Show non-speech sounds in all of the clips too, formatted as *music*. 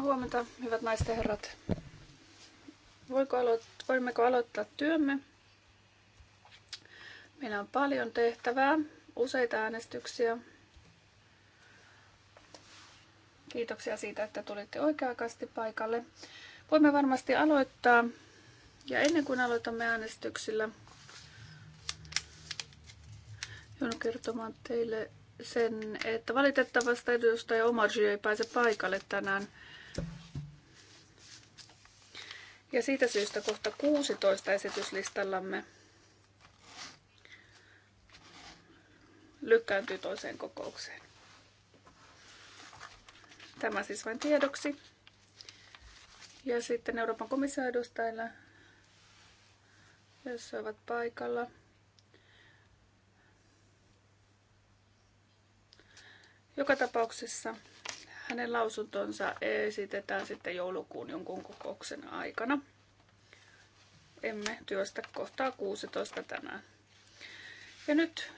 huomenta, hyvät naisten herrat. Voiko aloit- voimmeko aloittaa työmme? Meillä on paljon tehtävää, useita äänestyksiä. Kiitoksia siitä, että tulitte oikea paikalle. Voimme varmasti aloittaa. Ja ennen kuin aloitamme äänestyksillä, joudun kertomaan teille sen, että valitettavasti edustaja Omarji ei pääse paikalle tänään. Ja siitä syystä kohta 16 esityslistallamme lykkääntyy toiseen kokoukseen. Tämä siis vain tiedoksi. Ja sitten Euroopan komission edustajilla, jos ovat paikalla. Joka tapauksessa hänen lausuntonsa esitetään sitten joulukuun jonkun kokouksen aikana. Emme työstä kohtaa 16 tänään. Ja nyt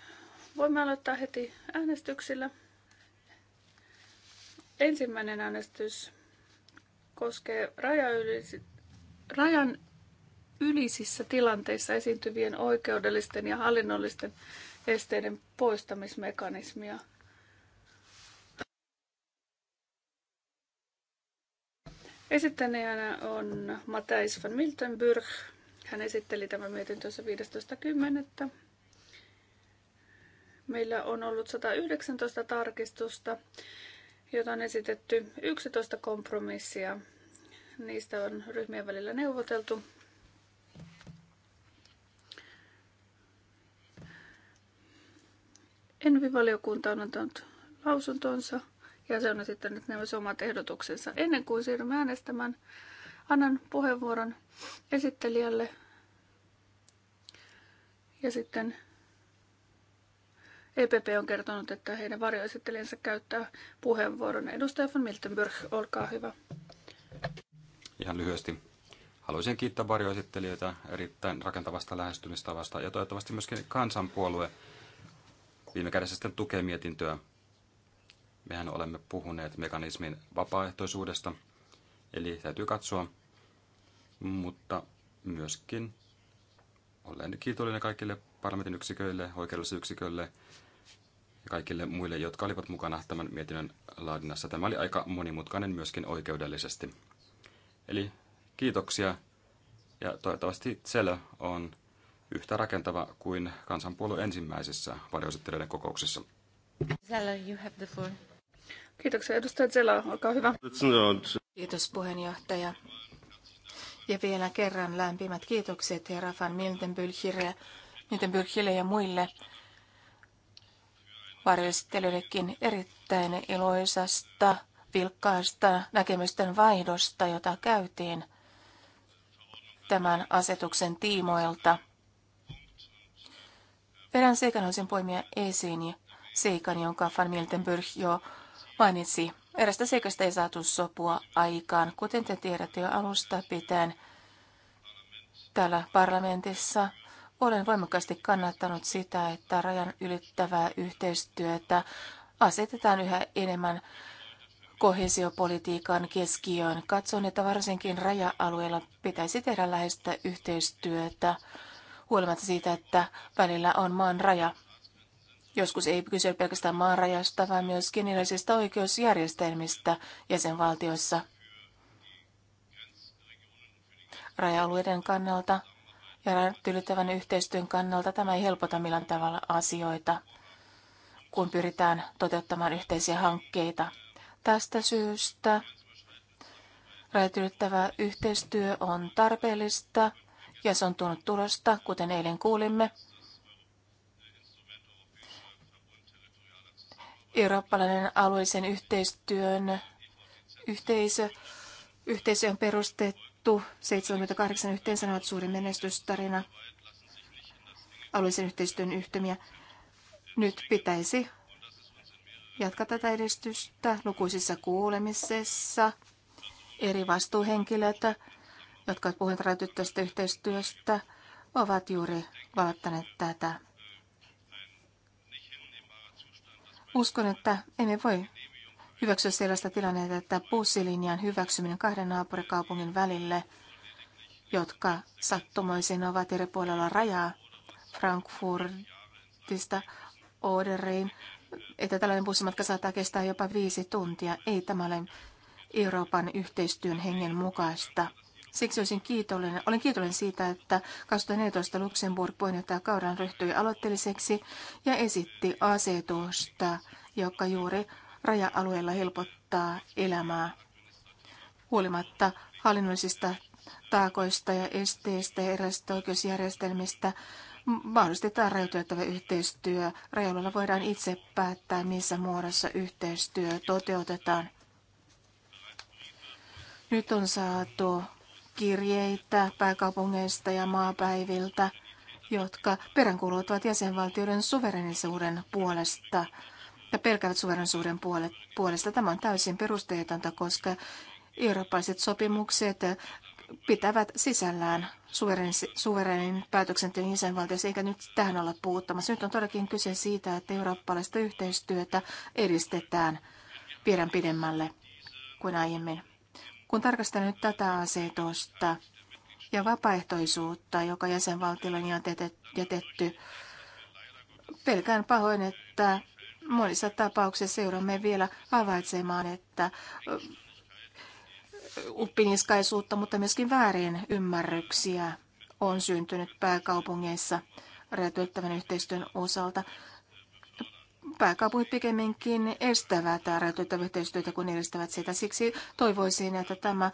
voimme aloittaa heti äänestyksillä. Ensimmäinen äänestys koskee rajan ylisissä tilanteissa esiintyvien oikeudellisten ja hallinnollisten esteiden poistamismekanismia – Esittäneenä on Matthijs van Miltenburg. Hän esitteli tämän mietintönsä 15.10. Meillä on ollut 119 tarkistusta, jota on esitetty 11 kompromissia. Niistä on ryhmien välillä neuvoteltu. Envivaliokunta on antanut lausuntonsa ja se on sitten nyt nämä omat ehdotuksensa. Ennen kuin siirrymme äänestämään, annan puheenvuoron esittelijälle ja sitten EPP on kertonut, että heidän varjoesittelijänsä käyttää puheenvuoron. Edustaja von Miltenburg, olkaa hyvä. Ihan lyhyesti. Haluaisin kiittää varjoesittelijöitä erittäin rakentavasta lähestymistavasta ja toivottavasti myöskin kansanpuolue viime kädessä sitten tukee mietintöä, Mehän olemme puhuneet mekanismin vapaaehtoisuudesta, eli täytyy katsoa, mutta myöskin olen kiitollinen kaikille parlamentin yksiköille, oikeudellisille yksiköille ja kaikille muille, jotka olivat mukana tämän mietinnön laadinnassa. Tämä oli aika monimutkainen myöskin oikeudellisesti. Eli kiitoksia ja toivottavasti Tsele on yhtä rakentava kuin kansanpuolue ensimmäisessä valiosittelijoiden kokouksessa. Zeller, you have the floor. Kiitoksia. Edustaja Zela, olkaa hyvä. Kiitos puheenjohtaja. Ja vielä kerran lämpimät kiitokset ja Rafan Miltenbylchille, ja muille varjostelijoillekin erittäin iloisasta, vilkkaasta näkemysten vaihdosta, jota käytiin tämän asetuksen tiimoilta. Perän seikan olisin poimia esiin seikan, jonka Van Miltenburg jo mainitsi, erästä seikasta ei saatu sopua aikaan. Kuten te tiedätte jo alusta pitäen, täällä parlamentissa olen voimakkaasti kannattanut sitä, että rajan ylittävää yhteistyötä asetetaan yhä enemmän kohesiopolitiikan keskiöön. Katson, että varsinkin raja-alueella pitäisi tehdä läheistä yhteistyötä huolimatta siitä, että välillä on maan raja. Joskus ei kyse pelkästään maanrajasta, vaan myös erilaisista oikeusjärjestelmistä jäsenvaltioissa. Raja-alueiden kannalta ja tyydyttävän yhteistyön kannalta tämä ei helpota millään tavalla asioita, kun pyritään toteuttamaan yhteisiä hankkeita. Tästä syystä rajat yhteistyö on tarpeellista ja se on tuonut tulosta, kuten eilen kuulimme. Eurooppalainen alueellisen yhteistyön yhteisö, yhteisö on perustettu 78 yhteensä ovat suuri menestystarina alueellisen yhteistyön yhtymiä. Nyt pitäisi jatkaa tätä edistystä lukuisissa kuulemisissa. Eri vastuuhenkilöt, jotka ovat puhuneet yhteistyöstä, ovat juuri valittaneet tätä Uskon, että emme voi hyväksyä sellaista tilannetta, että bussilinjan hyväksyminen kahden naapurikaupungin välille, jotka sattumoisin ovat eri puolella rajaa Frankfurtista Oderiin, että tällainen bussimatka saattaa kestää jopa viisi tuntia. Ei tämä ole Euroopan yhteistyön hengen mukaista. Siksi olisin kiitollinen. olen kiitollinen siitä, että 2014 Luxemburg puheenjohtajakaudan ryhtyi aloitteelliseksi ja esitti asetusta, joka juuri raja-alueella helpottaa elämää. Huolimatta hallinnollisista taakoista ja esteistä ja erilaisista oikeusjärjestelmistä mahdollistetaan rajoitettava yhteistyö. Rajoilla voidaan itse päättää, missä muodossa yhteistyö toteutetaan. Nyt on saatu kirjeitä pääkaupungeista ja maapäiviltä, jotka peräänkuuluttavat jäsenvaltioiden suverenisuuden puolesta ja pelkäävät suverenisuuden puolesta. Tämä on täysin perusteetonta, koska eurooppalaiset sopimukset pitävät sisällään suverenin, suverenin päätöksenteon jäsenvaltiossa, eikä nyt tähän olla puuttamassa. Nyt on todellakin kyse siitä, että eurooppalaista yhteistyötä edistetään viedään pidemmälle kuin aiemmin. Kun tarkastan nyt tätä asetusta ja vapaaehtoisuutta, joka jäsenvaltiolle on jätetty, pelkään pahoin, että monissa tapauksissa seuraamme vielä havaitsemaan, että uppiniskaisuutta, mutta myöskin väärin ymmärryksiä on syntynyt pääkaupungeissa rajatyöttävän yhteistyön osalta pääkaupungit pikemminkin estävät rajoitetta yhteistyötä kuin edistävät sitä. Siksi toivoisin, että tämä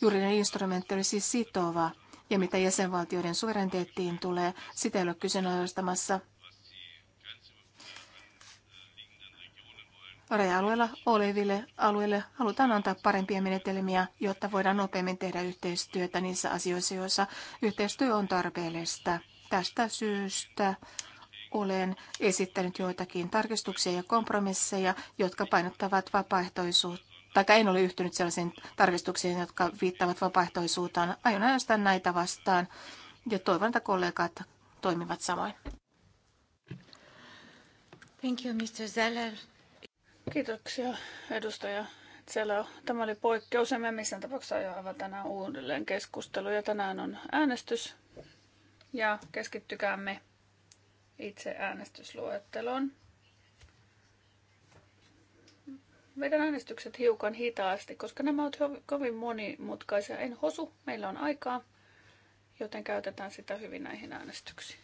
juridinen instrumentti olisi sitova. Ja mitä jäsenvaltioiden suvereniteettiin tulee, sitä ei ole kyseenalaistamassa. Raja-alueella oleville alueille halutaan antaa parempia menetelmiä, jotta voidaan nopeammin tehdä yhteistyötä niissä asioissa, joissa yhteistyö on tarpeellista. Tästä syystä olen esittänyt joitakin tarkistuksia ja kompromisseja, jotka painottavat vapaaehtoisuutta tai en ole yhtynyt sellaisiin tarkistuksiin, jotka viittaavat vapaaehtoisuuteen. Aion äänestää näitä vastaan ja toivon, että kollegat toimivat samoin. Thank you, Mr. Zeller. Kiitoksia, edustaja Zeller. Tämä oli poikkeus. Emme missään tapauksessa avata tänään uudelleen keskustelu ja tänään on äänestys. Ja keskittykäämme itse äänestysluetteloon. Meidän äänestykset hiukan hitaasti, koska nämä ovat kovin monimutkaisia. En hosu, meillä on aikaa, joten käytetään sitä hyvin näihin äänestyksiin.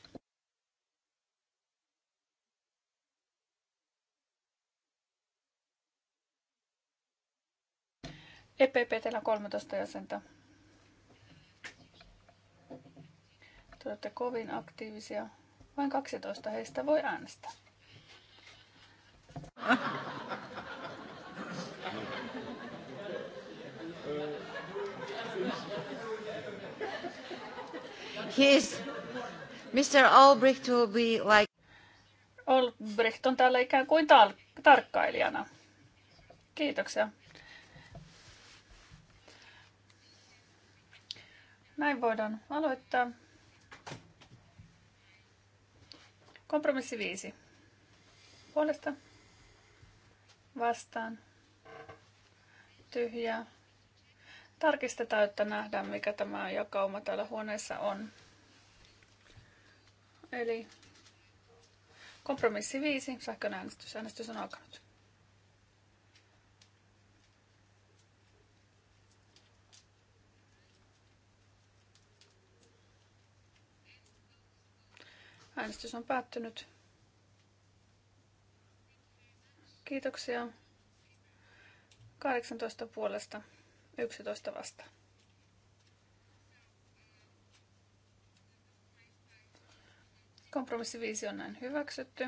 EPP, teillä on 13 jäsentä. Te olette kovin aktiivisia. Vain 12 heistä voi äänestää. He's, Mr. Albrecht will be like... Albrecht on täällä ikään kuin tar- tarkkailijana. Kiitoksia. Näin voidaan aloittaa. Kompromissi 5. Puolesta. Vastaan. Tyhjää. Tarkistetaan, että nähdään mikä tämä jakauma täällä huoneessa on. Eli kompromissi 5, sähköinen äänestys. Äänestys on alkanut. Äänestys on päättynyt. Kiitoksia. 18 puolesta, 11 vasta. Kompromissi 5 on näin hyväksytty.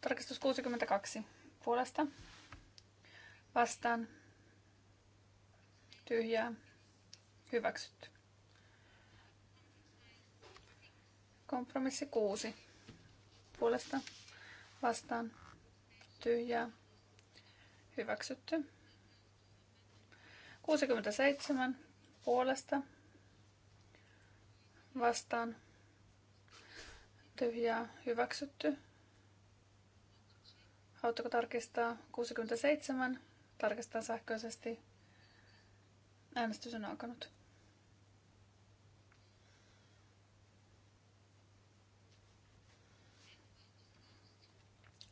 Tarkistus 62 puolesta. Vastaan. Tyhjää. Hyväksytty. Kompromissi 6. Puolesta vastaan tyhjää. Hyväksytty. 67 puolesta vastaan tyhjää hyväksytty. Haluatteko tarkistaa 67? Tarkistan sähköisesti. Äänestys on alkanut.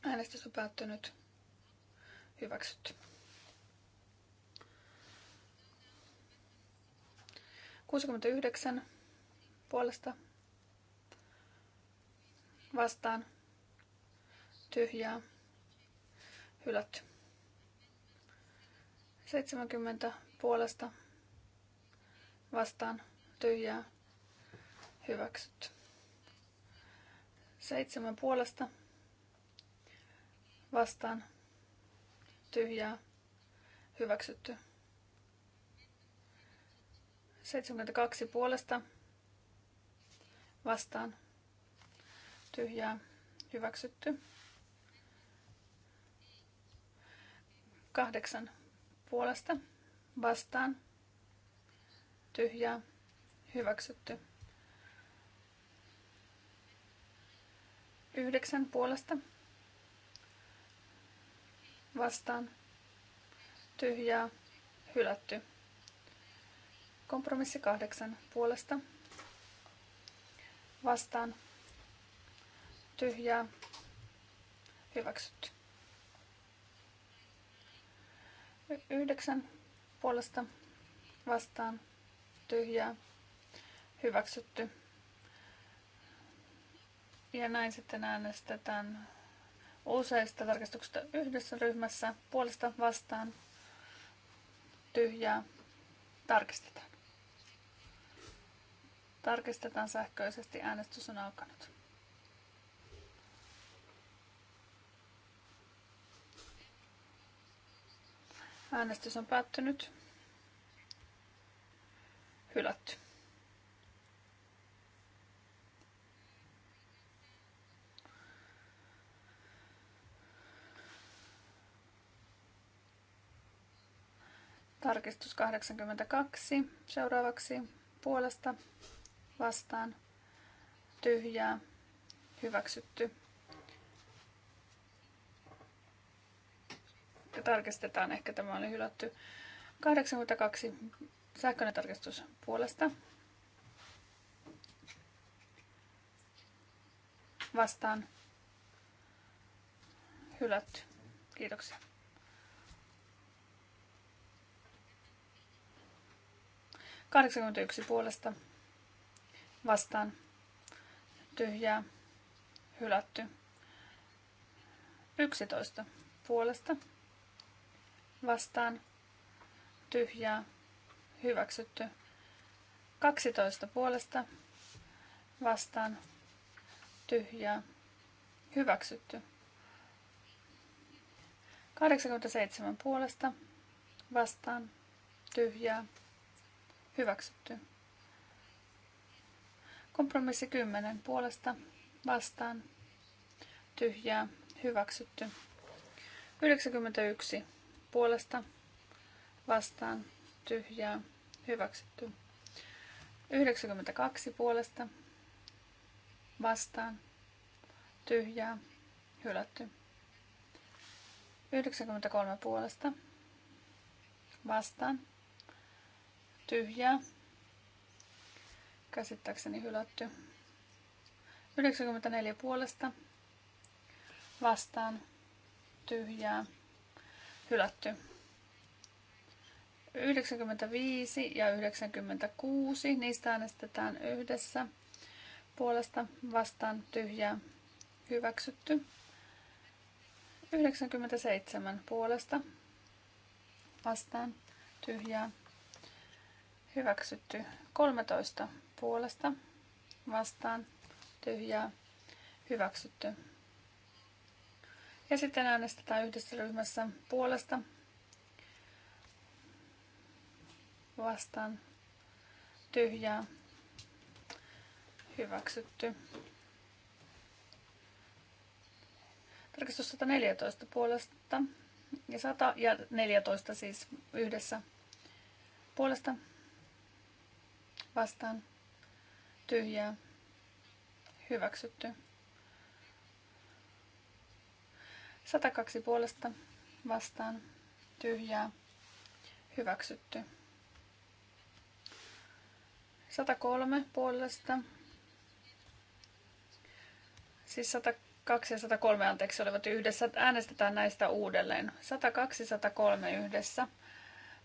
Äänestys on päättynyt. Hyväksytty. 69 puolesta vastaan tyhjää hylätty. Seitsemänkymmentä puolesta vastaan tyhjää hyväksytty. Seitsemän puolesta vastaan tyhjää hyväksytty. 72 puolesta vastaan tyhjää hyväksytty. 8 puolesta vastaan tyhjää hyväksytty. 9 puolesta vastaan tyhjää hylätty. Kompromissi kahdeksan puolesta vastaan tyhjää hyväksytty. Yhdeksän puolesta vastaan tyhjää hyväksytty. Ja näin sitten äänestetään useista tarkastuksista yhdessä ryhmässä puolesta vastaan tyhjää tarkistetaan. Tarkistetaan sähköisesti. Äänestys on alkanut. Äänestys on päättynyt. Hylätty. Tarkistus 82 seuraavaksi puolesta vastaan tyhjää hyväksytty. Ja tarkistetaan, ehkä tämä oli hylätty. 82 sähköinen tarkistus puolesta. Vastaan hylätty. Kiitoksia. 81 puolesta vastaan tyhjää hylätty. 11 puolesta vastaan tyhjää hyväksytty. 12 puolesta vastaan tyhjää hyväksytty. 87 puolesta vastaan tyhjää Hyväksytty. Kompromissi 10 puolesta vastaan. Tyhjää. Hyväksytty. 91 puolesta vastaan. Tyhjää. Hyväksytty. 92 puolesta vastaan. Tyhjää. Hylätty. 93 puolesta vastaan tyhjää. Käsittääkseni hylätty. 94 puolesta vastaan tyhjää hylätty. 95 ja 96, niistä äänestetään yhdessä puolesta vastaan tyhjää hyväksytty. 97 puolesta vastaan tyhjää Hyväksytty 13 puolesta vastaan tyhjää. Hyväksytty. Ja sitten äänestetään yhdessä ryhmässä puolesta vastaan tyhjää. Hyväksytty. Tarkistus 114 puolesta ja 114 ja siis yhdessä puolesta vastaan tyhjää hyväksytty. 102 puolesta vastaan tyhjää hyväksytty. 103 puolesta. Siis 102 ja 103 anteeksi olivat yhdessä. Äänestetään näistä uudelleen. 102 103 yhdessä.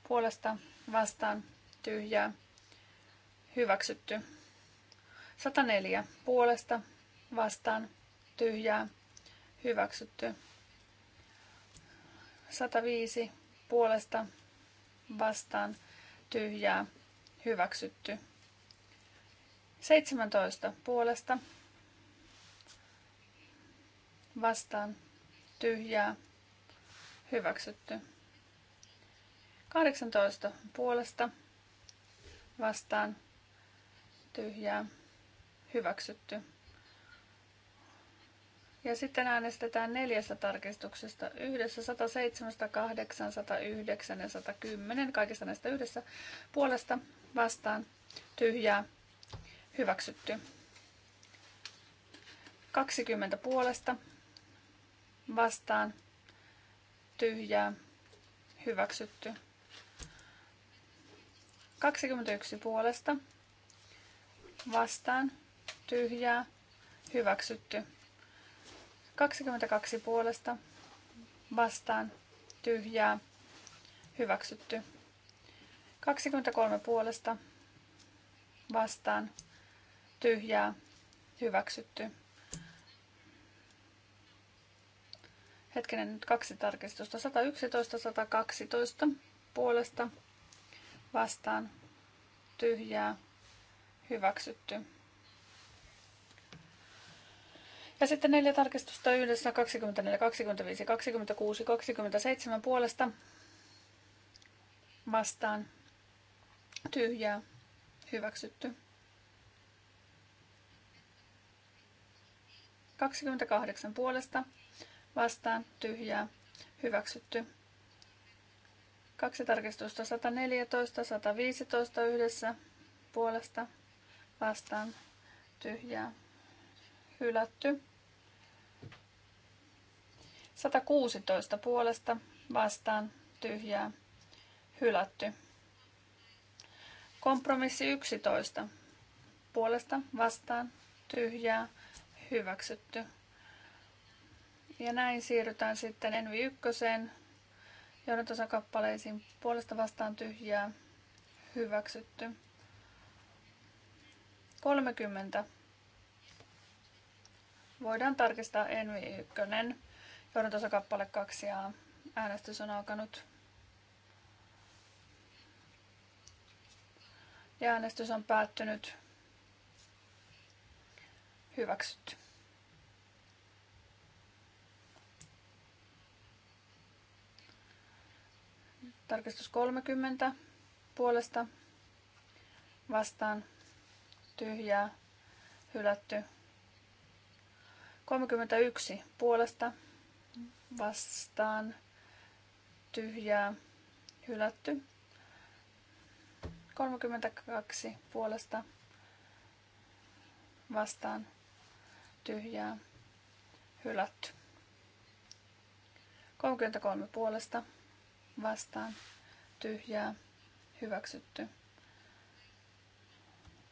Puolesta vastaan tyhjää Hyväksytty. 104. Puolesta. Vastaan. Tyhjää. Hyväksytty. 105. Puolesta. Vastaan. Tyhjää. Hyväksytty. 17. Puolesta. Vastaan. Tyhjää. Hyväksytty. 18 puolesta vastaan tyhjää, hyväksytty. Ja sitten äänestetään neljästä tarkistuksesta yhdessä 107, 108, 109 ja 110, kaikista näistä yhdessä puolesta vastaan tyhjää hyväksytty. 20 puolesta vastaan tyhjää hyväksytty. 21 puolesta vastaan, tyhjää, hyväksytty. 22 puolesta vastaan, tyhjää, hyväksytty. 23 puolesta vastaan, tyhjää, hyväksytty. Hetkinen nyt kaksi tarkistusta. 111, 112 puolesta vastaan, tyhjää, Hyväksytty. Ja sitten neljä tarkistusta yhdessä 24, 25, 26, 27 puolesta vastaan. Tyhjää. Hyväksytty. 28 puolesta vastaan. Tyhjää. Hyväksytty. Kaksi tarkistusta 114, 115 yhdessä puolesta vastaan tyhjää hylätty. 116 puolesta vastaan tyhjää hylätty. Kompromissi 11 puolesta vastaan tyhjää hyväksytty. Ja näin siirrytään sitten Envi 1 johdantosakappaleisiin puolesta vastaan tyhjää hyväksytty. 30. Voidaan tarkistaa Envi 1. tuossa kappale 2 ja äänestys on alkanut. Ja äänestys on päättynyt. Hyväksytty. Tarkistus 30 puolesta vastaan tyhjää, hylätty. 31 puolesta vastaan tyhjää, hylätty. 32 puolesta vastaan tyhjää, hylätty. 33 puolesta vastaan tyhjää, hyväksytty.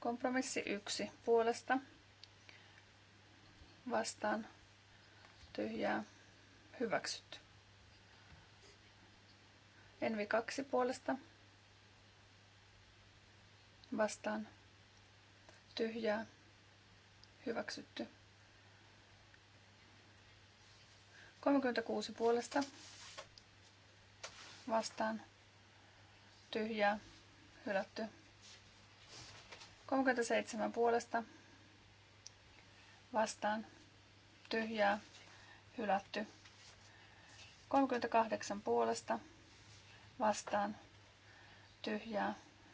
Kompromissi yksi puolesta vastaan tyhjää hyväksytty. Envi kaksi puolesta vastaan tyhjää hyväksytty. 36 puolesta vastaan tyhjää hylätty. 37 puolesta vastaan tyhjää hylätty. 38 puolesta vastaan tyhjää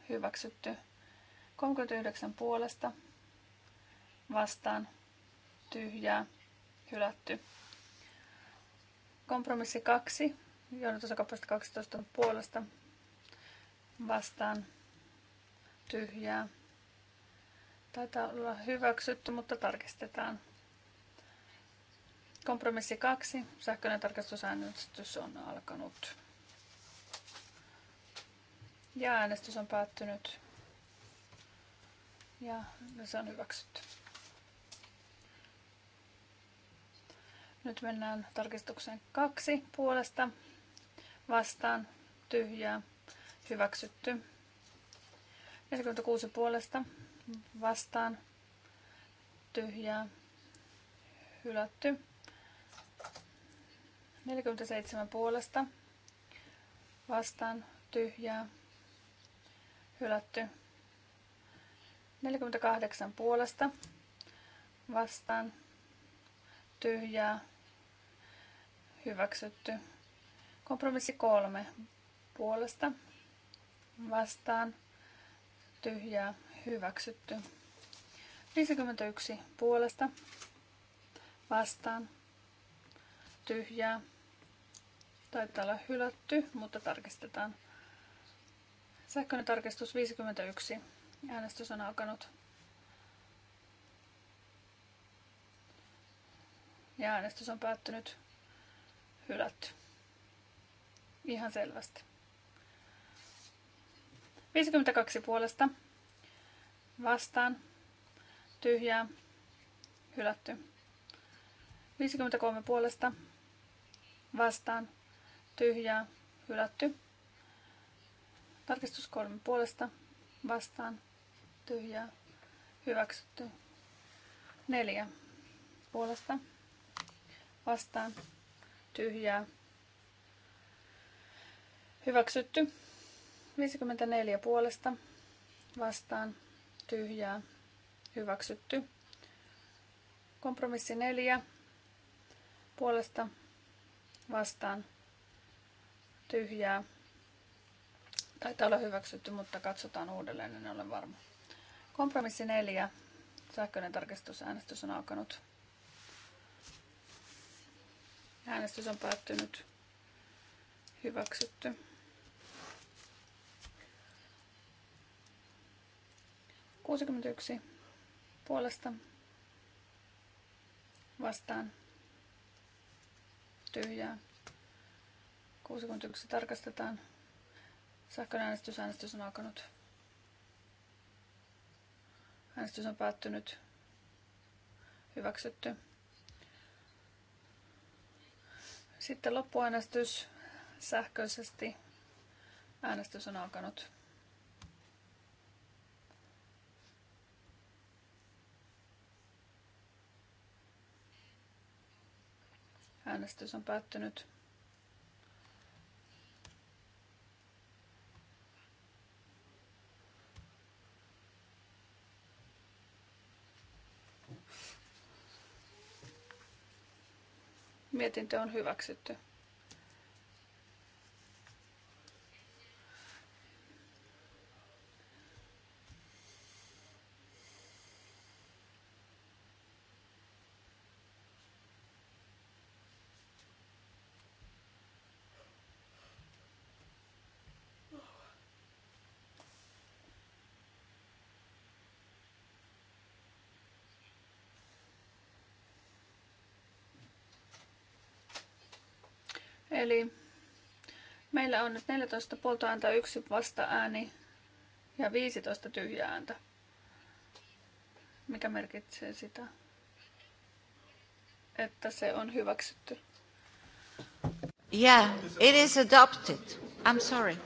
hyväksytty. 39 puolesta vastaan tyhjää hylätty. Kompromissi 2, johdatusokappaleesta 12 puolesta vastaan tyhjää Taitaa olla hyväksytty, mutta tarkistetaan. Kompromissi 2. Sähköinen tarkastusäänestys on alkanut. Ja äänestys on päättynyt. Ja se on hyväksytty. Nyt mennään tarkistukseen kaksi puolesta. Vastaan tyhjää. Hyväksytty. 46 puolesta vastaan tyhjää hylätty. 47 puolesta vastaan tyhjää hylätty. 48 puolesta vastaan tyhjää hyväksytty. Kompromissi 3 puolesta vastaan tyhjää Hyväksytty. 51 puolesta. Vastaan. Tyhjää. Taitaa olla hylätty, mutta tarkistetaan. Sähköinen tarkistus 51. Äänestys on alkanut. Ja äänestys on päättynyt. Hylätty. Ihan selvästi. 52 puolesta vastaan, tyhjää, hylätty. 53 puolesta, vastaan, tyhjää, hylätty. Tarkistus 3 puolesta, vastaan, tyhjää, hyväksytty. 4 puolesta, vastaan, tyhjää, hyväksytty. 54 puolesta, vastaan, tyhjää, hyväksytty. Kompromissi neljä, puolesta vastaan tyhjää. Taitaa olla hyväksytty, mutta katsotaan uudelleen, en ole varma. Kompromissi neljä, Sähköinen tarkistusäänestys on alkanut. Äänestys on päättynyt. Hyväksytty. 61 puolesta vastaan tyhjää. 61 tarkastetaan. Sähköinen äänestys, äänestys on alkanut. Äänestys on päättynyt. Hyväksytty. Sitten loppuäänestys sähköisesti. Äänestys on alkanut. Äänestys on päättynyt. Mietintö on hyväksytty. Eli meillä on nyt 14 puolta ääntä, yksi vasta ääni ja 15 tyhjää ääntä. Mikä merkitsee sitä, että se on hyväksytty. Yeah, it is adopted. I'm sorry.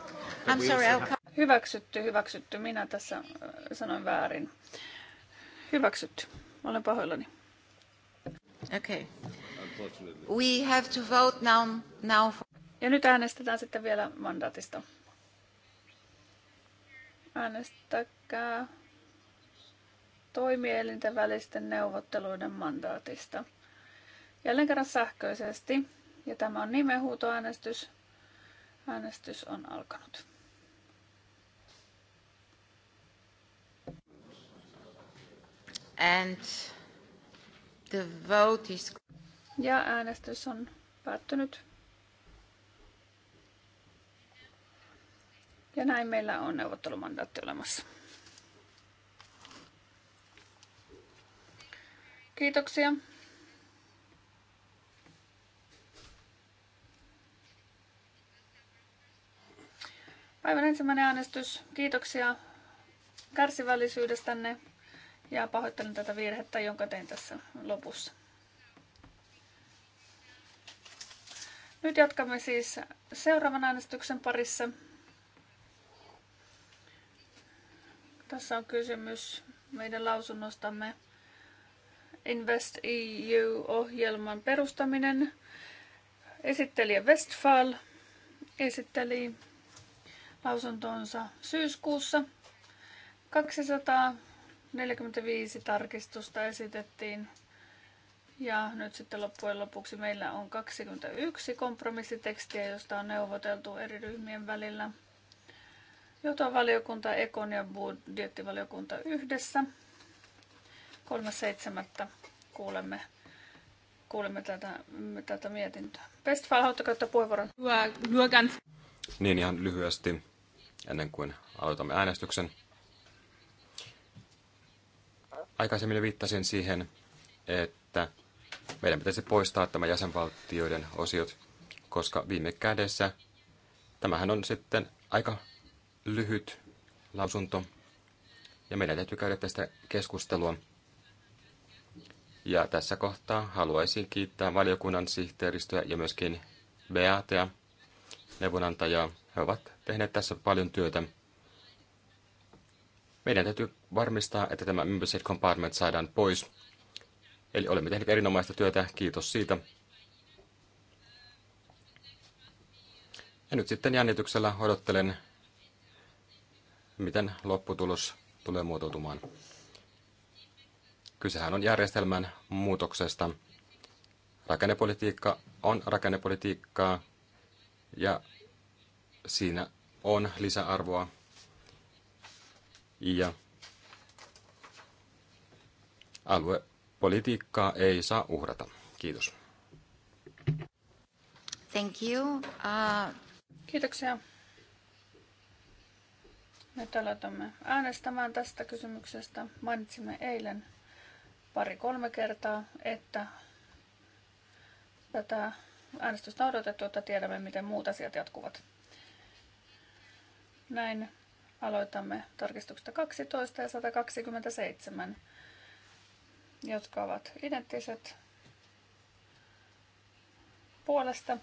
I'm sorry. I'll come. Hyväksytty, hyväksytty. Minä tässä äh, sanoin väärin. Hyväksytty. Olen pahoillani. Okay. We have to vote now, now for... Ja nyt äänestetään sitten vielä mandaatista. Äänestäkää toimielinten välisten neuvotteluiden mandaatista. Jälleen kerran sähköisesti. Ja tämä on nimenhuutoäänestys. Äänestys on alkanut. And the vote is... Ja äänestys on päättynyt. Ja näin meillä on neuvottelumandaatti olemassa. Kiitoksia. Päivän ensimmäinen äänestys. Kiitoksia kärsivällisyydestänne ja pahoittelen tätä virhettä, jonka tein tässä lopussa. Nyt jatkamme siis seuraavan äänestyksen parissa. Tässä on kysymys meidän lausunnostamme Invest EU-ohjelman perustaminen. Esittelijä Westfall esitteli lausuntonsa syyskuussa. 245 tarkistusta esitettiin ja nyt sitten loppujen lopuksi meillä on 21 kompromissitekstiä, josta on neuvoteltu eri ryhmien välillä. valiokunta, Ekon ja budjettivaliokunta yhdessä. 3.7. kuulemme kuulemme tätä, tätä mietintöä. Westfall, haluatko käyttää puheenvuoron? Niin ihan lyhyesti ennen kuin aloitamme äänestyksen. Aikaisemmin viittasin siihen, että meidän pitäisi poistaa tämä jäsenvaltioiden osiot, koska viime kädessä tämähän on sitten aika lyhyt lausunto, ja meidän täytyy käydä tästä keskustelua. Ja tässä kohtaa haluaisin kiittää valiokunnan sihteeristöä ja myöskin Beatea, neuvonantajaa. He ovat tehneet tässä paljon työtä. Meidän täytyy varmistaa, että tämä membership compartment saadaan pois. Eli olemme tehneet erinomaista työtä, kiitos siitä. Ja nyt sitten jännityksellä odottelen, miten lopputulos tulee muotoutumaan. Kysehän on järjestelmän muutoksesta. Rakennepolitiikka on rakennepolitiikkaa ja siinä on lisäarvoa. Ja alue Politiikkaa ei saa uhrata. Kiitos. Thank you. Uh... Kiitoksia. Nyt aloitamme äänestämään tästä kysymyksestä. Mainitsimme eilen pari-kolme kertaa, että tätä äänestystä on odotettu, että tiedämme, miten muut asiat jatkuvat. Näin aloitamme tarkistuksesta 12 ja 127 jotka ovat identtiset puolesta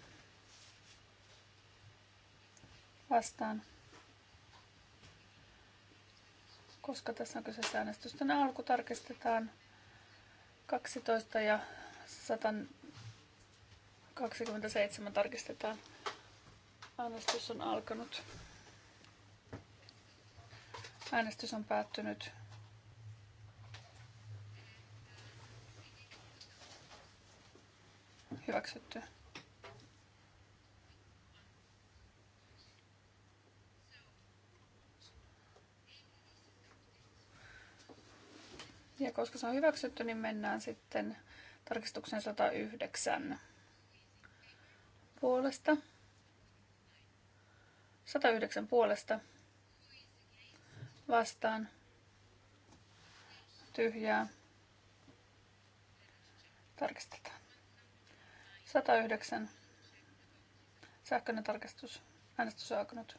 vastaan. Koska tässä on kyseessä äänestysten alku, tarkistetaan 12 ja 127 tarkistetaan. Äänestys on alkanut. Äänestys on päättynyt. Hyväksytty. Ja koska se on hyväksytty, niin mennään sitten tarkistuksen 109 puolesta. 109 puolesta vastaan tyhjää. Tarkistetaan. 109. Sähköinen tarkastus. Äänestys on alkanut.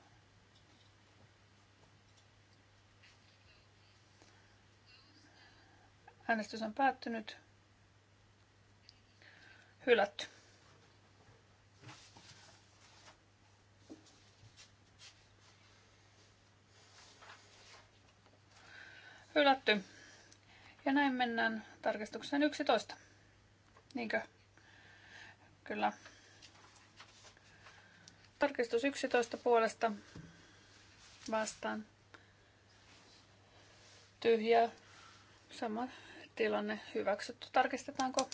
Äänestys on päättynyt. Hylätty. Hylätty. Ja näin mennään tarkistukseen 11. Niinkö? Kyllä. Tarkistus 11 puolesta vastaan. tyhjä Sama tilanne hyväksytty. Tarkistetaanko?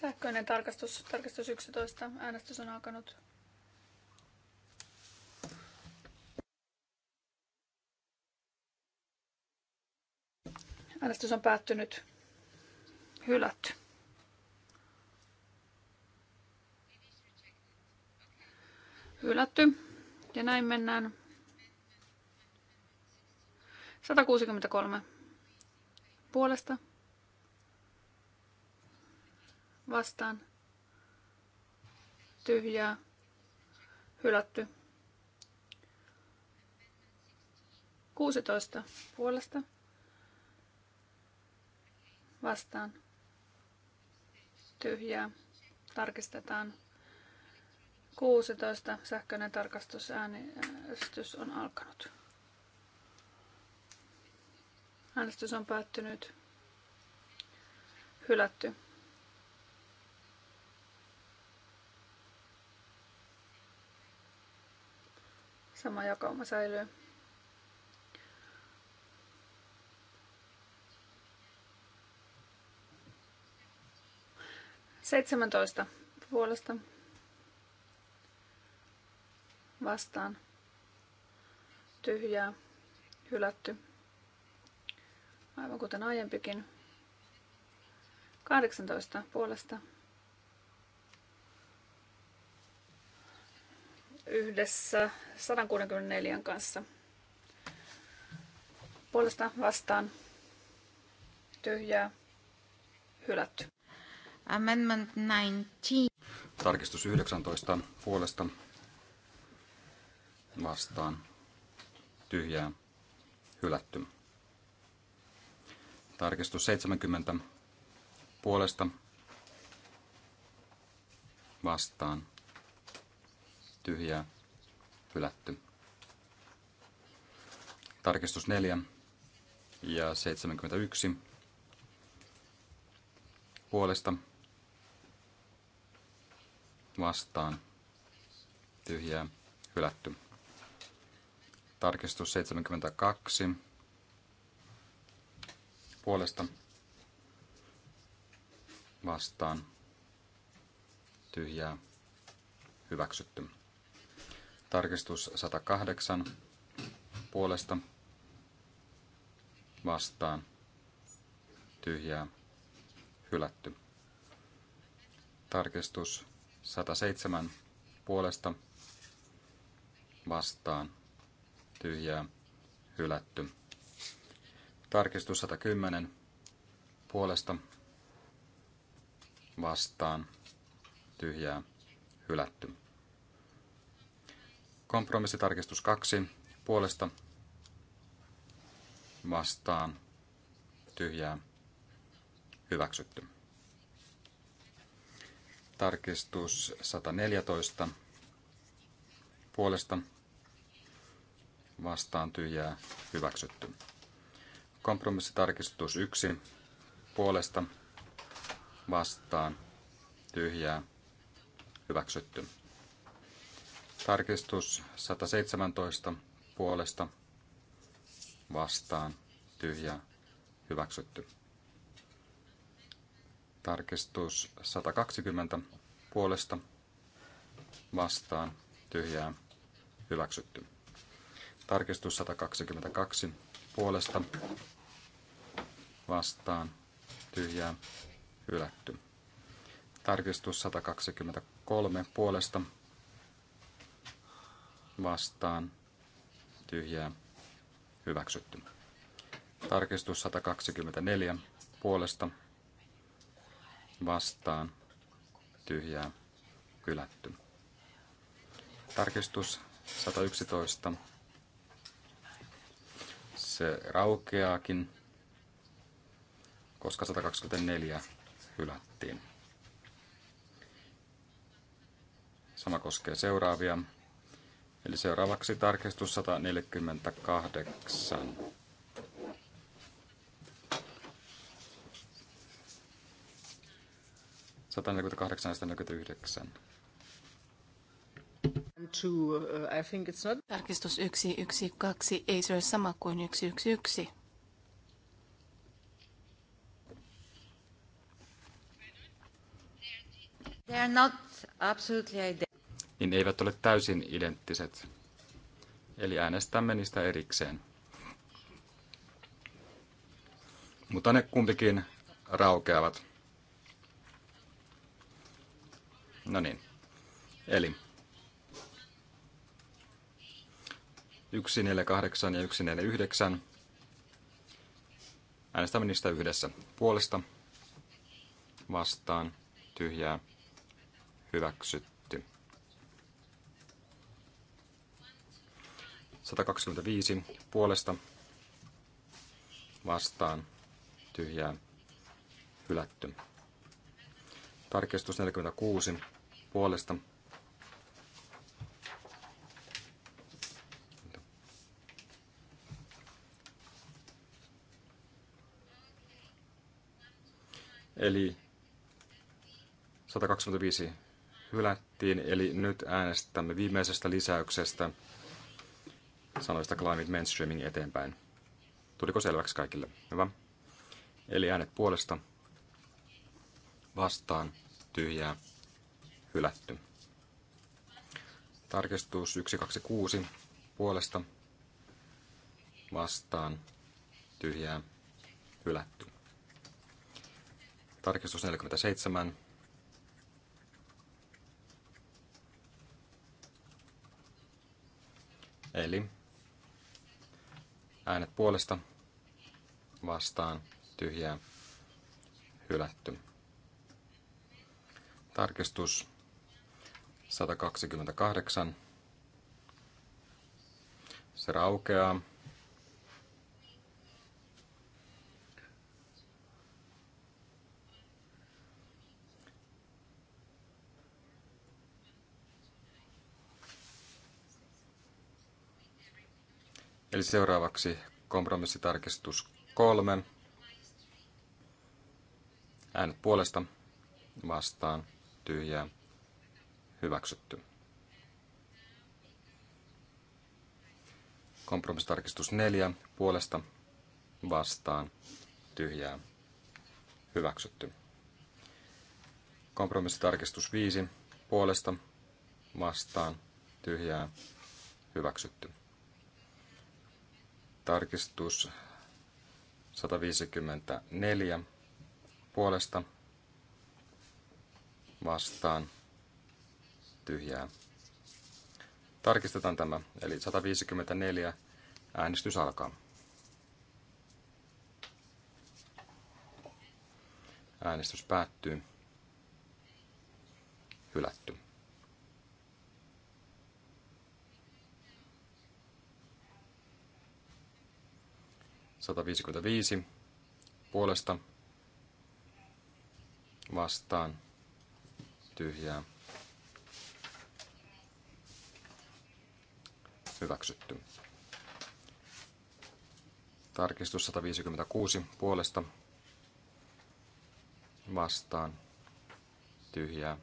Sähköinen tarkastus, tarkistus 11. Äänestys on alkanut. Äänestys on päättynyt. Hylätty. Hylätty. Ja näin mennään. 163 puolesta vastaan tyhjää hylätty 16 puolesta vastaan tyhjää tarkistetaan 16. Sähköinen tarkastusäänestys on alkanut. Äänestys on päättynyt. Hylätty. Sama jakauma säilyy. Seitsemäntoista puolesta vastaan tyhjää hylätty. Aivan kuten aiempikin. 18 puolesta. Yhdessä 164 kanssa. Puolesta vastaan tyhjää hylätty. Amendment 19. Tarkistus 19 puolesta vastaan tyhjää hylätty. Tarkistus 70 puolesta vastaan tyhjää hylätty. Tarkistus 4 ja 71 puolesta vastaan tyhjää hylätty. Tarkistus 72 puolesta vastaan tyhjää hyväksytty. Tarkistus 108 puolesta vastaan tyhjää hylätty. Tarkistus 107 puolesta vastaan tyhjää, hylätty. Tarkistus 110 puolesta vastaan, tyhjää, hylätty. Kompromissitarkistus 2 puolesta vastaan, tyhjää, hyväksytty. Tarkistus 114 puolesta vastaan vastaan tyhjää hyväksytty. Kompromissitarkistus 1 puolesta vastaan tyhjää hyväksytty. Tarkistus 117 puolesta vastaan tyhjää hyväksytty. Tarkistus 120 puolesta vastaan tyhjää hyväksytty. Tarkistus 122 puolesta vastaan tyhjää hylätty. Tarkistus 123 puolesta vastaan tyhjää hyväksytty. Tarkistus 124 puolesta vastaan tyhjää hylätty. Tarkistus 111 se raukeakin, koska 124 hylättiin. Sama koskee seuraavia. Eli seuraavaksi tarkistus 148. Sataneljäkymmentäkahdeksan ja 149 to, uh, I think it's not. Tarkistus 112 ei se ole sama kuin 111. They are not absolutely identical. Niin eivät ole täysin identtiset. Eli äänestämme niistä erikseen. Mutta ne kumpikin raukeavat. No niin. Eli 148 ja 149. Äänestämme niistä yhdessä. Puolesta, vastaan, tyhjää, hyväksytty. 125 puolesta, vastaan, tyhjää, hylätty. Tarkistus 46 puolesta, Eli 125 hylättiin, eli nyt äänestämme viimeisestä lisäyksestä sanoista Climate Mainstreaming eteenpäin. Tuliko selväksi kaikille? Hyvä. Eli äänet puolesta, vastaan, tyhjää, hylätty. Tarkistus 126 puolesta, vastaan, tyhjää, hylätty. Tarkistus 47. Eli äänet puolesta vastaan tyhjää hylätty. Tarkistus 128. Se raukeaa. Eli seuraavaksi kompromissitarkistus kolmen. Äänet puolesta vastaan tyhjää hyväksytty. Kompromissitarkistus neljä puolesta vastaan tyhjää hyväksytty. Kompromissitarkistus viisi puolesta vastaan tyhjää hyväksytty. Tarkistus 154 puolesta vastaan tyhjää. Tarkistetaan tämä, eli 154 äänestys alkaa. Äänestys päättyy. Hylätty. 155 puolesta vastaan tyhjää hyväksytty. Tarkistus 156 puolesta vastaan tyhjää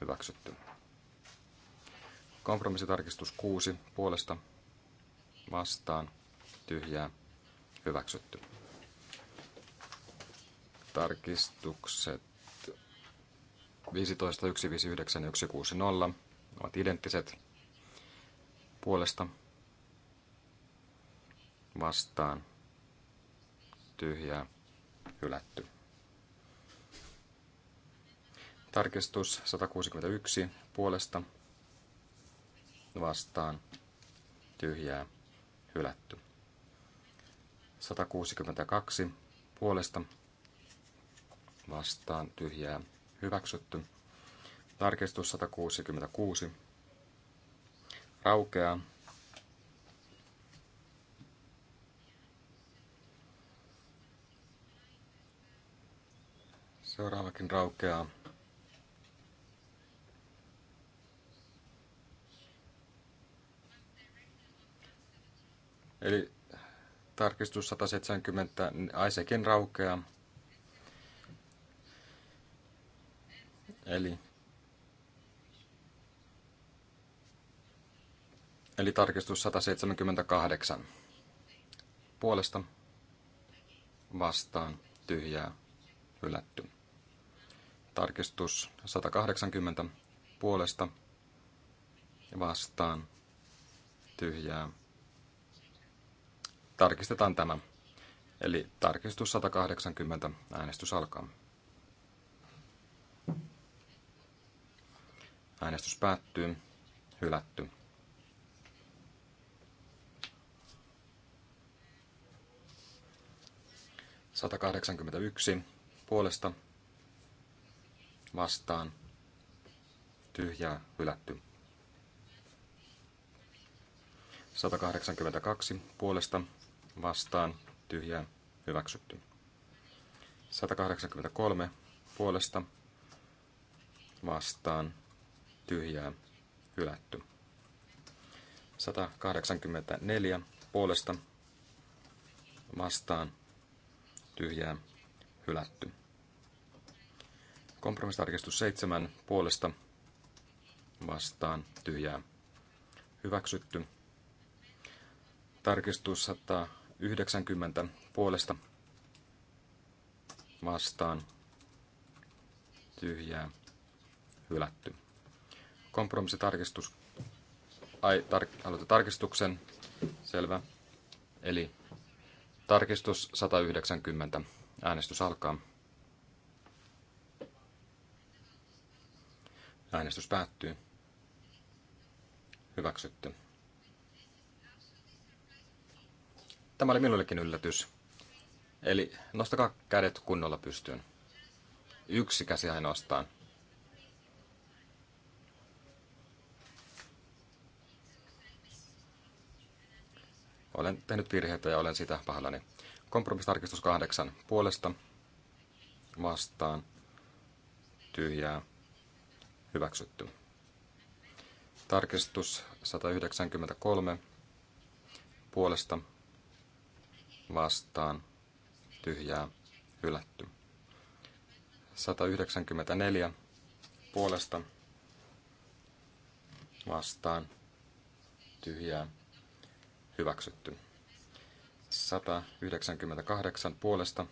hyväksytty. Kompromissitarkistus 6 puolesta vastaan tyhjää hyväksytty. Tarkistukset 15.159.160 ovat identtiset puolesta vastaan tyhjää hylätty. Tarkistus 161 puolesta vastaan tyhjää hylätty. 162 puolesta vastaan tyhjää hyväksytty. Tarkistus 166 raukeaa. Seuraavakin raukeaa. Eli Tarkistus 170, Aisekin raukeaa. Eli, eli tarkistus 178. Puolesta vastaan tyhjää hylätty. Tarkistus 180 puolesta vastaan tyhjää Tarkistetaan tämä. Eli tarkistus 180. Äänestys alkaa. Äänestys päättyy. Hylätty. Satakahdeksankymmentäyksi puolesta vastaan tyhjää hylätty. 182 puolesta vastaan tyhjään hyväksytty. 183 puolesta vastaan tyhjää hylätty. 184 puolesta vastaan tyhjää hylätty. Kompromissitarkistus 7 puolesta vastaan tyhjää hyväksytty. Tarkistus 100 90 puolesta vastaan tyhjää hylätty. Kompromissitarkistus. Ai, tar- aloita tarkistuksen. Selvä. Eli tarkistus 190. Äänestys alkaa. Äänestys päättyy. Hyväksytty. Tämä oli minullekin yllätys. Eli nostakaa kädet kunnolla pystyyn. Yksi käsi ainoastaan. Olen tehnyt virheitä ja olen sitä pahallani. Kompromistarkistus kahdeksan puolesta vastaan tyhjää hyväksytty. Tarkistus 193 puolesta vastaan tyhjää hylätty. 194 puolesta vastaan tyhjää hyväksytty. 198 puolesta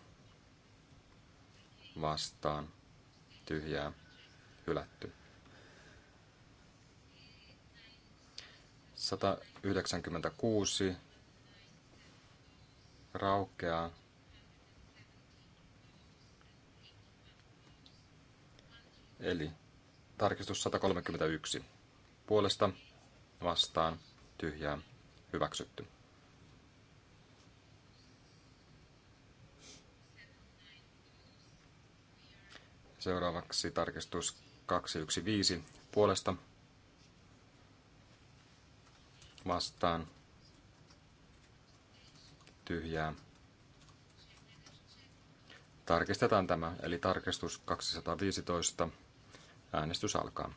vastaan tyhjää hylätty. 196 raukeaa. Eli tarkistus 131. Puolesta vastaan tyhjää hyväksytty. Seuraavaksi tarkistus 215 puolesta vastaan tyhjää. Tarkistetaan tämä, eli tarkistus 215. Äänestys alkaa.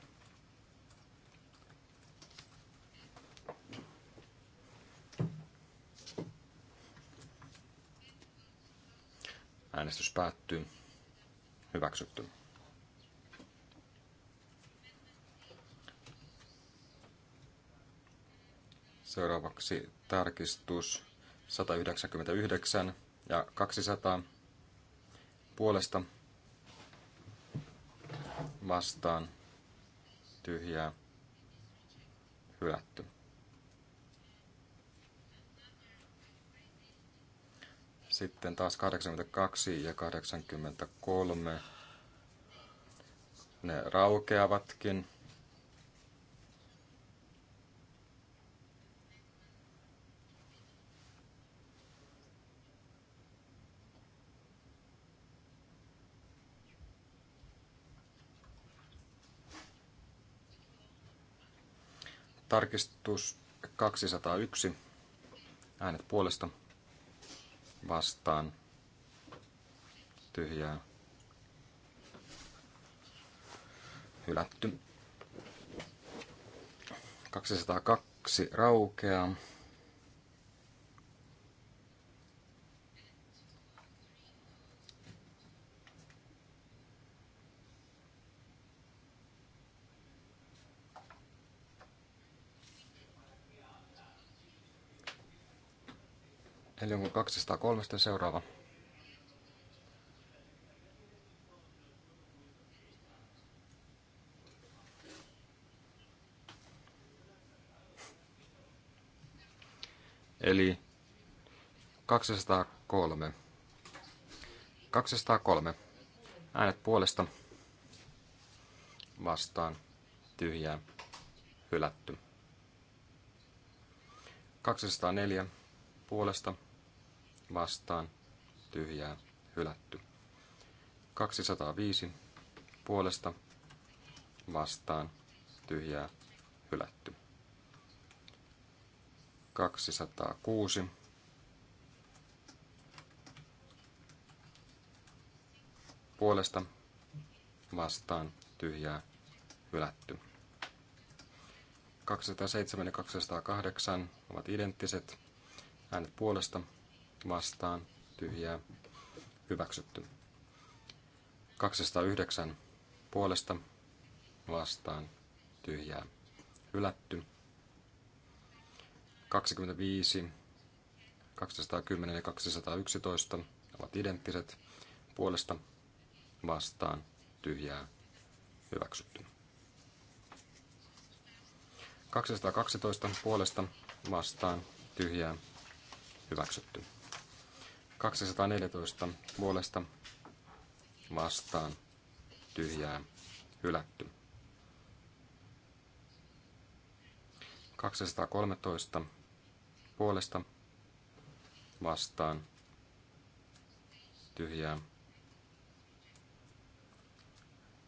Äänestys päättyy. Hyväksytty. Seuraavaksi tarkistus 199 ja 200 puolesta vastaan tyhjää hylätty. Sitten taas 82 ja 83. Ne raukeavatkin. Tarkistus 201. Äänet puolesta vastaan tyhjää hylätty. 202 raukeaa. Eli onko 203 seuraava? Eli 203. 203. Äänet puolesta vastaan tyhjää hylätty. 204 puolesta vastaan tyhjää hylätty. 205 puolesta vastaan tyhjää hylätty. 206 puolesta vastaan tyhjää hylätty. 207 ja 208 ovat identtiset. Äänet puolesta vastaan tyhjää hyväksytty. 209 puolesta vastaan tyhjää hylätty. 25, 210 ja 211 ovat identtiset puolesta vastaan tyhjää hyväksytty. 212 puolesta vastaan tyhjää hyväksytty. 214 puolesta vastaan tyhjää hylätty. 213 puolesta vastaan tyhjää.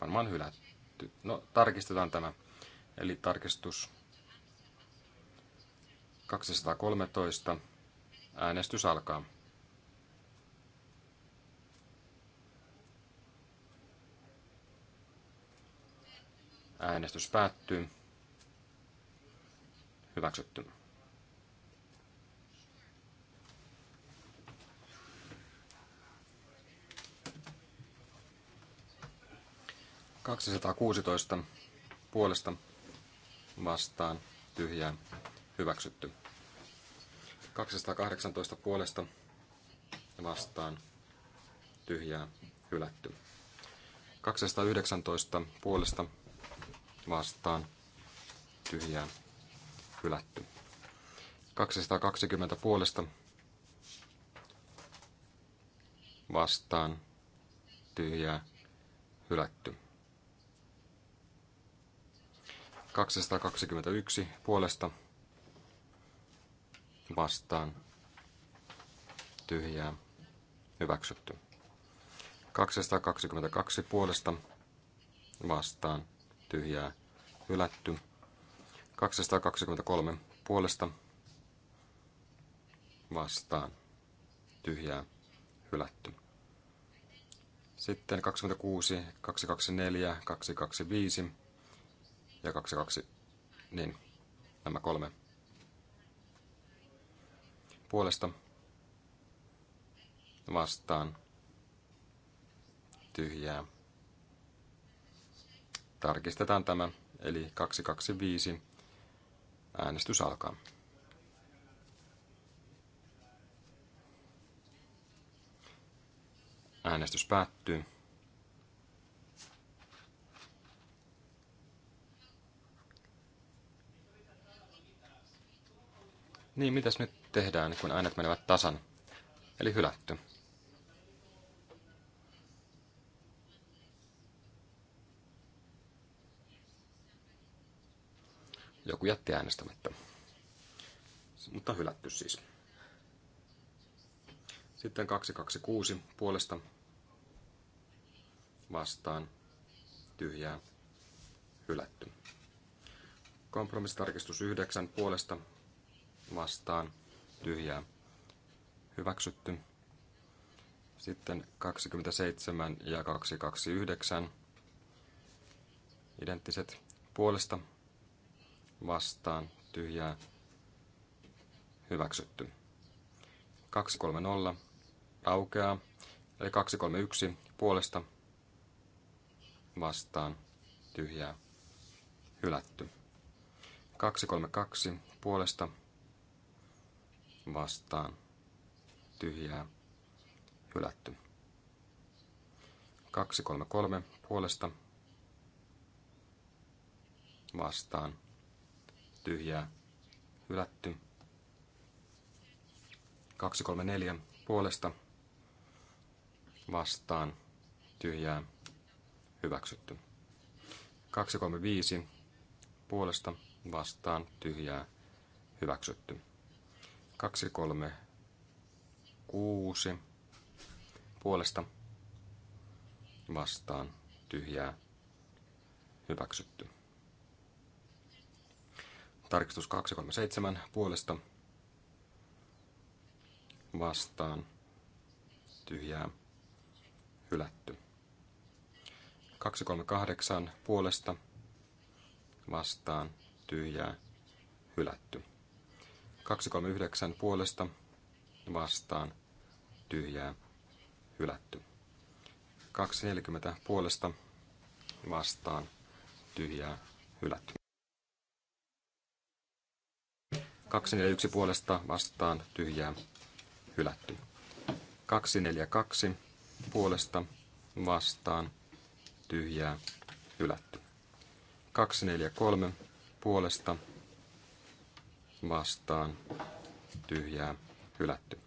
Varmaan hylätty. No, tarkistetaan tämä. Eli tarkistus 213. Äänestys alkaa. Äänestys päättyy. Hyväksytty. Kaksisataakuusitoista puolesta vastaan tyhjään hyväksytty. 218 puolesta vastaan tyhjää hylätty. 219 puolesta vastaan tyhjää hylätty. 220 puolesta vastaan tyhjää hylätty. 221 puolesta vastaan tyhjää hyväksytty. 222 puolesta vastaan tyhjää hylätty. 223 puolesta vastaan tyhjää hylätty. Sitten 26, 224, 225 ja 22, niin nämä kolme puolesta vastaan tyhjää. Tarkistetaan tämä eli 225. Äänestys alkaa. Äänestys päättyy. Niin, mitäs nyt tehdään, kun äänet menevät tasan? Eli hylätty. Joku jätti äänestämättä. Mutta hylätty siis. Sitten 226 puolesta vastaan tyhjää hylätty. Kompromissitarkistus 9 puolesta vastaan tyhjää hyväksytty. Sitten 27 ja 229 identtiset puolesta vastaan tyhjää hyväksytty. 230 aukeaa, eli 231 puolesta vastaan tyhjää hylätty. 232 puolesta vastaan tyhjää hylätty. 233 puolesta vastaan tyhjää hylätty. 234 puolesta vastaan tyhjää hyväksytty. 235 puolesta vastaan tyhjää hyväksytty. 236 puolesta vastaan tyhjää hyväksytty. Tarkistus 237 puolesta vastaan tyhjää hylätty. 238 puolesta vastaan tyhjää hylätty. 239 puolesta vastaan tyhjää hylätty. 240 puolesta vastaan tyhjää hylätty. 241 puolesta vastaan tyhjää hylätty. 242 puolesta vastaan tyhjää hylätty. 243 puolesta vastaan tyhjää hylätty.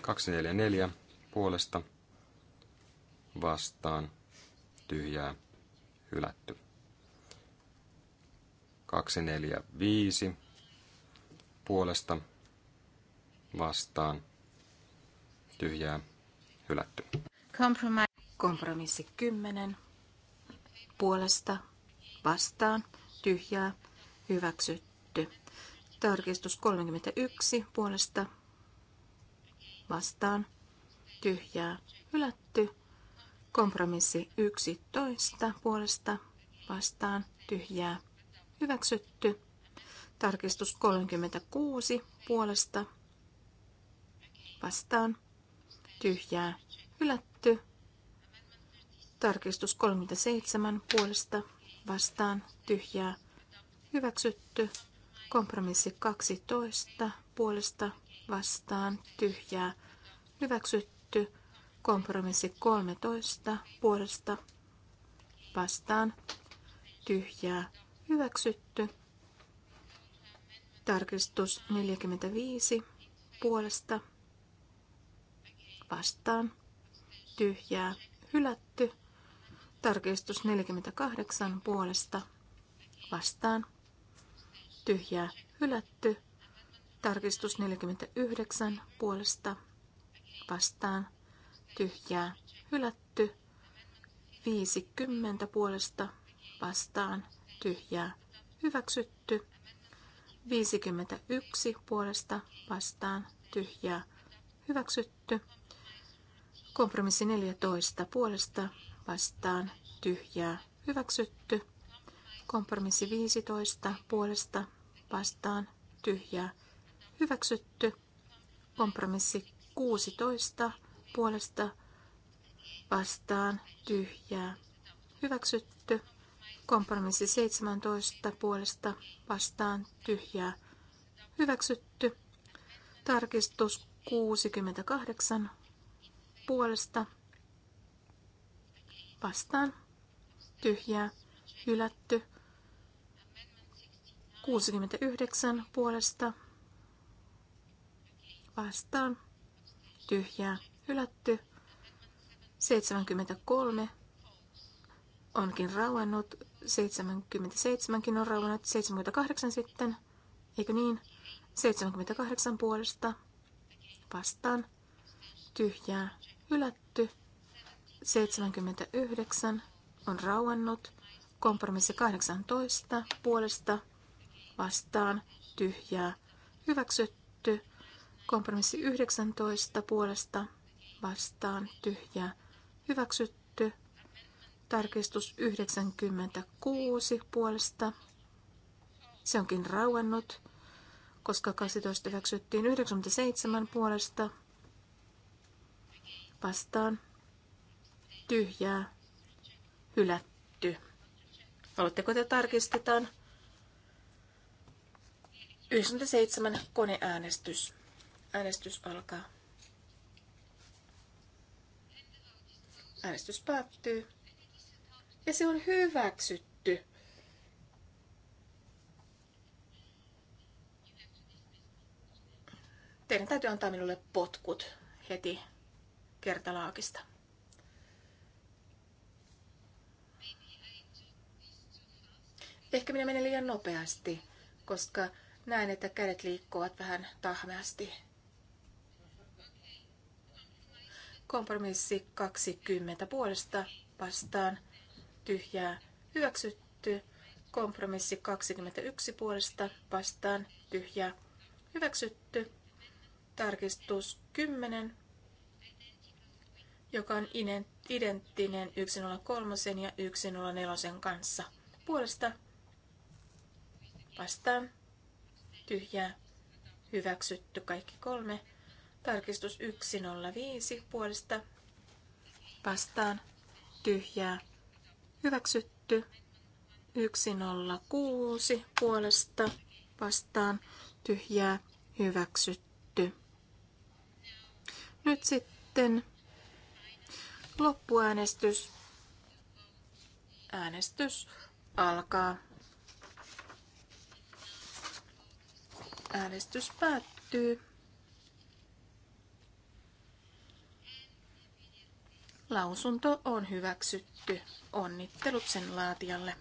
244 puolesta vastaan tyhjää hylätty. 245 puolesta vastaan tyhjää hylätty. Kompromissi 10 puolesta vastaan tyhjää hyväksytty. Tarkistus 31 puolesta vastaan tyhjää hylätty. Kompromissi 11 puolesta vastaan tyhjää hyväksytty. Tarkistus 36 puolesta vastaan. Tyhjää hylätty. Tarkistus 37 puolesta vastaan. Tyhjää hyväksytty. Kompromissi 12 puolesta vastaan. Tyhjää hyväksytty. Kompromissi 13 puolesta vastaan. Tyhjää hyväksytty. Tarkistus 45 puolesta vastaan tyhjää hylätty. Tarkistus 48 puolesta vastaan tyhjää hylätty. Tarkistus 49 puolesta vastaan tyhjää hylätty. 50 puolesta vastaan tyhjää hyväksytty. 51 puolesta vastaan tyhjää hyväksytty. Kompromissi 14 puolesta vastaan tyhjää hyväksytty. Kompromissi 15 puolesta vastaan tyhjää hyväksytty. Kompromissi 16 puolesta vastaan tyhjää hyväksytty. Kompromissi 17 puolesta vastaan tyhjää hyväksytty. Tarkistus 68 puolesta vastaan tyhjää hylätty. 69 puolesta vastaan tyhjää hylätty. 73 onkin rauennut 77kin on raunat, 78 sitten, eikö niin? 78 puolesta vastaan, tyhjää, hylätty. 79 on rauennut, kompromissi 18 puolesta vastaan, tyhjää, hyväksytty. Kompromissi 19 puolesta vastaan, tyhjää, hyväksytty Tarkistus 96 puolesta. Se onkin rauennut, koska 12 hyväksyttiin 97 puolesta. Vastaan. Tyhjää. Hylätty. Haluatteko te tarkistetaan? 97 koneäänestys. Äänestys alkaa. Äänestys päättyy ja se on hyväksytty. Teidän täytyy antaa minulle potkut heti kertalaakista. Ehkä minä menen liian nopeasti, koska näen, että kädet liikkuvat vähän tahmeasti. Kompromissi 20 puolesta vastaan tyhjää hyväksytty. Kompromissi 21 puolesta vastaan tyhjää hyväksytty. Tarkistus 10, joka on identtinen 103 ja 104 kanssa. Puolesta vastaan tyhjää hyväksytty kaikki kolme. Tarkistus 105 puolesta vastaan tyhjää Hyväksytty 106 puolesta vastaan tyhjää hyväksytty. Nyt sitten loppuäänestys. Äänestys alkaa. Äänestys päättyy. Lausunto on hyväksytty. Onnittelut sen laatijalle.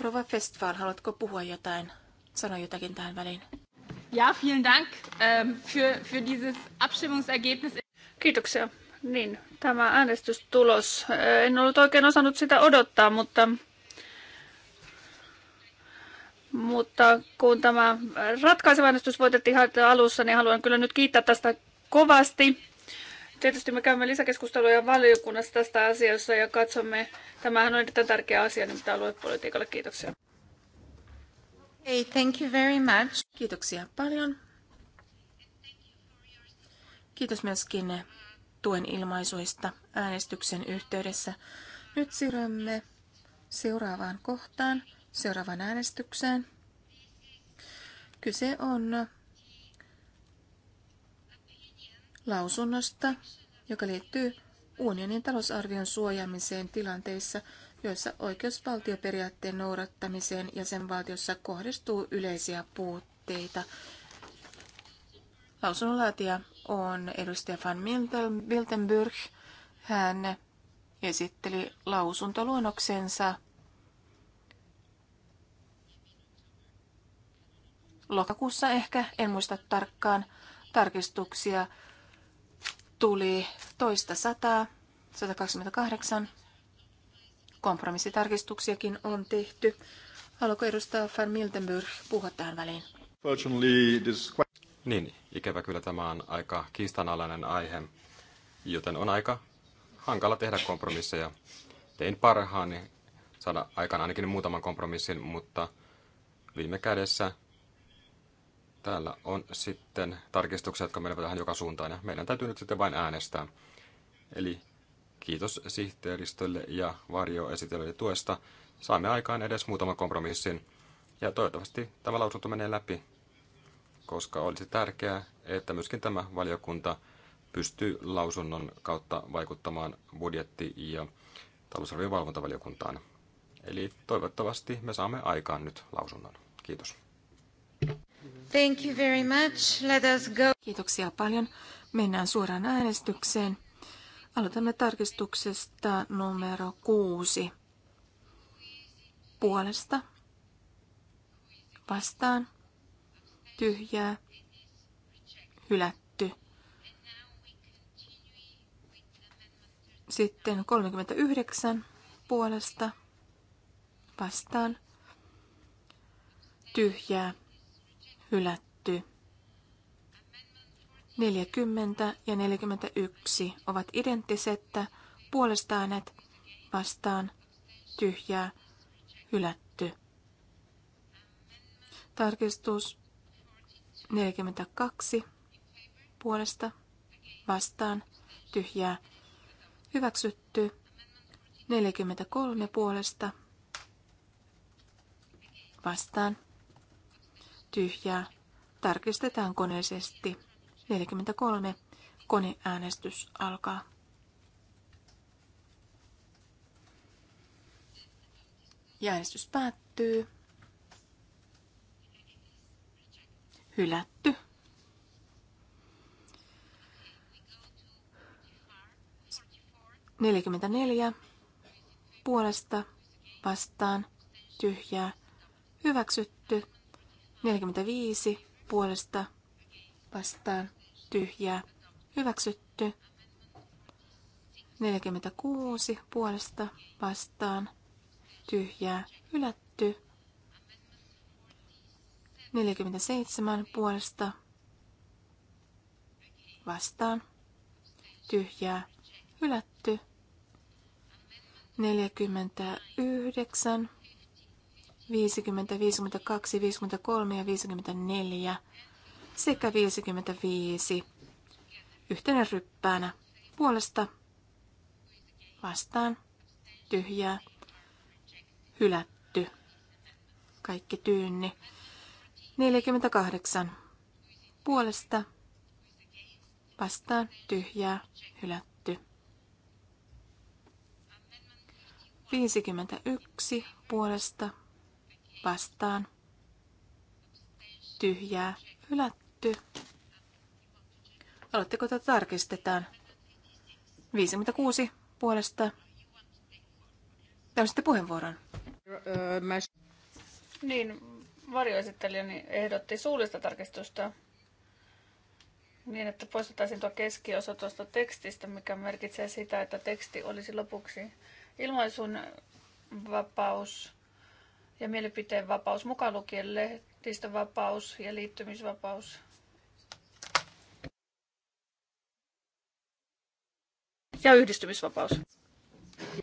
Rova Festval, haluatko puhua jotain? Sano jotakin tähän väliin. Ja, vielen Dank ähm, für, für dieses Abstimmungsergebnis. Kiitoksia. Niin, tämä äänestystulos. Äh, en ollut oikein osannut sitä odottaa, mutta, mutta kun tämä ratkaiseva äänestys voitettiin alussa, niin haluan kyllä nyt kiittää tästä kovasti Tietysti me käymme lisäkeskusteluja valiokunnassa tästä asiasta ja katsomme. Tämähän on erittäin tärkeä asia nimittäin niin aluepolitiikalle. Kiitoksia. Hey, thank you very much. Kiitoksia paljon. Kiitos myöskin tuen ilmaisuista äänestyksen yhteydessä. Nyt siirrymme seuraavaan kohtaan, seuraavaan äänestykseen. Kyse on lausunnosta, joka liittyy unionin talousarvion suojaamiseen tilanteissa, joissa oikeusvaltioperiaatteen noudattamiseen jäsenvaltiossa kohdistuu yleisiä puutteita. Lausunnonlaatija on edustaja van Miltenburg. Hän esitteli lausuntoluonnoksensa lokakuussa ehkä, en muista tarkkaan, tarkistuksia tuli toista sataa, 128. Kompromissitarkistuksiakin on tehty. Haluatko edustaa Van Miltenburg puhua tähän väliin? Niin, ikävä kyllä tämä on aika kiistanalainen aihe, joten on aika hankala tehdä kompromisseja. Tein parhaani saada aikaan ainakin muutaman kompromissin, mutta viime kädessä täällä on sitten tarkistuksia, jotka menevät vähän joka suuntaan ja meidän täytyy nyt sitten vain äänestää. Eli kiitos sihteeristölle ja varjoesitelijöille tuesta. Saamme aikaan edes muutaman kompromissin ja toivottavasti tämä lausunto menee läpi, koska olisi tärkeää, että myöskin tämä valiokunta pystyy lausunnon kautta vaikuttamaan budjetti- ja talousarvion valvontavaliokuntaan. Eli toivottavasti me saamme aikaan nyt lausunnon. Kiitos. Thank you very much. Let us go. Kiitoksia paljon. Mennään suoraan äänestykseen. Aloitamme tarkistuksesta numero kuusi. Puolesta. Vastaan. Tyhjää. Hylätty. Sitten 39 puolesta. Vastaan. Tyhjää hylätty. 40 ja 41 ovat identtiset, puolestaan et vastaan tyhjää hylätty. Tarkistus 42 puolesta vastaan tyhjää hyväksytty. 43 puolesta vastaan tyhjää. Tarkistetaan koneisesti. 43. Koneäänestys alkaa. Ja äänestys päättyy. Hylätty. neljä, puolesta vastaan tyhjää hyväksytty. 45 puolesta vastaan tyhjää hyväksytty. 46 puolesta vastaan tyhjää hylätty. 47 puolesta vastaan tyhjää hylätty. 49 50, 52, 53 ja 54 sekä 55 yhtenä ryppäänä puolesta vastaan tyhjää hylätty kaikki tyynni 48 puolesta vastaan tyhjää hylätty 51 puolesta vastaan tyhjää hylätty. Aloitteko tätä tarkistetaan? 56 puolesta. sitten puheenvuoron. Niin, varjoesittelijäni ehdotti suullista tarkistusta niin, että poistettaisiin tuo keskiosa tuosta tekstistä, mikä merkitsee sitä, että teksti olisi lopuksi ilmaisun vapaus ja mielipiteen vapaus, mukaan lukien lehdistövapaus ja liittymisvapaus. Ja yhdistymisvapaus.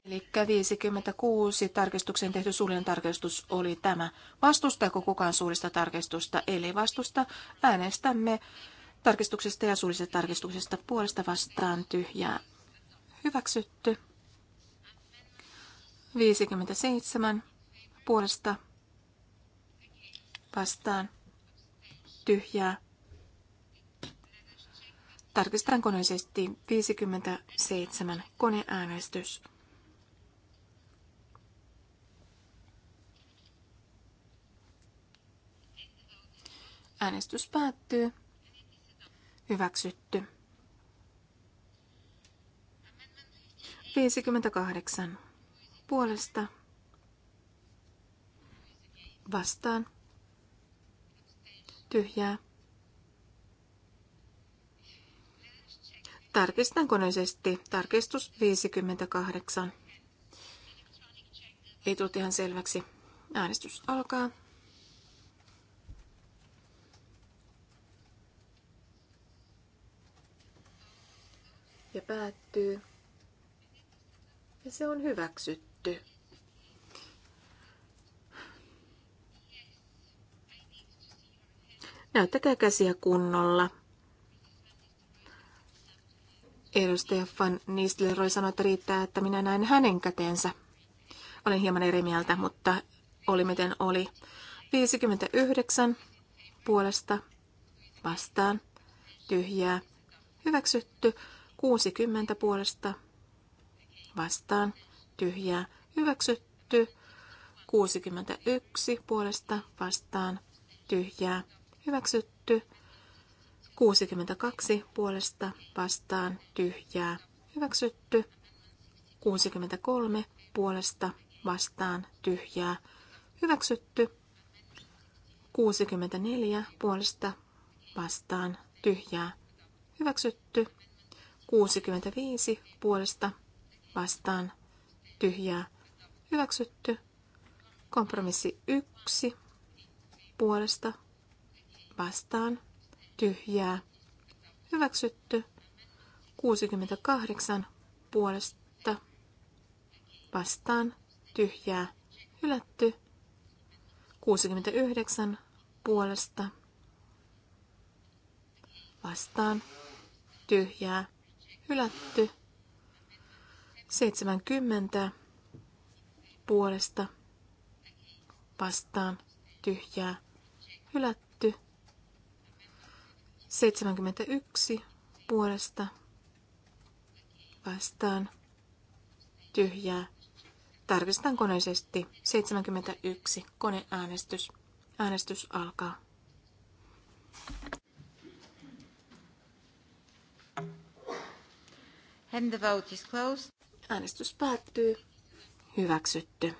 Eli 56 tarkistuksen tehty suullinen tarkistus oli tämä. Vastustaako kukaan suullista tarkistusta? Eli vastusta äänestämme tarkistuksesta ja suullisesta tarkistuksesta puolesta vastaan tyhjää. Hyväksytty. 57 puolesta vastaan tyhjää. Tarkistetaan koneisesti 57 koneäänestys. Äänestys päättyy. Hyväksytty. 58. Puolesta vastaan, tyhjää. Tarkistan koneisesti. Tarkistus 58. Ei tullut ihan selväksi. Äänestys alkaa. Ja päättyy. Ja se on hyväksytty. Näyttäkää käsiä kunnolla. Edustaja Van Nistleroi sanoi, että riittää, että minä näen hänen käteensä. Olin hieman eri mieltä, mutta oli miten oli. 59 puolesta vastaan tyhjää hyväksytty. 60 puolesta vastaan tyhjää hyväksytty. 61 puolesta vastaan tyhjää Hyväksytty. 62 puolesta vastaan tyhjää. Hyväksytty. 63 puolesta vastaan tyhjää. Hyväksytty. 64 puolesta vastaan tyhjää. Hyväksytty. 65 puolesta vastaan tyhjää. Hyväksytty. Kompromissi 1 puolesta vastaan, tyhjää, hyväksytty. 68 puolesta vastaan, tyhjää, hylätty. 69 puolesta vastaan, tyhjää, hylätty. 70 puolesta vastaan, tyhjää, hylätty. 71 puolesta vastaan tyhjää. Tarkistan koneisesti 71 koneäänestys. Äänestys alkaa. And the vote is closed. Äänestys päättyy. Hyväksytty.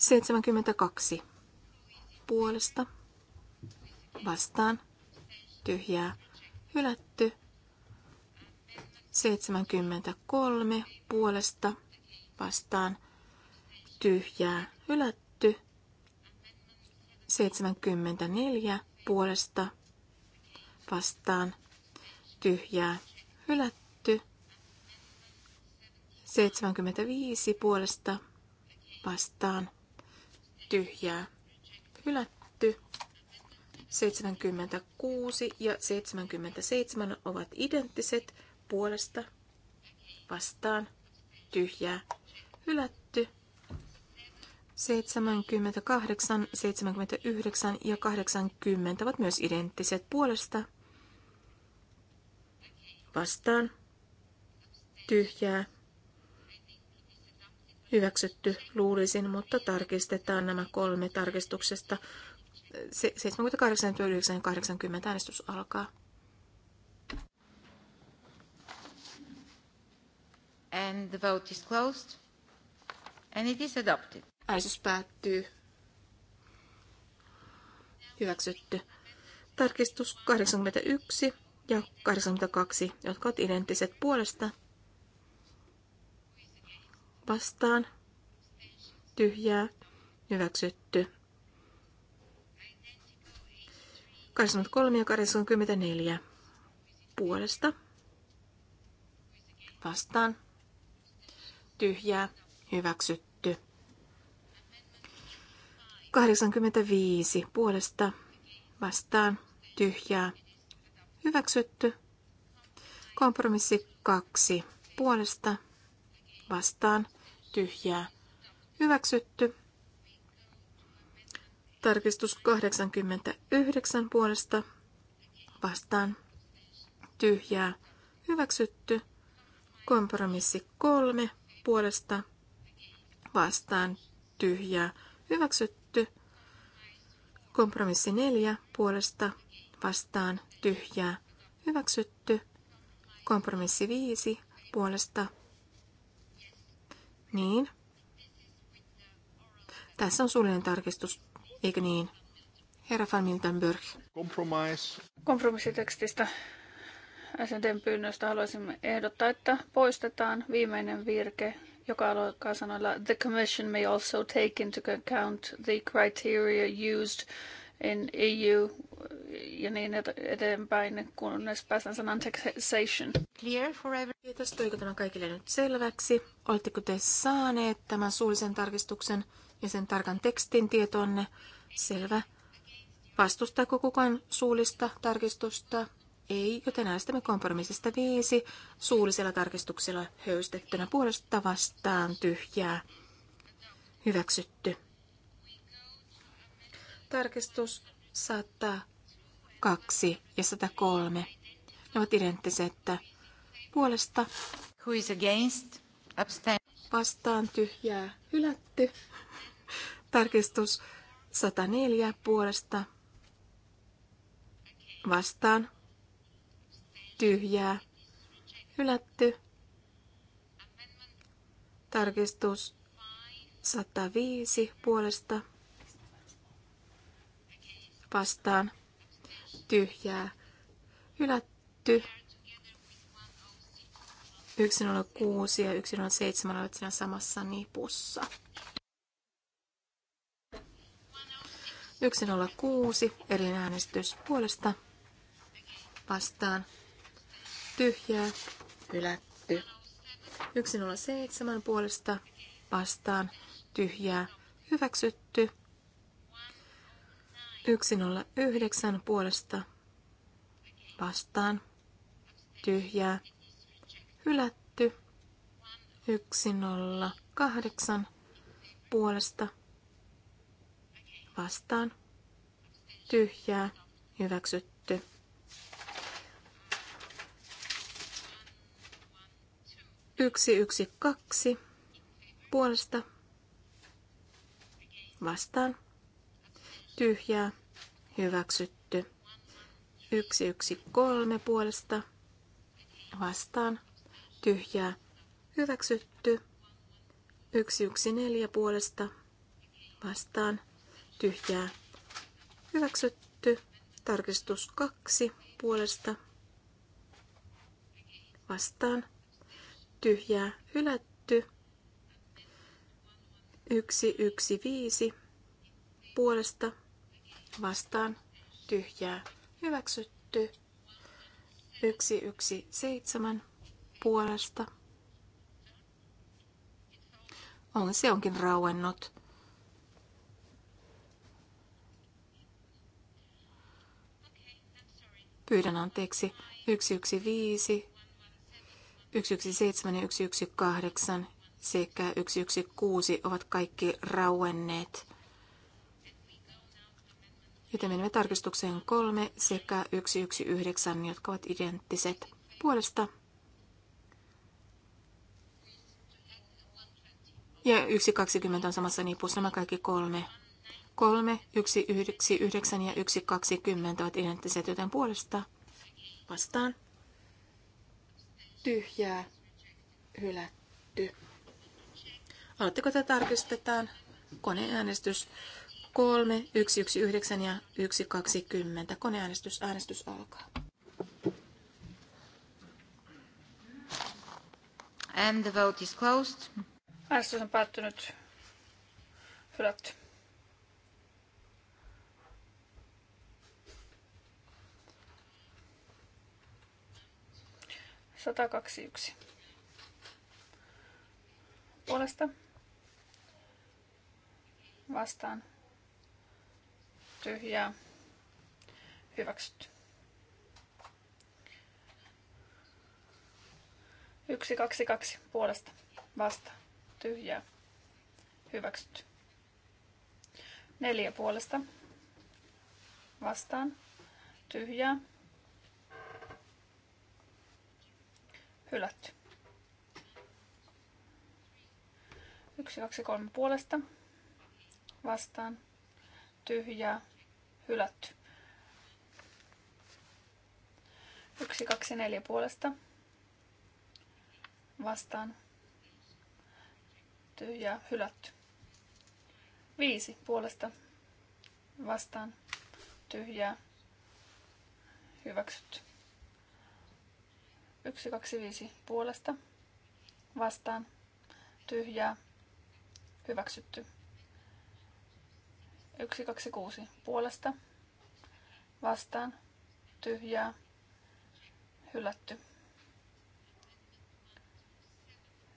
72 puolesta vastaan tyhjää hylätty. 73 puolesta vastaan tyhjää hylätty. 74 puolesta vastaan tyhjää hylätty. 75 puolesta vastaan tyhjää, hylätty. 76 ja 77 ovat identtiset puolesta vastaan tyhjää, hylätty. 78, 79 ja 80 ovat myös identtiset puolesta vastaan tyhjää, hyväksytty, luulisin, mutta tarkistetaan nämä kolme tarkistuksesta. 78, 80 äänestys alkaa. And the vote is closed. And it is adopted. Äänestys päättyy. Hyväksytty. Tarkistus 81 ja 82, jotka ovat identtiset puolesta vastaan. Tyhjää. Hyväksytty. 83 ja 84 puolesta. Vastaan. Tyhjää. Hyväksytty. 85 puolesta. Vastaan. Tyhjää. Hyväksytty. Kompromissi 2 puolesta. Vastaan tyhjää hyväksytty. Tarkistus 89 puolesta vastaan tyhjää hyväksytty. Kompromissi 3 puolesta vastaan tyhjää hyväksytty. Kompromissi 4 puolesta vastaan tyhjää hyväksytty. Kompromissi 5 puolesta niin. Tässä on suullinen tarkistus, eikö niin? Herra van Miltenburg. Kompromissitekstistä SNTn pyynnöstä haluaisimme ehdottaa, että poistetaan viimeinen virke, joka alkaa sanoilla The Commission may also take into account the criteria used in EU ja niin eteenpäin, kunnes päästään sanan taxation. Clear forever. Kiitos, tuiko tämä kaikille nyt selväksi? Oletteko te saaneet tämän suullisen tarkistuksen ja sen tarkan tekstin tietoonne? Selvä. Vastustaako kukaan suullista tarkistusta? Ei, joten äästämme kompromissista viisi suullisella tarkistuksella höystettynä puolesta vastaan tyhjää. Hyväksytty. Tarkistus 102 ja 103. Ne ovat identtiset puolesta. Who is against? Abstain. Vastaan tyhjää hylätty. Tarkistus 104 puolesta. Vastaan tyhjää hylätty. Tarkistus 105 puolesta vastaan tyhjää hylätty. 106 ja 107 olivat siinä samassa nipussa. 106, eri äänestys puolesta vastaan tyhjää hylätty. 107 puolesta vastaan tyhjää hyväksytty. 109 puolesta vastaan tyhjää hylätty 108 puolesta vastaan tyhjää hyväksytty. Yksi, yksi, kaksi puolesta vastaan tyhjää, hyväksytty. 113 puolesta vastaan, tyhjää, hyväksytty. 114 puolesta vastaan, tyhjää, hyväksytty. Tarkistus 2 puolesta vastaan, tyhjää, hylätty. 115 puolesta vastaan, tyhjää, hyväksytty, yksi, yksi, seitsemän, puolesta. On, se onkin rauennut. Pyydän anteeksi, yksi, yksi, viisi, yksi, yksi, seitsemän ja yksi, yksi, kahdeksan sekä yksi, yksi, kuusi ovat kaikki rauenneet. Joten menemme tarkistukseen kolme sekä 119, jotka ovat identtiset puolesta. Ja 1.20 on samassa nipussa nämä kaikki kolme. 3, 1, 9, 9 ja 1, 20 ovat identtiset, joten puolesta vastaan tyhjää hylätty. Aloitteko, tätä tarkistetaan koneäänestys 3, 1, 1, 9 ja 1, 120. Koneäänestys, äänestys alkaa. And the vote is closed. Äänestys on päättynyt. Hylätty. kaksi yksi. Puolesta. Vastaan tyhjää, hyväksytty. Yksi, kaksi, kaksi puolesta vasta tyhjää, hyväksytty. Neljä puolesta vastaan tyhjää, hylätty. Yksi, kaksi, kolme puolesta vastaan tyhjää, Hylätty. neljä puolesta. Vastaan. Tyhjää. Hylätty. 5 puolesta. Vastaan. Tyhjää. Hyväksytty. viisi puolesta. Vastaan. Tyhjää. Hyväksytty. 1, 2, 6 puolesta vastaan tyhjää hylätty.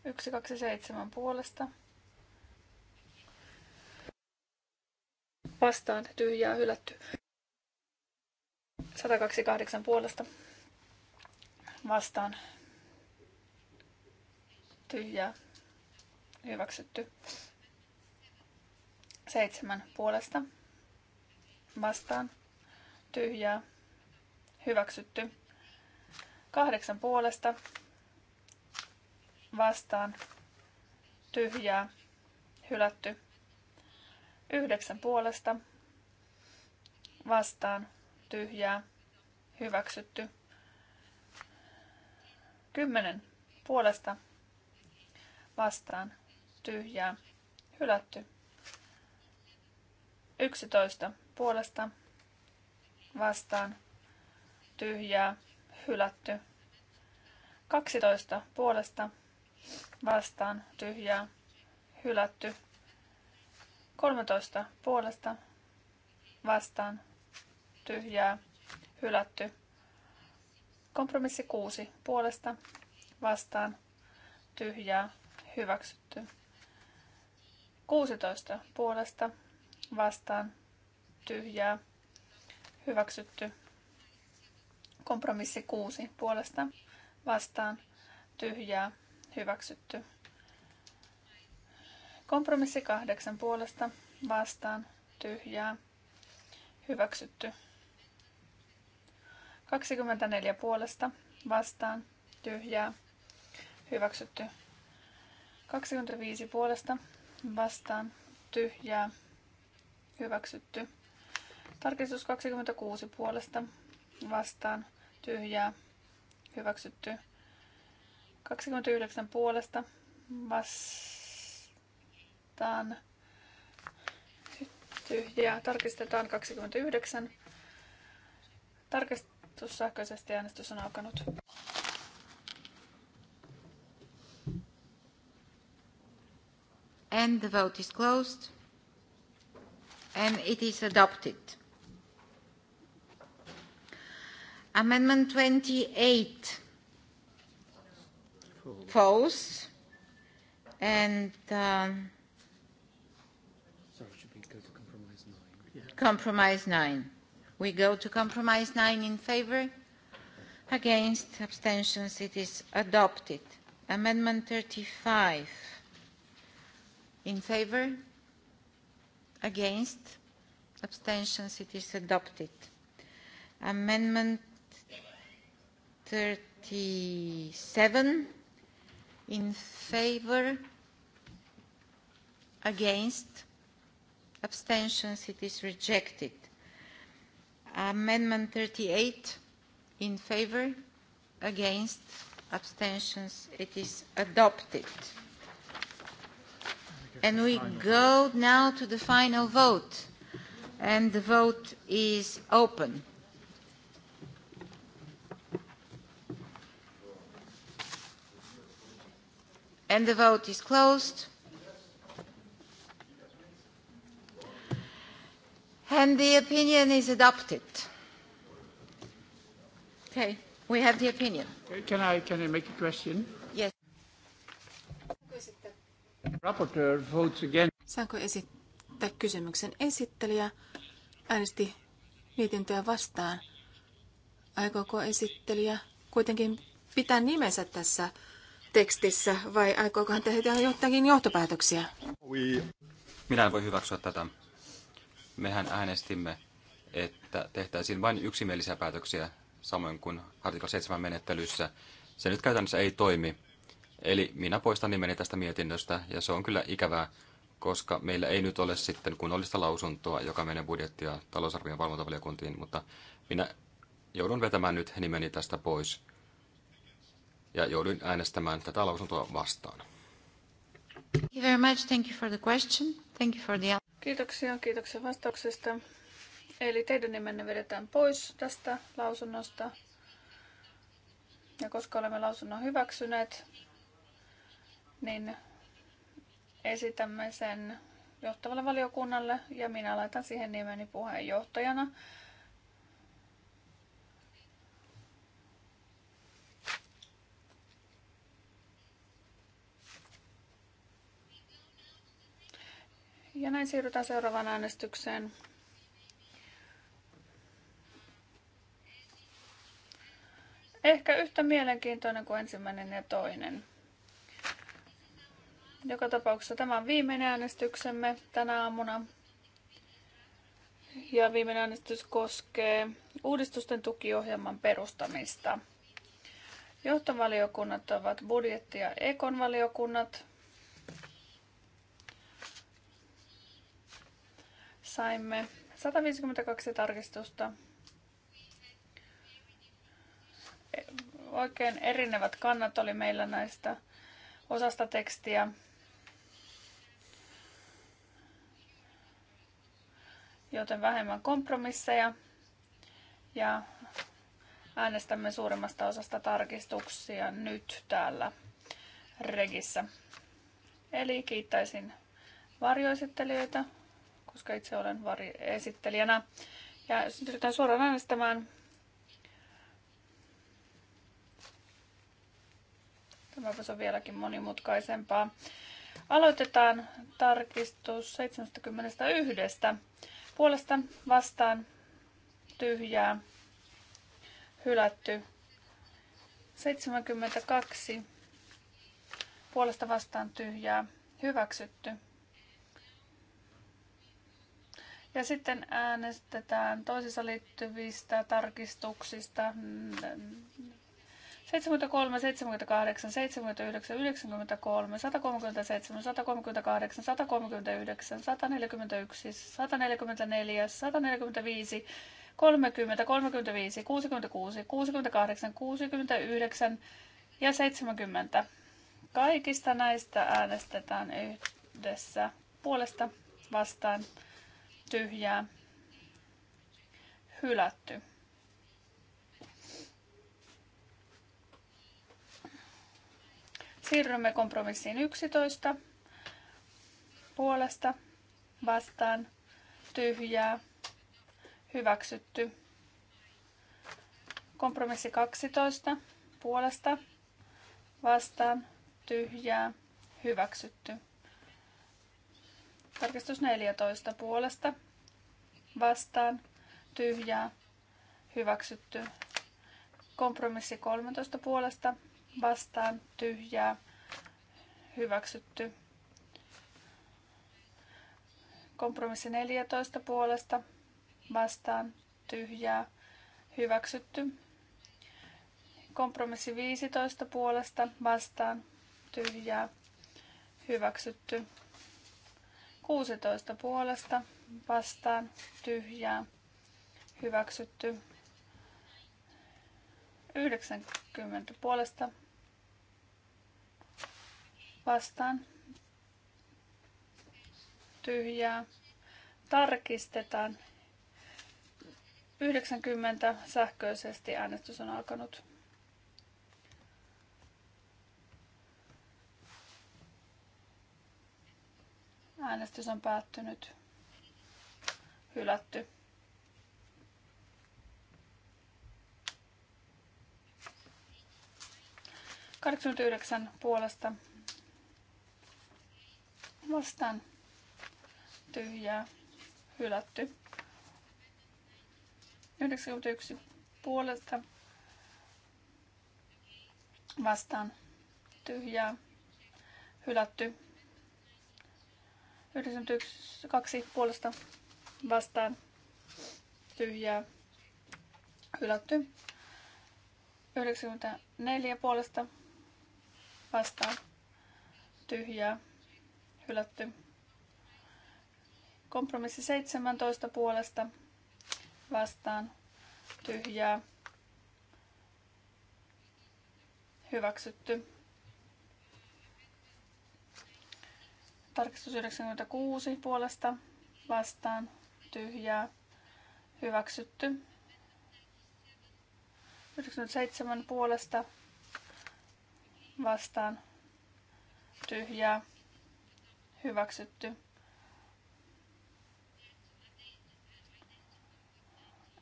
1, 2, 7 puolesta vastaan tyhjää hylätty. 128 puolesta vastaan tyhjää hyväksytty. Seitsemän puolesta vastaan tyhjää hyväksytty. Kahdeksan puolesta vastaan tyhjää hylätty. Yhdeksän puolesta vastaan tyhjää hyväksytty. Kymmenen puolesta vastaan tyhjää hylätty. 11 puolesta vastaan tyhjää hylätty. 12 puolesta vastaan tyhjää hylätty. 13 puolesta vastaan tyhjää hylätty. Kompromissi 6 puolesta vastaan tyhjää hyväksytty. 16 puolesta vastaan tyhjää hyväksytty. Kompromissi kuusi puolesta vastaan tyhjää hyväksytty. Kompromissi kahdeksan puolesta vastaan tyhjää hyväksytty. 24 puolesta vastaan tyhjää hyväksytty. 25 puolesta vastaan tyhjää Hyväksytty. Tarkistus 26 puolesta vastaan tyhjää. Hyväksytty. 29 puolesta vastaan tyhjää. Tarkistetaan 29. Tarkistus sähköisesti äänestys on alkanut. And the vote is closed and it is adopted. Amendment 28 false and um, Sorry, should we go to compromise nine? Yeah. Compromise nine. We go to compromise nine in favor. Against abstentions, it is adopted. Amendment 35 in favor Against? Abstentions. It is adopted. Amendment 37 in favor against abstentions it is rejected amendment 38 in favor against abstentions it is adopted And we go now to the final vote. And the vote is open. And the vote is closed. And the opinion is adopted. Okay, we have the opinion. Can I, can I make a question? Saanko esittää kysymyksen? Esittelijä äänesti mietintöä vastaan. Aikooko esittelijä kuitenkin pitää nimensä tässä tekstissä vai aikooko hän tehdä jotakin johtopäätöksiä? Minä en voi hyväksyä tätä. Mehän äänestimme, että tehtäisiin vain yksimielisiä päätöksiä, samoin kuin artikla 7 menettelyssä. Se nyt käytännössä ei toimi. Eli minä poistan nimeni tästä mietinnöstä, ja se on kyllä ikävää, koska meillä ei nyt ole sitten kunnollista lausuntoa, joka menee budjetti- ja talousarvion valvontavaliokuntiin, mutta minä joudun vetämään nyt nimeni tästä pois ja joudun äänestämään tätä lausuntoa vastaan. Thank you very much. Thank you for the question. Thank you for the... Kiitoksia, kiitoksia vastauksesta. Eli teidän nimenne vedetään pois tästä lausunnosta. Ja koska olemme lausunnon hyväksyneet, niin esitämme sen johtavalle valiokunnalle ja minä laitan siihen nimeni puheenjohtajana. Ja näin siirrytään seuraavaan äänestykseen. Ehkä yhtä mielenkiintoinen kuin ensimmäinen ja toinen. Joka tapauksessa tämä on viimeinen äänestyksemme tänä aamuna. Ja viimeinen äänestys koskee uudistusten tukiohjelman perustamista. Johtovaliokunnat ovat budjetti- ja ekonvaliokunnat. Saimme 152 tarkistusta. Oikein erinevät kannat oli meillä näistä osasta tekstiä. joten vähemmän kompromisseja ja äänestämme suuremmasta osasta tarkistuksia nyt täällä regissä. Eli kiittäisin varjoesittelijöitä, koska itse olen varjoesittelijänä. Ja jos suoraan äänestämään, tämä on vieläkin monimutkaisempaa. Aloitetaan tarkistus 71. Puolesta vastaan tyhjää hylätty. 72 puolesta vastaan tyhjää hyväksytty. Ja sitten äänestetään toisissa liittyvistä tarkistuksista mm, 73, 78, 79, 93, 137, 138, 139, 141, 144, 145, 30, 35, 66, 68, 69 ja 70. Kaikista näistä äänestetään yhdessä puolesta vastaan tyhjää hylätty. Siirrymme kompromissiin 11 puolesta vastaan tyhjää hyväksytty. Kompromissi 12 puolesta vastaan tyhjää hyväksytty. Tarkistus 14 puolesta vastaan tyhjää hyväksytty. Kompromissi 13 puolesta vastaan tyhjää hyväksytty. Kompromissi 14 puolesta vastaan tyhjää hyväksytty. Kompromissi 15 puolesta vastaan tyhjää hyväksytty. 16 puolesta vastaan tyhjää hyväksytty. 90 puolesta vastaan tyhjää. Tarkistetaan. 90 sähköisesti äänestys on alkanut. Äänestys on päättynyt. Hylätty. Kahdeksankymmentäyhdeksän puolesta vastaan tyhjää hylätty. 91 puolesta vastaan tyhjää hylätty. 91 kaksi puolesta vastaan tyhjää hylätty. 94 puolesta vastaan tyhjää hylätty. Kompromissi 17 puolesta vastaan tyhjää hyväksytty. Tarkistus 96 puolesta vastaan tyhjää hyväksytty. 97 puolesta vastaan tyhjää hyväksytty.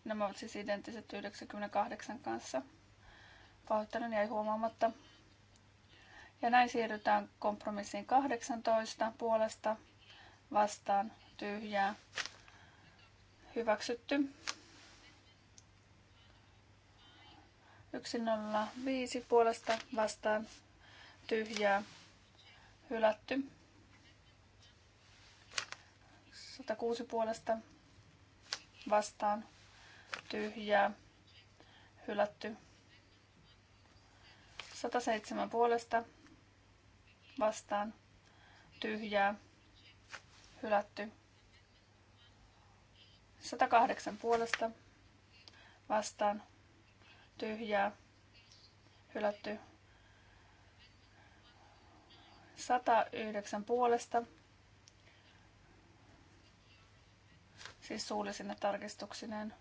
Nämä ovat siis identtiset 98 kanssa. Pahoittelen jäi huomaamatta. Ja näin siirrytään kompromissiin 18 puolesta vastaan tyhjää. Hyväksytty. 105 puolesta vastaan tyhjää. Hylätty kuusi puolesta vastaan tyhjää hylätty. 107 puolesta vastaan tyhjää hylätty. 108 puolesta vastaan tyhjää hylätty. 109 puolesta siis suullisine tarkistuksineen.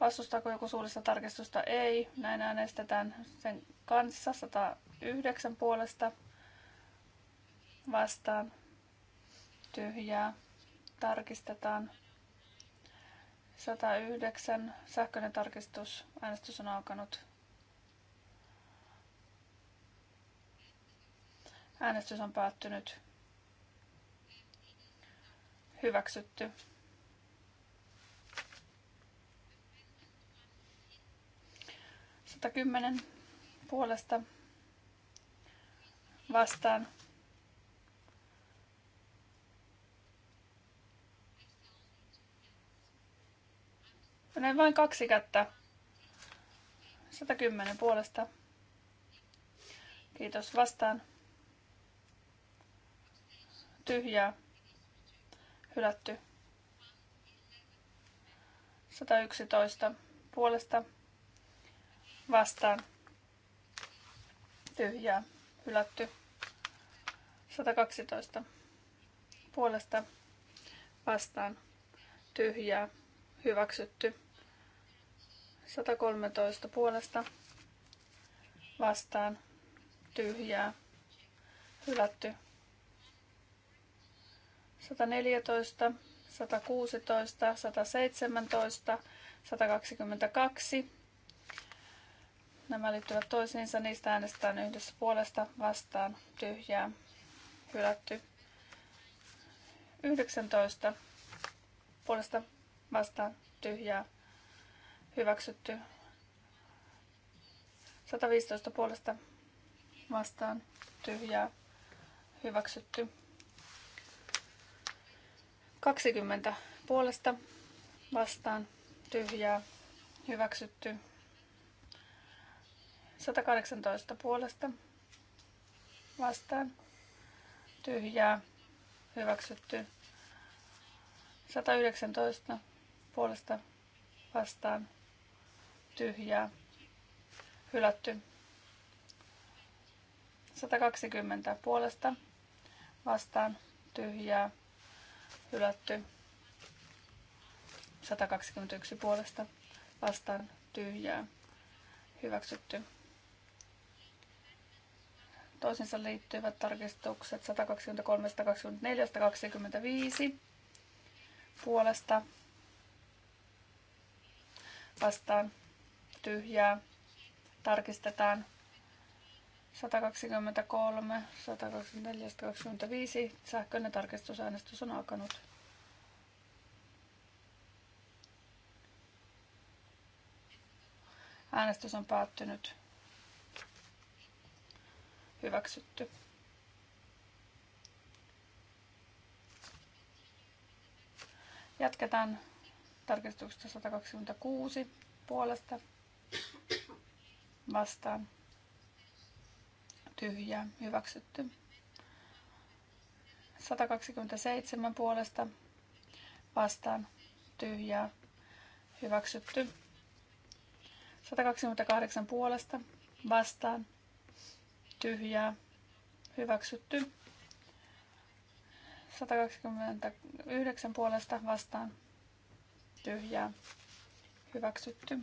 Vastustaako joku suullista tarkistusta? Ei. Näin äänestetään sen kanssa 109 puolesta vastaan tyhjää. Tarkistetaan 109. Sähköinen tarkistus. Äänestys on alkanut. Äänestys on päättynyt. Hyväksytty. kymmenen puolesta vastaan. Näin vain kaksi kättä. 110 puolesta. Kiitos vastaan. Tyhjää. Hylätty. 111 puolesta vastaan. Tyhjää. Hylätty. 112 puolesta vastaan. Tyhjää. Hyväksytty. 113 puolesta vastaan. Tyhjää. Hylätty. 114, 116, 117, 122. Nämä liittyvät toisiinsa, niistä äänestetään yhdessä puolesta vastaan tyhjää, hylätty. 19 puolesta vastaan tyhjää, hyväksytty. 115 puolesta vastaan tyhjää, hyväksytty. 20 puolesta vastaan tyhjää hyväksytty. 118 puolesta vastaan tyhjää hyväksytty. 119 puolesta vastaan tyhjää hylätty. 120 puolesta vastaan tyhjää Hylätty. 121 puolesta vastaan tyhjää. Hyväksytty. Toisinsa liittyvät tarkistukset 123, 124, 125 puolesta vastaan tyhjää. Tarkistetaan 123, 124, 125. Sähköinen tarkistusäänestys on alkanut. Äänestys on päättynyt. Hyväksytty. Jatketaan tarkistuksesta 126 puolesta vastaan tyhjää hyväksytty. 127 puolesta vastaan tyhjää hyväksytty. 128 puolesta vastaan tyhjää hyväksytty. 129 puolesta vastaan tyhjää hyväksytty.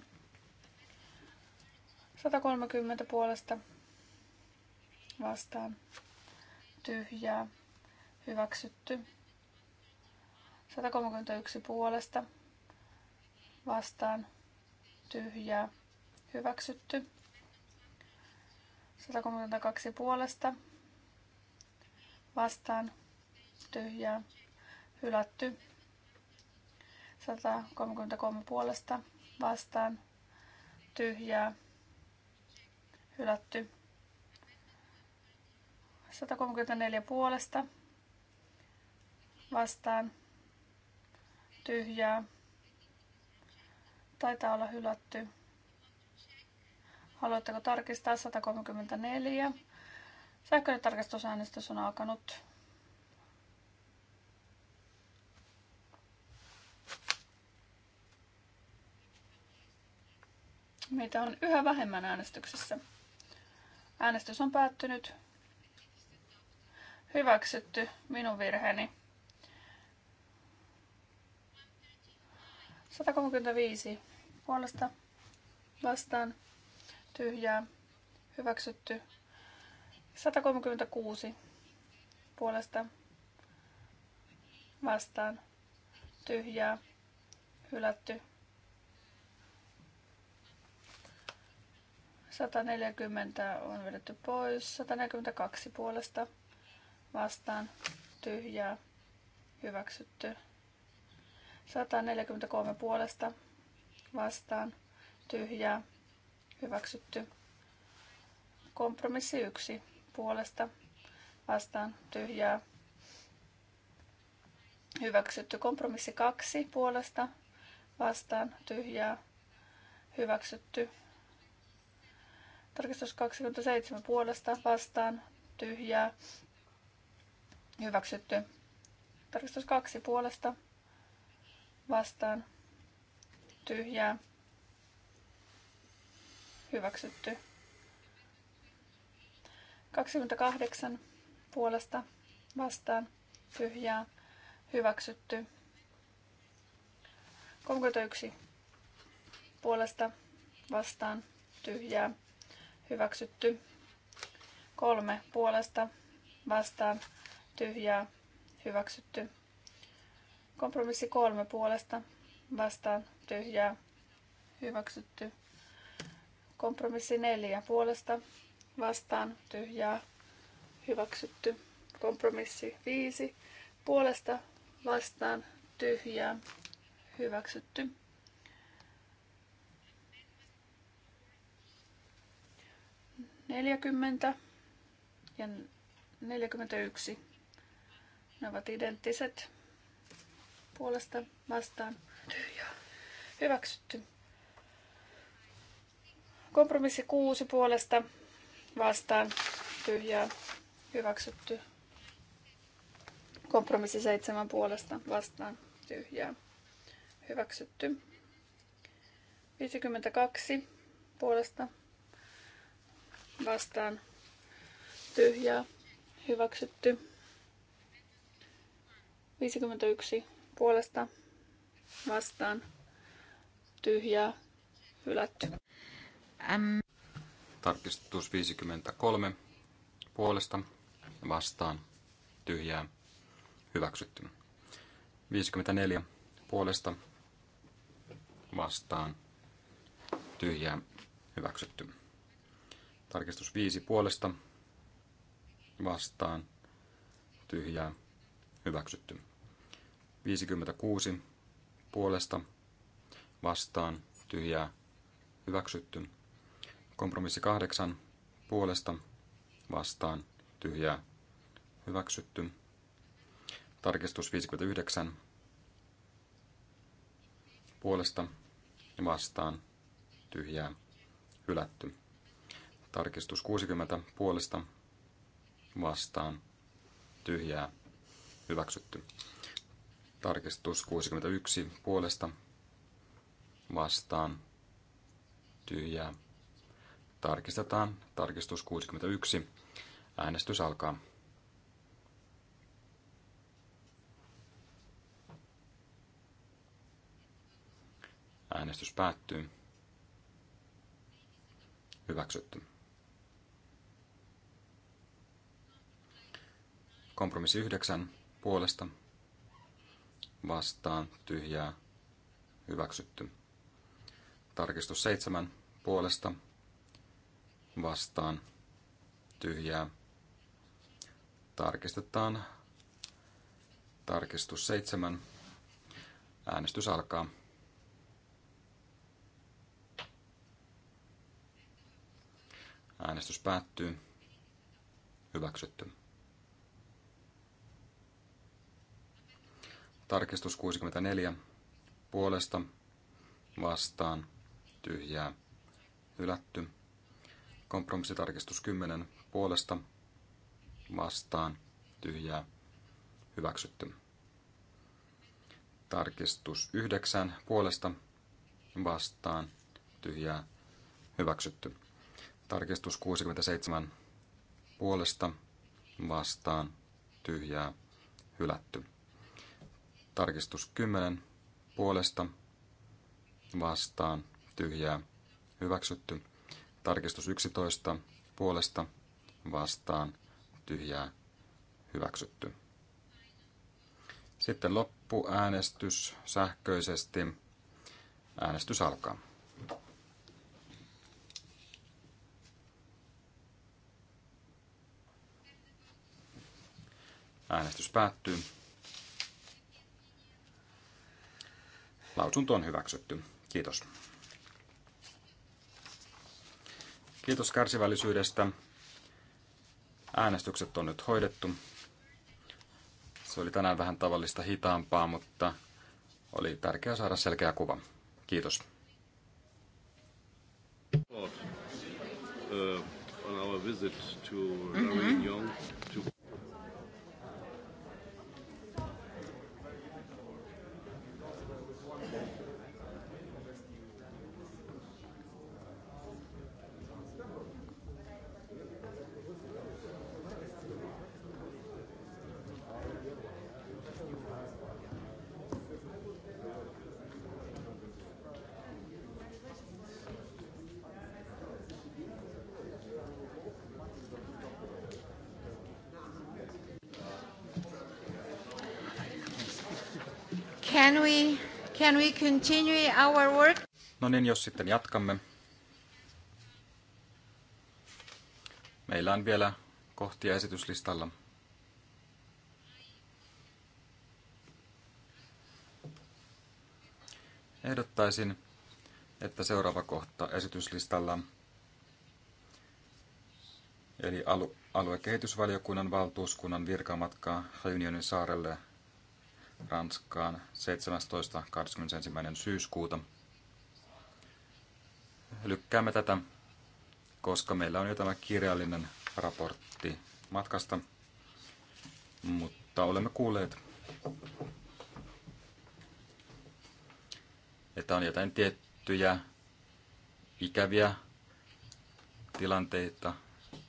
130 puolesta vastaan tyhjää hyväksytty. 131 puolesta vastaan tyhjää hyväksytty. 132 puolesta vastaan tyhjää hylätty. 133 puolesta vastaan tyhjää hylätty. 134 puolesta vastaan tyhjää. Taitaa olla hylätty. Haluatteko tarkistaa 134? Sähköinen tarkastusäänestys on alkanut. Meitä on yhä vähemmän äänestyksessä. Äänestys on päättynyt. Hyväksytty. Minun virheeni. 135 puolesta vastaan tyhjää hyväksytty 136 puolesta vastaan tyhjää hylätty 140 on vedetty pois 142 puolesta vastaan tyhjää hyväksytty. 143 puolesta vastaan tyhjää hyväksytty. Kompromissi 1 puolesta vastaan tyhjää hyväksytty. Kompromissi 2 puolesta vastaan tyhjää hyväksytty. Tarkistus 27 puolesta vastaan tyhjää Hyväksytty. Tarkistus kaksi puolesta. Vastaan. Tyhjää. Hyväksytty. 28 puolesta vastaan tyhjää hyväksytty. 31 puolesta vastaan tyhjää hyväksytty. 3 puolesta vastaan tyhjää, hyväksytty. Kompromissi kolme puolesta, vastaan, tyhjää, hyväksytty. Kompromissi neljä puolesta, vastaan, tyhjää, hyväksytty. Kompromissi viisi puolesta, vastaan, tyhjää, hyväksytty. Neljäkymmentä ja neljäkymmentäyksi ne ovat identtiset puolesta vastaan. Tyhjää. Hyväksytty. Kompromissi kuusi puolesta vastaan. Tyhjää. Hyväksytty. Kompromissi seitsemän puolesta vastaan. Tyhjää. Hyväksytty. 52 puolesta vastaan. Tyhjää. Hyväksytty. 51 puolesta vastaan tyhjää hylätty. M. Tarkistus 53 puolesta vastaan tyhjää hyväksytty. 54 puolesta vastaan tyhjää hyväksytty. Tarkistus 5 puolesta vastaan tyhjää hyväksytty. 56 puolesta vastaan tyhjää hyväksytty. Kompromissi 8 puolesta vastaan tyhjää hyväksytty. Tarkistus 59 puolesta ja vastaan tyhjää hylätty. Tarkistus 60 puolesta vastaan tyhjää hyväksytty. Tarkistus 61 puolesta vastaan tyhjää. Tarkistetaan. Tarkistus 61. Äänestys alkaa. Äänestys päättyy. Hyväksytty. Kompromissi 9 puolesta vastaan tyhjää hyväksytty. Tarkistus seitsemän puolesta vastaan tyhjää. Tarkistetaan tarkistus seitsemän Äänestys alkaa. Äänestys päättyy. Hyväksytty. Tarkistus 64 puolesta vastaan tyhjää hylätty. Kompromissitarkistus 10 puolesta vastaan tyhjää hyväksytty. Tarkistus 9 puolesta vastaan tyhjää hyväksytty. Tarkistus 67 puolesta vastaan tyhjää hylätty. Tarkistus 10 puolesta vastaan tyhjää hyväksytty. Tarkistus 11 puolesta vastaan tyhjää hyväksytty. Sitten loppuäänestys sähköisesti. Äänestys alkaa. Äänestys päättyy. Lausunto on hyväksytty. Kiitos. Kiitos kärsivällisyydestä. Äänestykset on nyt hoidettu. Se oli tänään vähän tavallista hitaampaa, mutta oli tärkeää saada selkeä kuva. Kiitos. Uh, on our visit to mm-hmm. can we continue our work? No niin, jos sitten jatkamme. Meillä on vielä kohtia esityslistalla. Ehdottaisin, että seuraava kohta esityslistalla, eli alu- aluekehitysvaliokunnan valtuuskunnan virkamatka Reunionin saarelle Ranskaan 17.21. syyskuuta. Lykkäämme tätä, koska meillä on jo tämä kirjallinen raportti matkasta, mutta olemme kuulleet, että on jotain tiettyjä ikäviä tilanteita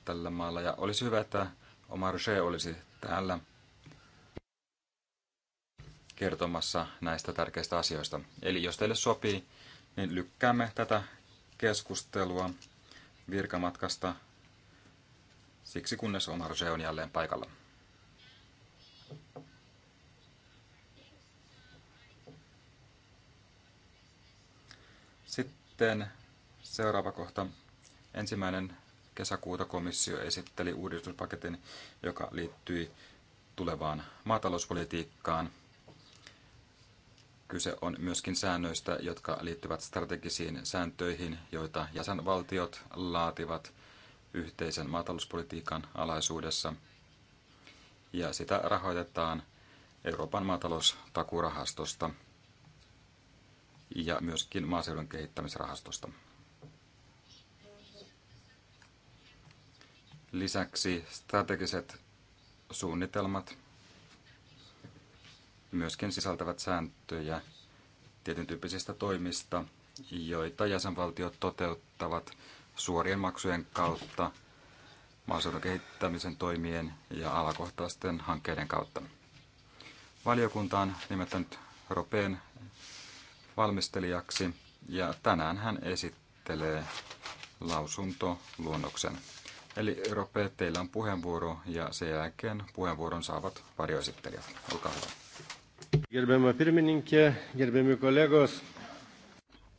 tällä maalla ja olisi hyvä, että Omar She olisi täällä – kertomassa näistä tärkeistä asioista. Eli jos teille sopii, niin lykkäämme tätä keskustelua virkamatkasta siksi, kunnes Omarse on jälleen paikalla. Sitten seuraava kohta. Ensimmäinen kesäkuuta komissio esitteli uudistuspaketin, joka liittyi tulevaan maatalouspolitiikkaan – Kyse on myöskin säännöistä, jotka liittyvät strategisiin sääntöihin, joita jäsenvaltiot laativat yhteisen maatalouspolitiikan alaisuudessa. Ja sitä rahoitetaan Euroopan maataloustakurahastosta ja myöskin maaseudun kehittämisrahastosta. Lisäksi strategiset suunnitelmat – myöskin sisältävät sääntöjä tietyn tyyppisistä toimista, joita jäsenvaltiot toteuttavat suorien maksujen kautta, maaseudun kehittämisen toimien ja alakohtaisten hankkeiden kautta. Valiokunta on nimettänyt Ropeen valmistelijaksi ja tänään hän esittelee lausuntoluonnoksen. Eli Rope, teillä on puheenvuoro ja sen jälkeen puheenvuoron saavat varjoesittelijät. Olkaa hyvä. Gerbiamä pirmininkė, gerbiami kollegos.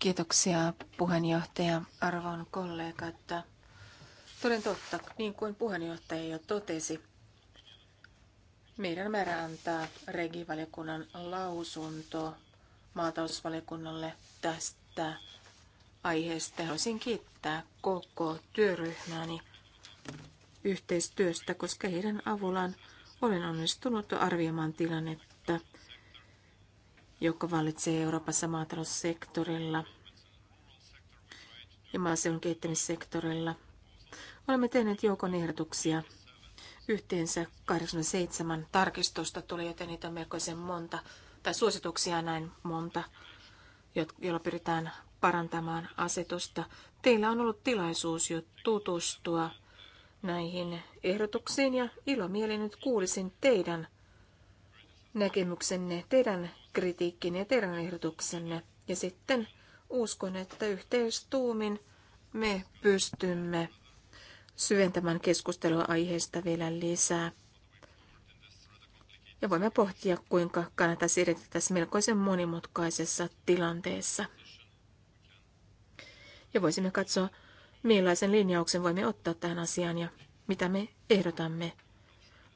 Kiitoksia puheenjohtaja, arvon kollegat. Toden totta, niin kuin puheenjohtaja jo totesi, meidän määrä antaa regivaliokunnan lausunto maatalousvaliokunnalle tästä aiheesta. Haluaisin kiittää koko työryhmääni yhteistyöstä, koska heidän avullaan olen onnistunut arvioimaan tilannetta joka vallitsee Euroopassa maataloussektorilla ja maaseudun kehittämissektorilla. Olemme tehneet joukon ehdotuksia. Yhteensä 87 tarkistusta tuli, joten niitä on melkoisen monta, tai suosituksia näin monta, joilla pyritään parantamaan asetusta. Teillä on ollut tilaisuus jo tutustua näihin ehdotuksiin ja ilomielin nyt kuulisin teidän näkemyksenne, teidän kritiikkinne ja teidän ehdotuksenne. Ja sitten uskon, että yhteistuumin me pystymme syventämään keskustelua aiheesta vielä lisää. Ja voimme pohtia, kuinka kannattaisi edetä tässä melkoisen monimutkaisessa tilanteessa. Ja voisimme katsoa, millaisen linjauksen voimme ottaa tähän asiaan ja mitä me ehdotamme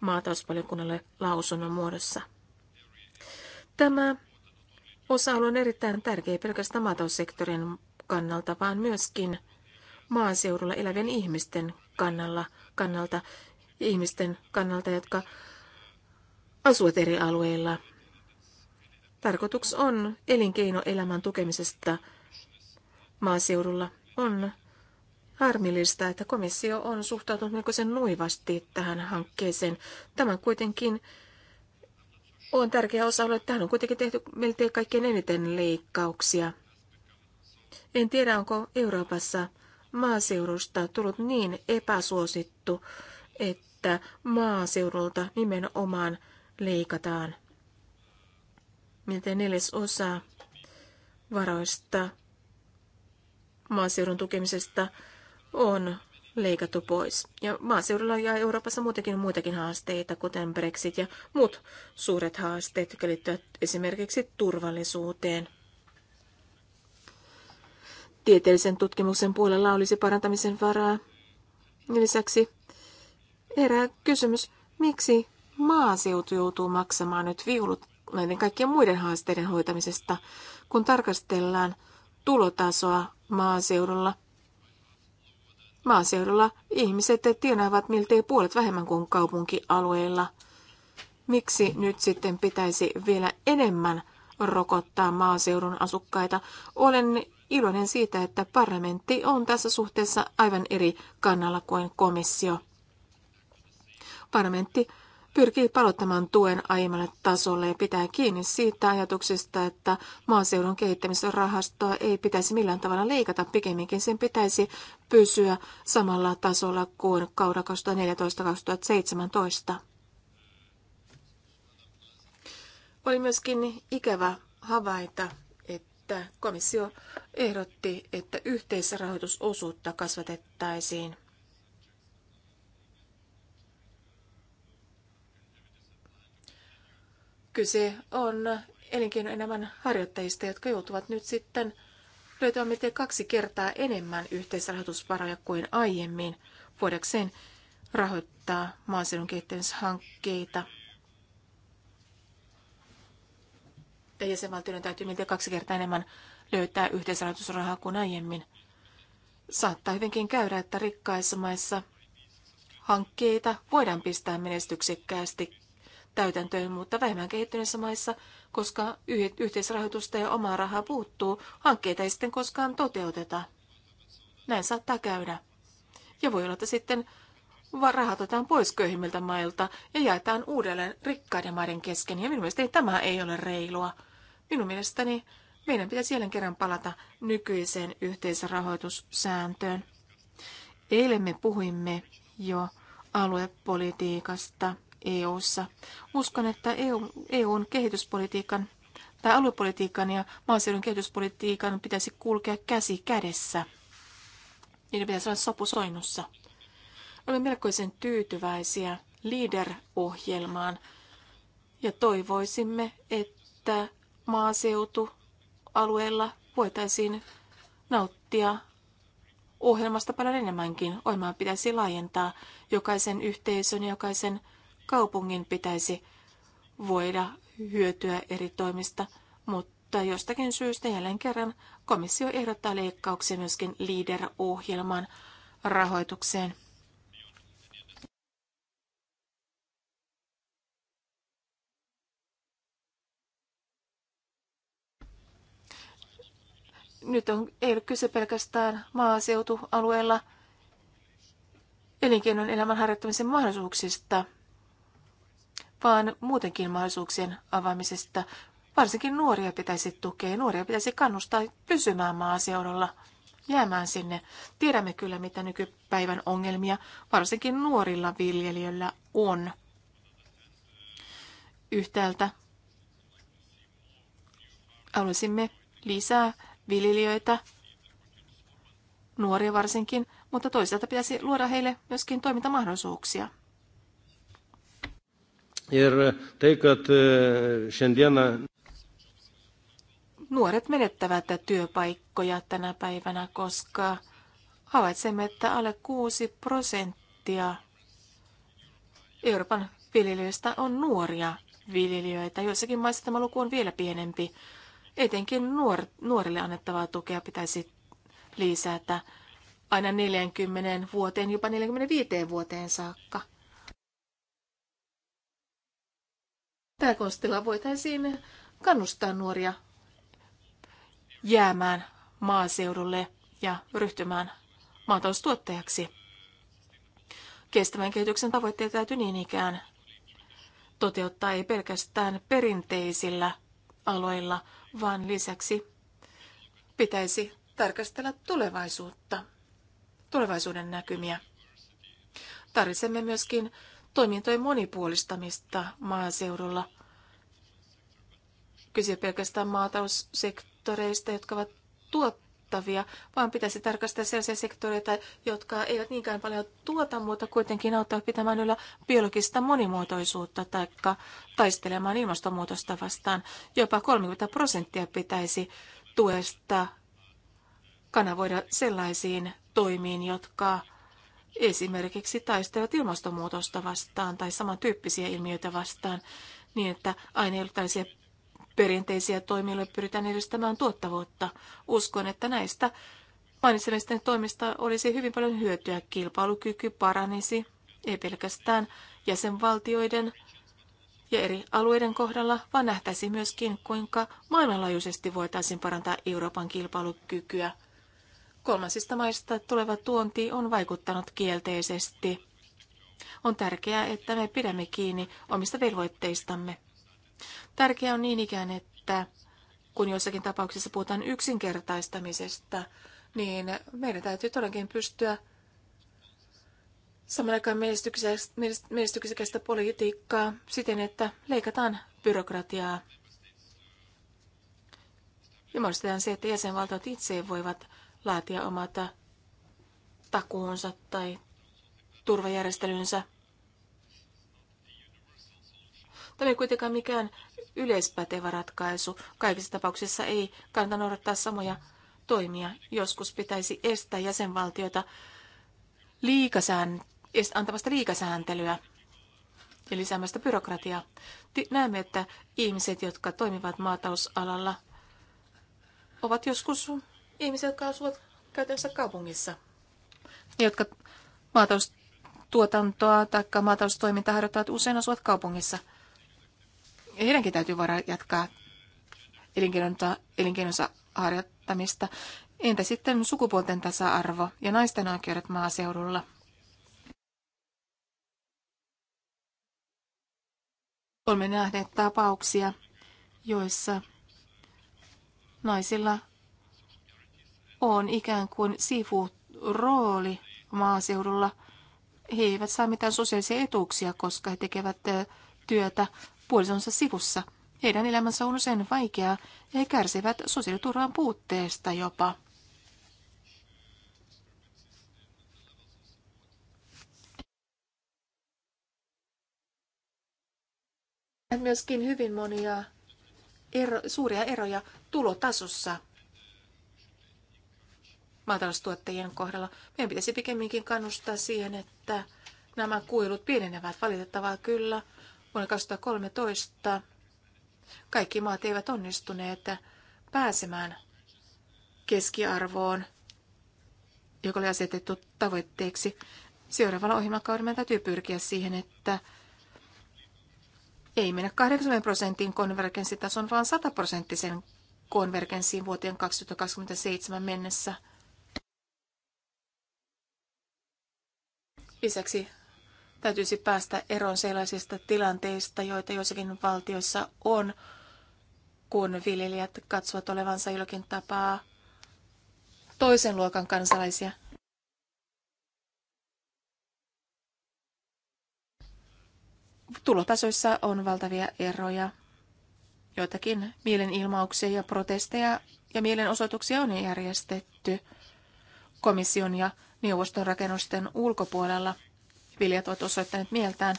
maatalousvaliokunnalle lausunnon muodossa. Tämä osa-alue on erittäin tärkeä pelkästään maataussektorin kannalta, vaan myöskin maaseudulla elävien ihmisten kannalla, kannalta, ihmisten kannalta, jotka asuvat eri alueilla. Tarkoitus on elinkeinoelämän tukemisesta maaseudulla. On harmillista, että komissio on suhtautunut melkoisen nuivasti tähän hankkeeseen. Tämä kuitenkin on tärkeä osa että Tähän on kuitenkin tehty melkein kaikkein eniten leikkauksia. En tiedä, onko Euroopassa maaseudusta tullut niin epäsuosittu, että maaseudulta nimenomaan leikataan. Miten neljäs osa varoista maaseudun tukemisesta on leikattu pois. Ja maaseudulla ja Euroopassa muutenkin muitakin haasteita, kuten Brexit ja muut suuret haasteet, jotka liittyvät esimerkiksi turvallisuuteen. Tieteellisen tutkimuksen puolella olisi parantamisen varaa. Lisäksi erää kysymys, miksi maaseutu joutuu maksamaan nyt viulut näiden kaikkien muiden haasteiden hoitamisesta, kun tarkastellaan tulotasoa maaseudulla – Maaseudulla ihmiset tienaavat miltei puolet vähemmän kuin kaupunkialueilla. Miksi nyt sitten pitäisi vielä enemmän rokottaa maaseudun asukkaita? Olen iloinen siitä, että parlamentti on tässä suhteessa aivan eri kannalla kuin komissio. Parlamentti pyrkii palottamaan tuen aiemmalle tasolle ja pitää kiinni siitä ajatuksesta, että maaseudun kehittämisrahastoa ei pitäisi millään tavalla leikata, pikemminkin sen pitäisi pysyä samalla tasolla kuin kauden 2014-2017. Oli myöskin ikävä havaita, että komissio ehdotti, että yhteisrahoitusosuutta kasvatettaisiin Kyse on elinkeinoelämän harjoittajista, jotka joutuvat nyt sitten löytämään miten kaksi kertaa enemmän yhteisrahoitusvaroja kuin aiemmin voidakseen rahoittaa maaseudun kehittämishankkeita. Ja jäsenvaltioiden täytyy miltei kaksi kertaa enemmän löytää yhteisrahoitusrahaa kuin aiemmin. Saattaa hyvinkin käydä, että rikkaissa maissa hankkeita voidaan pistää menestyksekkäästi täytäntöön, mutta vähemmän kehittyneissä maissa, koska yhteisrahoitusta ja omaa rahaa puuttuu, hankkeita ei sitten koskaan toteuteta. Näin saattaa käydä. Ja voi olla, että sitten rahat otetaan pois köyhimmiltä mailta ja jaetaan uudelleen rikkaiden maiden kesken. Ja minun mielestäni tämä ei ole reilua. Minun mielestäni meidän pitäisi jälleen kerran palata nykyiseen yhteisrahoitussääntöön. Eilen me puhuimme jo aluepolitiikasta – EU:ssa. Uskon, että EU, EUn kehityspolitiikan tai aluepolitiikan ja maaseudun kehityspolitiikan pitäisi kulkea käsi kädessä. Niiden pitäisi olla sopusoinnussa. Olemme melkoisen tyytyväisiä LEADER-ohjelmaan ja toivoisimme, että maaseutualueella voitaisiin nauttia ohjelmasta paljon enemmänkin. Ohjelmaa pitäisi laajentaa jokaisen yhteisön ja jokaisen kaupungin pitäisi voida hyötyä eri toimista, mutta jostakin syystä jälleen kerran komissio ehdottaa leikkauksia myöskin LEADER-ohjelman rahoitukseen. nyt on, ei ole kyse pelkästään maaseutualueella elinkeinon elämän harjoittamisen mahdollisuuksista vaan muutenkin mahdollisuuksien avaamisesta. Varsinkin nuoria pitäisi tukea, nuoria pitäisi kannustaa pysymään maaseudulla, jäämään sinne. Tiedämme kyllä, mitä nykypäivän ongelmia varsinkin nuorilla viljelijöillä on. Yhtäältä haluaisimme lisää viljelijöitä, nuoria varsinkin, mutta toisaalta pitäisi luoda heille myöskin toimintamahdollisuuksia. Ir tai, kad e, šiandieną... Nuoret menettävät työpaikkoja tänä päivänä, koska havaitsemme, että alle 6 prosenttia Euroopan viljelijöistä on nuoria viljelijöitä. Joissakin maissa tämä luku on vielä pienempi. Etenkin nuor- nuorille annettavaa tukea pitäisi lisätä aina 40 vuoteen, jopa 45 vuoteen saakka. tämä konstilla voitaisiin kannustaa nuoria jäämään maaseudulle ja ryhtymään maataloustuottajaksi. Kestävän kehityksen tavoitteet täytyy niin ikään toteuttaa ei pelkästään perinteisillä aloilla, vaan lisäksi pitäisi tarkastella tulevaisuutta, tulevaisuuden näkymiä. Tarvitsemme myöskin toimintojen monipuolistamista maaseudulla. Kyse pelkästään maataloussektoreista, jotka ovat tuottavia, vaan pitäisi tarkastaa sellaisia sektoreita, jotka eivät niinkään paljon tuota, mutta kuitenkin auttavat pitämään yllä biologista monimuotoisuutta tai taistelemaan ilmastonmuutosta vastaan. Jopa 30 prosenttia pitäisi tuesta kanavoida sellaisiin toimiin, jotka esimerkiksi taistelevat ilmastonmuutosta vastaan tai samantyyppisiä ilmiöitä vastaan, niin että aina perinteisiä toimijoille pyritään edistämään tuottavuutta. Uskon, että näistä mainitsemista toimista olisi hyvin paljon hyötyä. Kilpailukyky paranisi, ei pelkästään jäsenvaltioiden ja eri alueiden kohdalla, vaan nähtäisi myöskin, kuinka maailmanlaajuisesti voitaisiin parantaa Euroopan kilpailukykyä – Kolmansista maista tuleva tuonti on vaikuttanut kielteisesti. On tärkeää, että me pidämme kiinni omista velvoitteistamme. Tärkeää on niin ikään, että kun jossakin tapauksessa puhutaan yksinkertaistamisesta, niin meidän täytyy todellakin pystyä saman aikaan menestyksekästä politiikkaa siten, että leikataan byrokratiaa. Ja se, että jäsenvaltiot itse voivat laatia omata takuunsa tai turvajärjestelynsä. Tämä ei kuitenkaan mikään yleispätevä ratkaisu. Kaikissa tapauksissa ei kannata noudattaa samoja toimia. Joskus pitäisi estää jäsenvaltiota liikasään, antamasta liikasääntelyä ja lisäämästä byrokratiaa. Näemme, että ihmiset, jotka toimivat maatalousalalla, ovat joskus ihmisiä, jotka asuvat käytännössä kaupungissa, jotka maataloustuotantoa tai maataloustoimintaa harjoittavat usein asuvat kaupungissa. Ja heidänkin täytyy voida jatkaa elinkeinonsa, elinkeinonsa harjoittamista. Entä sitten sukupuolten tasa-arvo ja naisten oikeudet maaseudulla? Olemme nähneet tapauksia, joissa naisilla on ikään kuin rooli maaseudulla. He eivät saa mitään sosiaalisia etuuksia, koska he tekevät työtä puolisonsa sivussa. Heidän elämänsä on usein vaikeaa ja he kärsivät sosiaaliturvan puutteesta jopa. Myöskin hyvin monia ero, suuria eroja tulotasossa maataloustuottajien kohdalla. Meidän pitäisi pikemminkin kannustaa siihen, että nämä kuilut pienenevät valitettavaa kyllä. Vuonna 2013 kaikki maat eivät onnistuneet pääsemään keskiarvoon, joka oli asetettu tavoitteeksi. Seuraavalla ohjelmakaudella täytyy pyrkiä siihen, että ei mennä 80 prosentin konvergenssitason, vaan 100 prosenttisen konvergenssiin vuoteen 2027 mennessä – Lisäksi täytyisi päästä eroon sellaisista tilanteista, joita joissakin valtioissa on, kun viljelijät katsovat olevansa jollakin tapaa toisen luokan kansalaisia. Tulotasoissa on valtavia eroja. Joitakin mielenilmauksia ja protesteja ja mielenosoituksia on järjestetty komission ja neuvostorakennusten ulkopuolella. Viljat ovat osoittaneet mieltään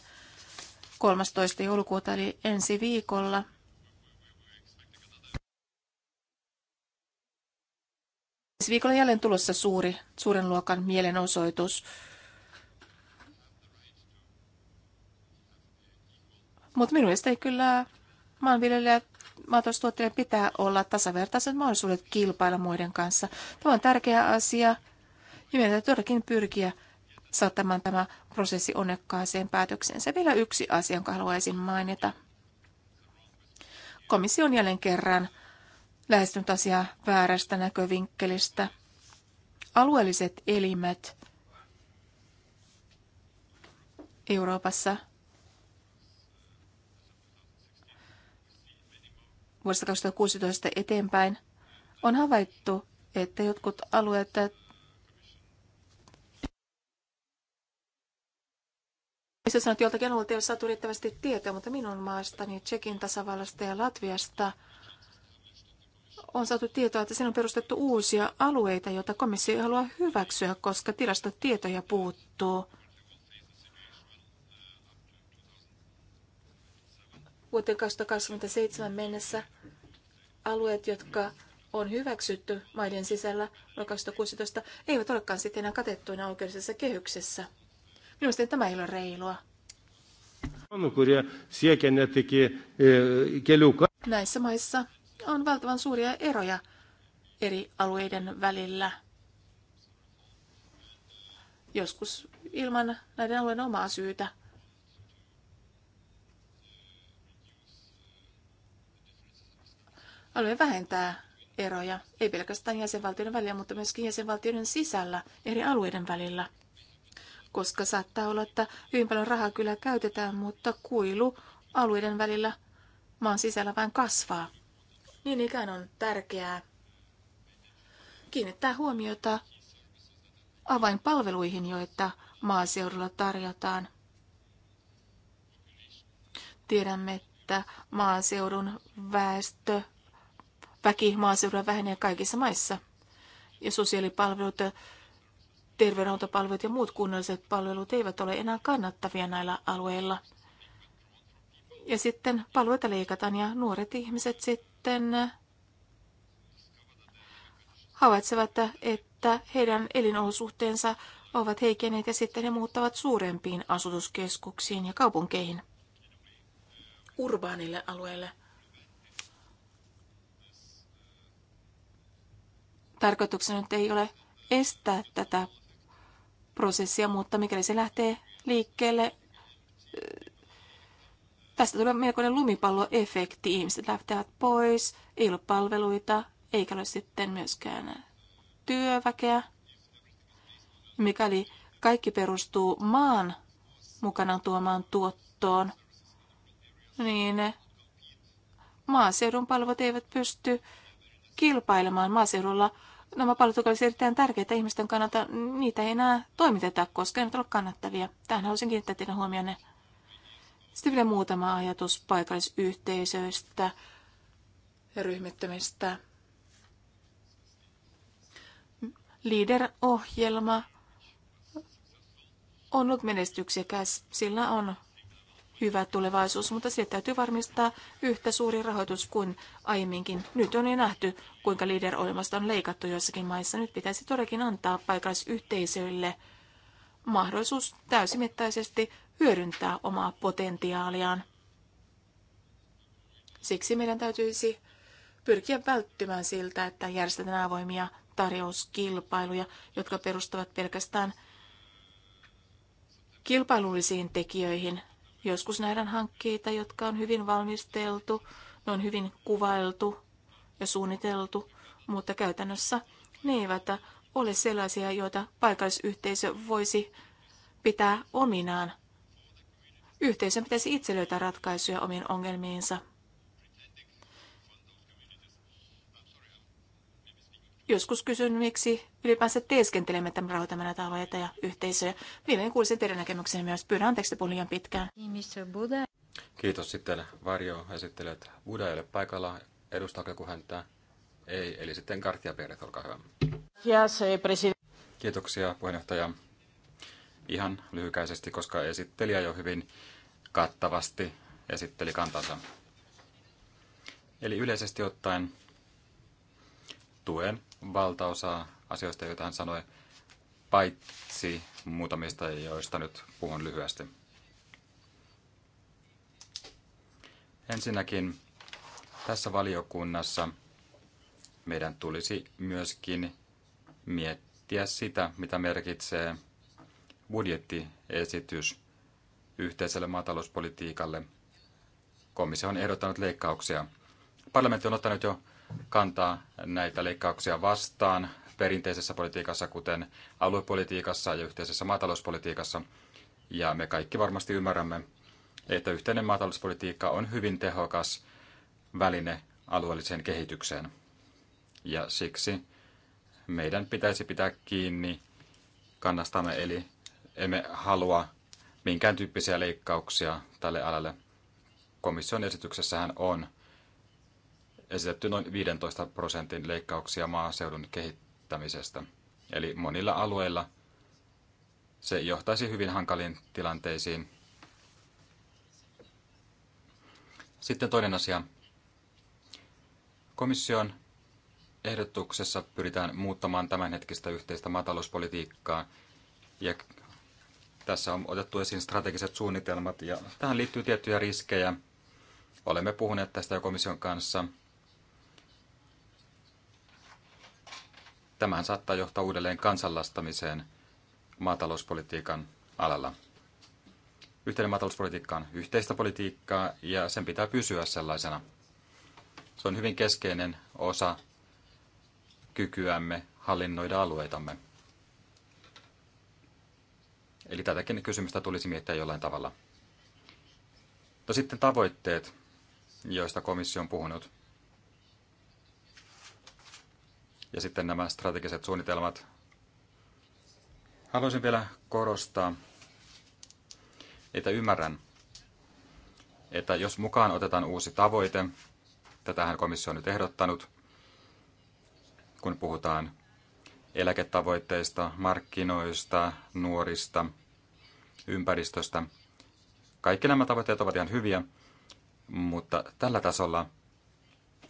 13. joulukuuta eli ensi viikolla. Ensi viikolla jälleen tulossa suuri, suuren luokan mielenosoitus. Mutta minun mielestä ei kyllä maanviljelijät maataloustuottajien pitää olla tasavertaiset mahdollisuudet kilpailla muiden kanssa. Tämä on tärkeä asia ja meidän täytyy todellakin pyrkiä saattamaan tämä prosessi onnekkaaseen päätöksensä. Vielä yksi asia, jonka haluaisin mainita. Komissio on jälleen kerran lähestynyt asiaa väärästä näkövinkkelistä. Alueelliset elimet Euroopassa vuodesta 2016 eteenpäin on havaittu, että jotkut alueet Missä sanot, joltakin alueelta ei ole saatu riittävästi tietoa, mutta minun maastani, Tsekin tasavallasta ja Latviasta on saatu tietoa, että siinä on perustettu uusia alueita, joita komissio ei halua hyväksyä, koska tilastotietoja puuttuu. Vuoteen 2027 mennessä alueet, jotka on hyväksytty maiden sisällä vuonna 2016, eivät olekaan sitten enää katettuina oikeudellisessa kehyksessä. Minusta tämä ei ole reilua. E, Näissä maissa on valtavan suuria eroja eri alueiden välillä. Joskus ilman näiden alueiden omaa syytä. Alue vähentää eroja, ei pelkästään jäsenvaltioiden välillä, mutta myöskin jäsenvaltioiden sisällä eri alueiden välillä koska saattaa olla, että hyvin paljon rahaa kyllä käytetään, mutta kuilu alueiden välillä maan sisällä vain kasvaa. Niin ikään on tärkeää kiinnittää huomiota avainpalveluihin, joita maaseudulla tarjotaan. Tiedämme, että maaseudun väestö, väki maaseudulla vähenee kaikissa maissa. Ja sosiaalipalvelut terveydenhuoltopalvelut ja muut kunnalliset palvelut eivät ole enää kannattavia näillä alueilla. Ja sitten palveluita leikataan ja nuoret ihmiset sitten havaitsevat, että heidän elinolosuhteensa ovat heikenneet ja sitten he muuttavat suurempiin asutuskeskuksiin ja kaupunkeihin, urbaanille alueelle. Tarkoituksena nyt ei ole estää tätä prosessia, mutta mikäli se lähtee liikkeelle, tästä tulee melkoinen lumipalloefekti. Ihmiset lähtevät pois, ei ole palveluita, eikä ole sitten myöskään työväkeä. Mikäli kaikki perustuu maan mukanaan tuomaan tuottoon, niin maaseudun palvelut eivät pysty kilpailemaan. Maaseudulla Nämä palvelut olisivat erittäin tärkeitä ihmisten kannalta. Niitä ei enää toimiteta, koska ne ovat kannattavia. Tähän haluaisin kiinnittää teidän huomionne. Sitten vielä muutama ajatus paikallisyhteisöistä ja ryhmittymistä. Leader-ohjelma on ollut menestyksekäs. Sillä on hyvä tulevaisuus, mutta sieltä täytyy varmistaa yhtä suuri rahoitus kuin aiemminkin. Nyt on jo nähty, kuinka leader on leikattu joissakin maissa. Nyt pitäisi todellakin antaa paikallisyhteisöille mahdollisuus täysimittaisesti hyödyntää omaa potentiaaliaan. Siksi meidän täytyisi pyrkiä välttymään siltä, että järjestetään avoimia tarjouskilpailuja, jotka perustuvat pelkästään kilpailullisiin tekijöihin – Joskus nähdään hankkeita, jotka on hyvin valmisteltu, ne on hyvin kuvailtu ja suunniteltu, mutta käytännössä ne eivät ole sellaisia, joita paikallisyhteisö voisi pitää ominaan. Yhteisön pitäisi itse löytää ratkaisuja omiin ongelmiinsa. Joskus kysyn, miksi ylipäänsä teeskentelemme tämän rahoitamana tavoita ja yhteisöjä. Viimein kuulisin teidän näkemyksenne myös. Pyydän anteeksi, että liian pitkään. Niin, Kiitos sitten Varjo esittelijät. Buda ei ole paikalla. Edustaako joku häntä? Ei, eli sitten Kartia Peret, olkaa hyvä. Eh, Kiitoksia puheenjohtaja. Ihan lyhykäisesti, koska esittelijä jo hyvin kattavasti esitteli kantansa. Eli yleisesti ottaen tuen valtaosaa asioista, joita hän sanoi, paitsi muutamista, joista nyt puhun lyhyesti. Ensinnäkin tässä valiokunnassa meidän tulisi myöskin miettiä sitä, mitä merkitsee budjettiesitys yhteiselle maatalouspolitiikalle. Komissio on ehdottanut leikkauksia. Parlamentti on ottanut jo kantaa näitä leikkauksia vastaan perinteisessä politiikassa, kuten aluepolitiikassa ja yhteisessä maatalouspolitiikassa. Ja me kaikki varmasti ymmärrämme, että yhteinen maatalouspolitiikka on hyvin tehokas väline alueelliseen kehitykseen. Ja siksi meidän pitäisi pitää kiinni kannastamme, eli emme halua minkään tyyppisiä leikkauksia tälle alalle. Komission esityksessähän on esitetty noin 15 prosentin leikkauksia maaseudun kehittämisestä. Eli monilla alueilla se johtaisi hyvin hankaliin tilanteisiin. Sitten toinen asia. Komission ehdotuksessa pyritään muuttamaan tämänhetkistä yhteistä maatalouspolitiikkaa ja tässä on otettu esiin strategiset suunnitelmat ja tähän liittyy tiettyjä riskejä. Olemme puhuneet tästä jo komission kanssa Tämähän saattaa johtaa uudelleen kansanlastamiseen maatalouspolitiikan alalla. Yhteinen maatalouspolitiikka on yhteistä politiikkaa ja sen pitää pysyä sellaisena. Se on hyvin keskeinen osa kykyämme hallinnoida alueitamme. Eli tätäkin kysymystä tulisi miettiä jollain tavalla. No sitten tavoitteet, joista komissio on puhunut. ja sitten nämä strategiset suunnitelmat. Haluaisin vielä korostaa, että ymmärrän, että jos mukaan otetaan uusi tavoite, tätähän komissio on nyt ehdottanut, kun puhutaan eläketavoitteista, markkinoista, nuorista, ympäristöstä. Kaikki nämä tavoitteet ovat ihan hyviä, mutta tällä tasolla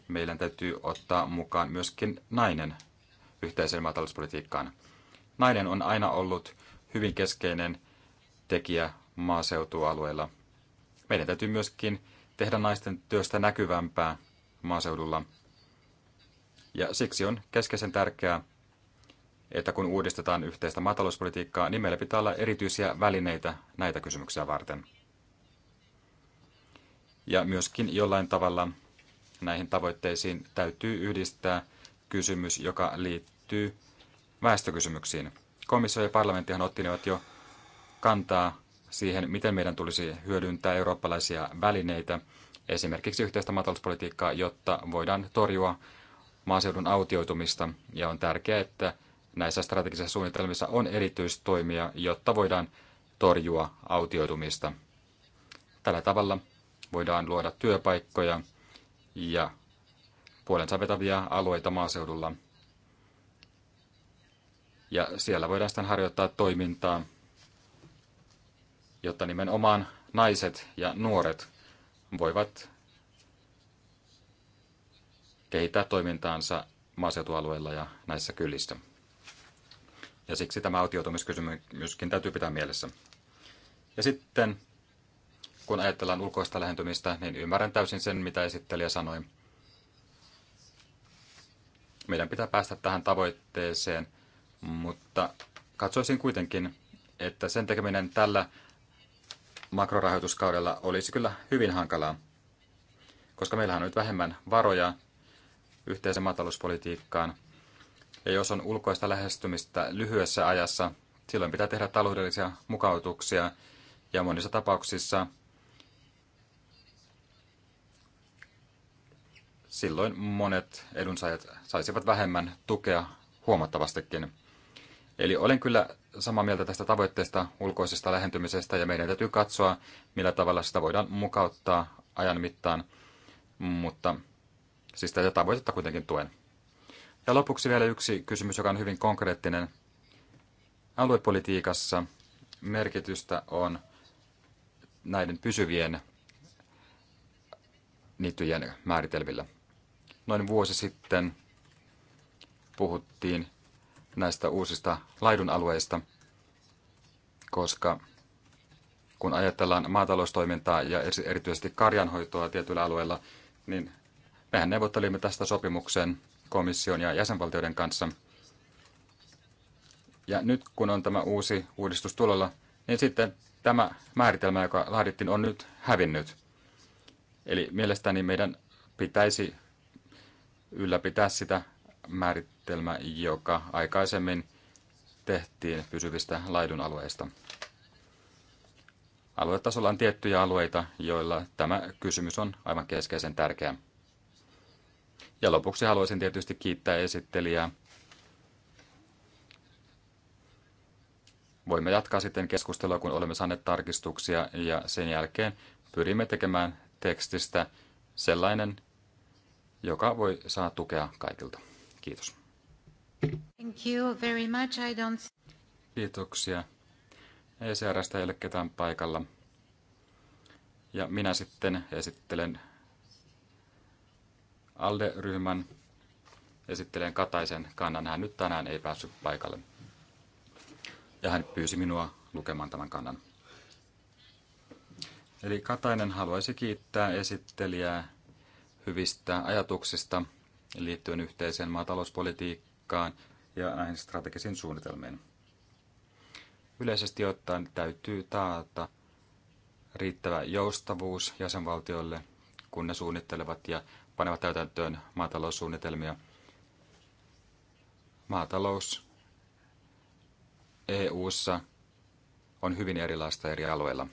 meidän täytyy ottaa mukaan myöskin nainen yhteiseen maatalouspolitiikkaan. Nainen on aina ollut hyvin keskeinen tekijä maaseutualueilla. Meidän täytyy myöskin tehdä naisten työstä näkyvämpää maaseudulla. Ja siksi on keskeisen tärkeää, että kun uudistetaan yhteistä maatalouspolitiikkaa, niin meillä pitää olla erityisiä välineitä näitä kysymyksiä varten. Ja myöskin jollain tavalla näihin tavoitteisiin täytyy yhdistää kysymys, joka liittyy väestökysymyksiin. Komissio ja parlamenttihan ottivat jo kantaa siihen, miten meidän tulisi hyödyntää eurooppalaisia välineitä, esimerkiksi yhteistä maatalouspolitiikkaa, jotta voidaan torjua maaseudun autioitumista. Ja on tärkeää, että näissä strategisissa suunnitelmissa on erityistoimia, jotta voidaan torjua autioitumista. Tällä tavalla voidaan luoda työpaikkoja ja puolensa vetäviä alueita maaseudulla. Ja siellä voidaan sitten harjoittaa toimintaa, jotta nimenomaan naiset ja nuoret voivat kehittää toimintaansa maaseutualueilla ja näissä kylissä. Ja siksi tämä myöskin täytyy pitää mielessä. Ja sitten kun ajatellaan ulkoista lähentymistä, niin ymmärrän täysin sen, mitä esittelijä sanoi. Meidän pitää päästä tähän tavoitteeseen, mutta katsoisin kuitenkin, että sen tekeminen tällä makrorahoituskaudella olisi kyllä hyvin hankalaa, koska meillähän on nyt vähemmän varoja yhteisen maatalouspolitiikkaan. Ja jos on ulkoista lähestymistä lyhyessä ajassa, silloin pitää tehdä taloudellisia mukautuksia ja monissa tapauksissa silloin monet edunsaajat saisivat vähemmän tukea huomattavastikin. Eli olen kyllä samaa mieltä tästä tavoitteesta ulkoisesta lähentymisestä ja meidän täytyy katsoa, millä tavalla sitä voidaan mukauttaa ajan mittaan, mutta siis tätä tavoitetta kuitenkin tuen. Ja lopuksi vielä yksi kysymys, joka on hyvin konkreettinen. Aluepolitiikassa merkitystä on näiden pysyvien niittyjen määritelmillä. Noin vuosi sitten puhuttiin näistä uusista laidunalueista, koska kun ajatellaan maataloustoimintaa ja erityisesti karjanhoitoa tietyillä alueilla, niin mehän neuvottelimme tästä sopimuksen komission ja jäsenvaltioiden kanssa. Ja nyt kun on tämä uusi uudistus tulolla, niin sitten tämä määritelmä, joka laadittiin, on nyt hävinnyt. Eli mielestäni meidän pitäisi ylläpitää sitä määritelmä, joka aikaisemmin tehtiin pysyvistä laidunalueista. Aluetasolla on tiettyjä alueita, joilla tämä kysymys on aivan keskeisen tärkeä. Ja lopuksi haluaisin tietysti kiittää esittelijää. Voimme jatkaa sitten keskustelua, kun olemme saaneet tarkistuksia, ja sen jälkeen pyrimme tekemään tekstistä sellainen, joka voi saa tukea kaikilta. Kiitos. Thank you very much. I don't... Kiitoksia. ECRstä ei ole ketään paikalla. Ja minä sitten esittelen ALDE-ryhmän, esittelen Kataisen kannan. Hän nyt tänään ei päässyt paikalle. Ja hän pyysi minua lukemaan tämän kannan. Eli Katainen haluaisi kiittää esittelijää hyvistä ajatuksista liittyen yhteiseen maatalouspolitiikkaan ja näihin strategisiin suunnitelmiin. Yleisesti ottaen täytyy taata riittävä joustavuus jäsenvaltioille, kun ne suunnittelevat ja panevat täytäntöön maataloussuunnitelmia. Maatalous EU:ssa on hyvin erilaista eri alueilla.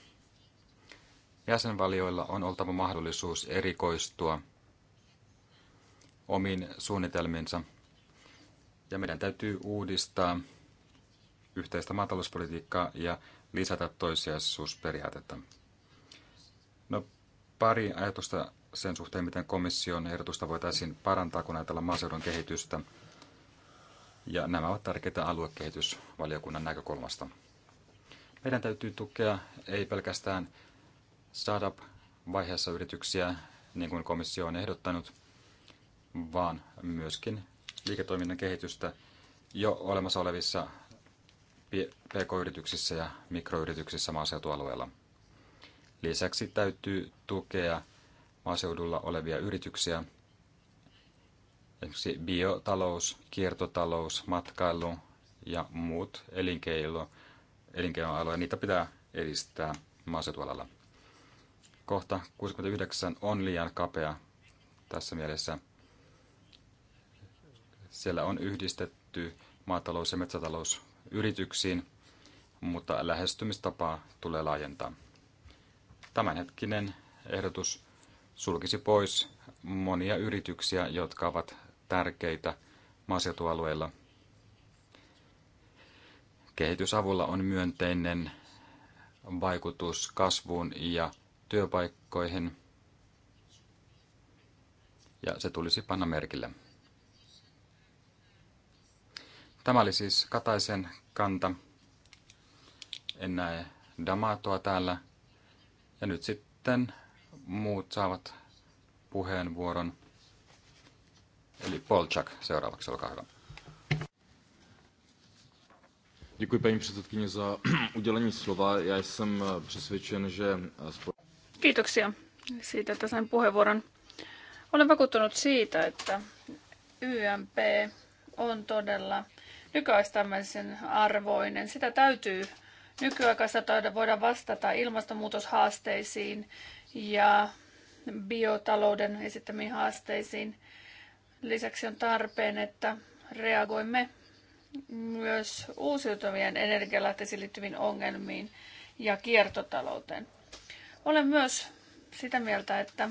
Jäsenvalioilla on oltava mahdollisuus erikoistua – omiin suunnitelmiinsa. Ja meidän täytyy uudistaa yhteistä maatalouspolitiikkaa ja lisätä toissijaisuusperiaatetta. No, pari ajatusta sen suhteen, miten komission ehdotusta voitaisiin parantaa, kun ajatellaan maaseudun kehitystä. Ja nämä ovat tärkeitä aluekehitysvaliokunnan näkökulmasta. Meidän täytyy tukea ei pelkästään startup-vaiheessa yrityksiä, niin kuin komissio on ehdottanut – vaan myöskin liiketoiminnan kehitystä jo olemassa olevissa pk-yrityksissä ja mikroyrityksissä maaseutualueella. Lisäksi täytyy tukea maaseudulla olevia yrityksiä, esimerkiksi biotalous, kiertotalous, matkailu ja muut elinkeino, elinkeinoalueet, niitä pitää edistää maaseutualalla. Kohta 69 on liian kapea tässä mielessä – siellä on yhdistetty maatalous- ja metsätalousyrityksiin, mutta lähestymistapaa tulee laajentaa. Tämänhetkinen ehdotus sulkisi pois monia yrityksiä, jotka ovat tärkeitä maaseutualueilla. Kehitysavulla on myönteinen vaikutus kasvuun ja työpaikkoihin, ja se tulisi panna merkille. Tämä oli siis Kataisen kanta. En näe Damatoa täällä. Ja nyt sitten muut saavat puheenvuoron. Eli Polchak seuraavaksi, olkaa hyvä. Děkuji paní předsedkyně za *clears throat* udělení slova. Já jsem eh, přesvědčen, že... Eh, Kiitoksia siitä, että sain puheenvuoron. Olen vakuuttunut siitä, että YMP on todella nykyaistamisen arvoinen. Sitä täytyy nykyaikaista voida vastata ilmastonmuutoshaasteisiin ja biotalouden esittämiin haasteisiin. Lisäksi on tarpeen, että reagoimme myös uusiutuvien energialähteisiin liittyviin ongelmiin ja kiertotalouteen. Olen myös sitä mieltä, että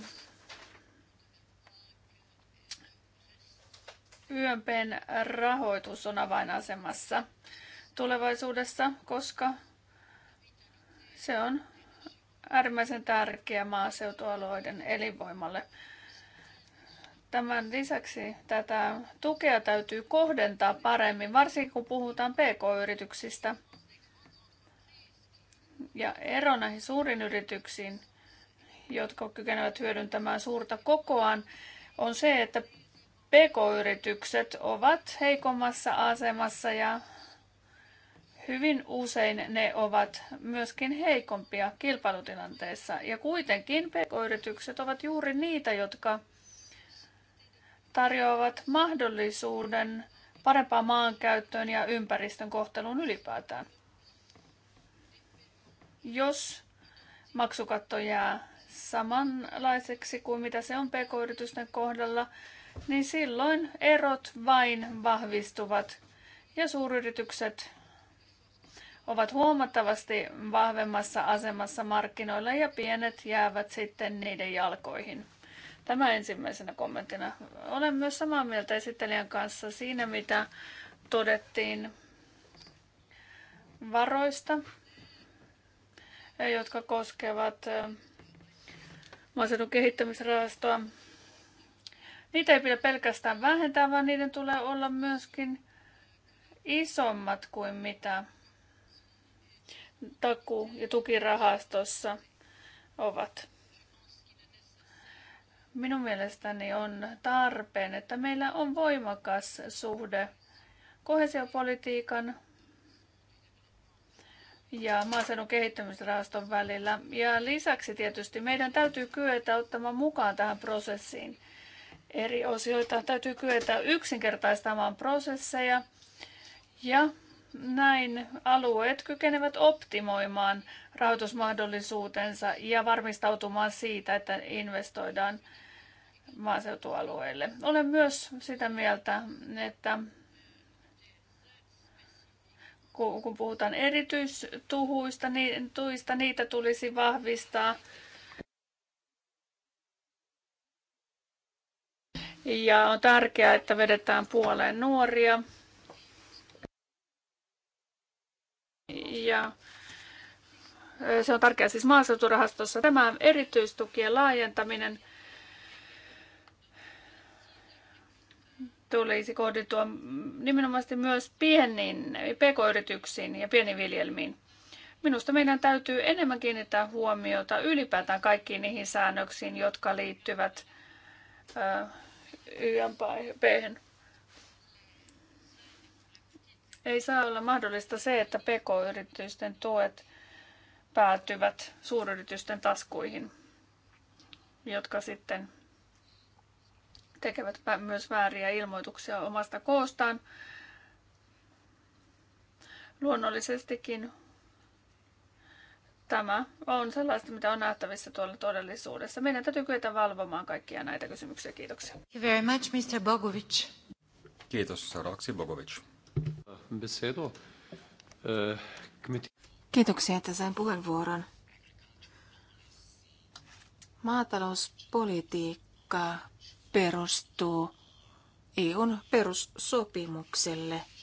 YMPn rahoitus on avainasemassa tulevaisuudessa, koska se on äärimmäisen tärkeä maaseutualueiden elinvoimalle. Tämän lisäksi tätä tukea täytyy kohdentaa paremmin, varsinkin kun puhutaan pk-yrityksistä. Ja ero näihin suurin yrityksiin, jotka kykenevät hyödyntämään suurta kokoaan, on se, että PK-yritykset ovat heikommassa asemassa ja hyvin usein ne ovat myöskin heikompia kilpailutilanteessa. Ja kuitenkin PK-yritykset ovat juuri niitä, jotka tarjoavat mahdollisuuden parempaan maankäyttöön ja ympäristön kohteluun ylipäätään. Jos maksukatto jää samanlaiseksi kuin mitä se on pk-yritysten kohdalla, niin silloin erot vain vahvistuvat ja suuryritykset ovat huomattavasti vahvemmassa asemassa markkinoilla ja pienet jäävät sitten niiden jalkoihin. Tämä ensimmäisenä kommenttina. Olen myös samaa mieltä esittelijän kanssa siinä, mitä todettiin varoista, jotka koskevat eh, maaseudun kehittämisrahastoa Niitä ei pidä pelkästään vähentää, vaan niiden tulee olla myöskin isommat kuin mitä taku- ja tukirahastossa ovat. Minun mielestäni on tarpeen, että meillä on voimakas suhde kohesiopolitiikan ja maaseudun kehittämisrahaston välillä. Ja lisäksi tietysti meidän täytyy kyetä ottamaan mukaan tähän prosessiin – eri osioita. Täytyy kyetä yksinkertaistamaan prosesseja ja näin alueet kykenevät optimoimaan rahoitusmahdollisuutensa ja varmistautumaan siitä, että investoidaan maaseutualueille. Olen myös sitä mieltä, että kun puhutaan erityistuhuista niin tuista niitä tulisi vahvistaa Ja on tärkeää, että vedetään puoleen nuoria. Ja se on tärkeää siis maaseuturahastossa. Tämä erityistukien laajentaminen tulisi kohditua nimenomaan myös pieniin, pk-yrityksiin ja pieniin viljelmiin. Minusta meidän täytyy enemmän kiinnittää huomiota ylipäätään kaikkiin niihin säännöksiin, jotka liittyvät YMP. Ei saa olla mahdollista se, että PK-yritysten tuet päätyvät suuryritysten taskuihin, jotka sitten tekevät myös vääriä ilmoituksia omasta koostaan. Luonnollisestikin tämä on sellaista, mitä on nähtävissä tuolla todellisuudessa. Meidän täytyy kyetä valvomaan kaikkia näitä kysymyksiä. Kiitoksia. Thank you very much, Mr. Bogovic. Kiitos. Seuraavaksi Bogovic. Eh, Kiitoksia, että sain puheenvuoron. Maatalouspolitiikka perustuu EUn perussopimukselle –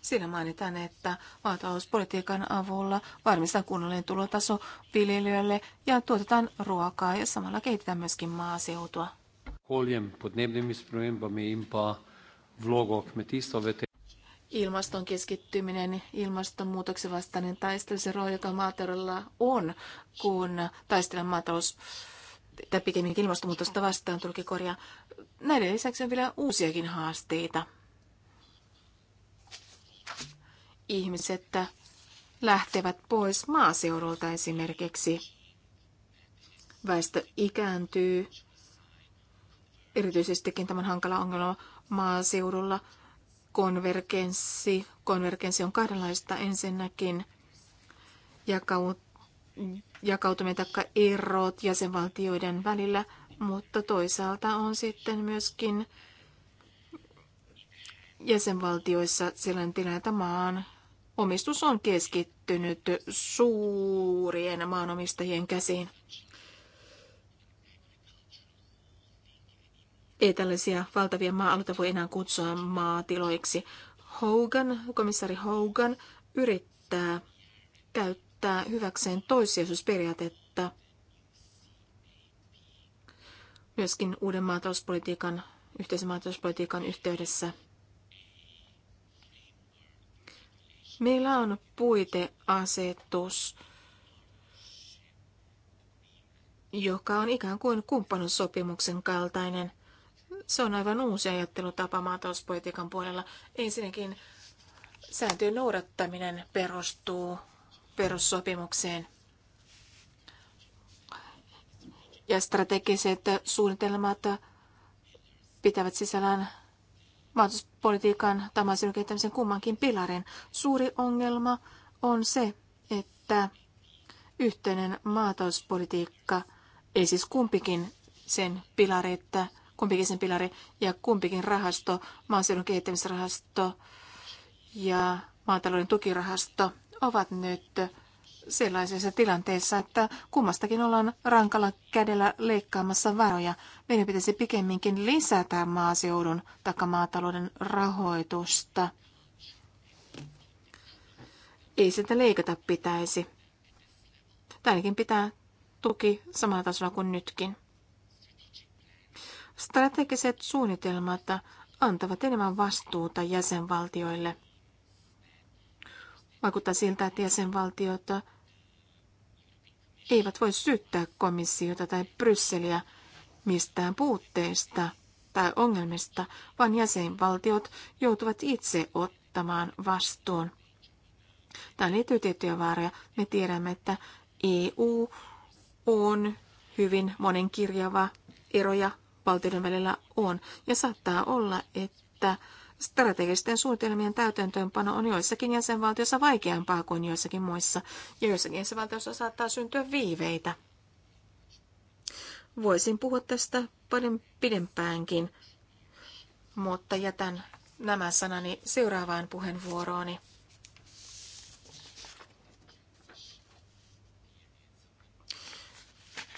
Siinä mainitaan, että maatalouspolitiikan avulla varmistetaan kunnollinen tulotaso viljelijöille ja tuotetaan ruokaa ja samalla kehitetään myöskin maaseutua. ilmaston keskittyminen, ilmastonmuutoksen vastainen taistelu, se rooli, joka maataloudella on, kun taistellaan maatalous tai pikemminkin ilmastonmuutosta vastaan tulkikorjaa. Näiden lisäksi on vielä uusiakin haasteita. ihmiset lähtevät pois maaseudulta esimerkiksi. Väestö ikääntyy, erityisestikin tämän hankala ongelma maaseudulla. Konvergenssi, konvergenssi on kahdenlaista ensinnäkin jakaut, jakautuminen tai erot jäsenvaltioiden välillä, mutta toisaalta on sitten myöskin jäsenvaltioissa sellainen tilanne, että maan omistus on keskittynyt suurien maanomistajien käsiin. Ei tällaisia valtavia maa-alueita voi enää kutsua maatiloiksi. Hogan, komissari Hogan, yrittää käyttää hyväkseen toissijaisuusperiaatetta myöskin uuden maatalouspolitiikan, yhteisen maatalouspolitiikan yhteydessä – Meillä on puiteasetus, joka on ikään kuin kumppanussopimuksen kaltainen. Se on aivan uusi ajattelutapa maatalouspolitiikan puolella. Ensinnäkin sääntöjen noudattaminen perustuu perussopimukseen. Ja strategiset suunnitelmat pitävät sisällään Valtuuspolitiikan tai maaseudun kehittämisen kummankin pilarin suuri ongelma on se, että yhteinen maatalouspolitiikka, ei siis kumpikin sen pilari, että kumpikin sen pilari ja kumpikin rahasto, maaseudun kehittämisrahasto ja maatalouden tukirahasto ovat nyt sellaisessa tilanteessa, että kummastakin ollaan rankalla kädellä leikkaamassa varoja. Meidän pitäisi pikemminkin lisätä maaseudun takamaatalouden rahoitusta. Ei sitä leikata pitäisi. Täälläkin pitää tuki samalla tasolla kuin nytkin. Strategiset suunnitelmat antavat enemmän vastuuta jäsenvaltioille – Vaikuttaa siltä, että jäsenvaltiot eivät voi syyttää komissiota tai Brysseliä mistään puutteesta tai ongelmista, vaan jäsenvaltiot joutuvat itse ottamaan vastuun. Tämä liittyy tiettyjä vaaroja. Me tiedämme, että EU on hyvin monenkirjava, eroja valtioiden välillä on, ja saattaa olla, että Strategisten suunnitelmien täytäntöönpano on joissakin jäsenvaltioissa vaikeampaa kuin joissakin muissa, ja joissakin jäsenvaltioissa saattaa syntyä viiveitä. Voisin puhua tästä paljon pidempäänkin, mutta jätän nämä sanani seuraavaan puheenvuorooni.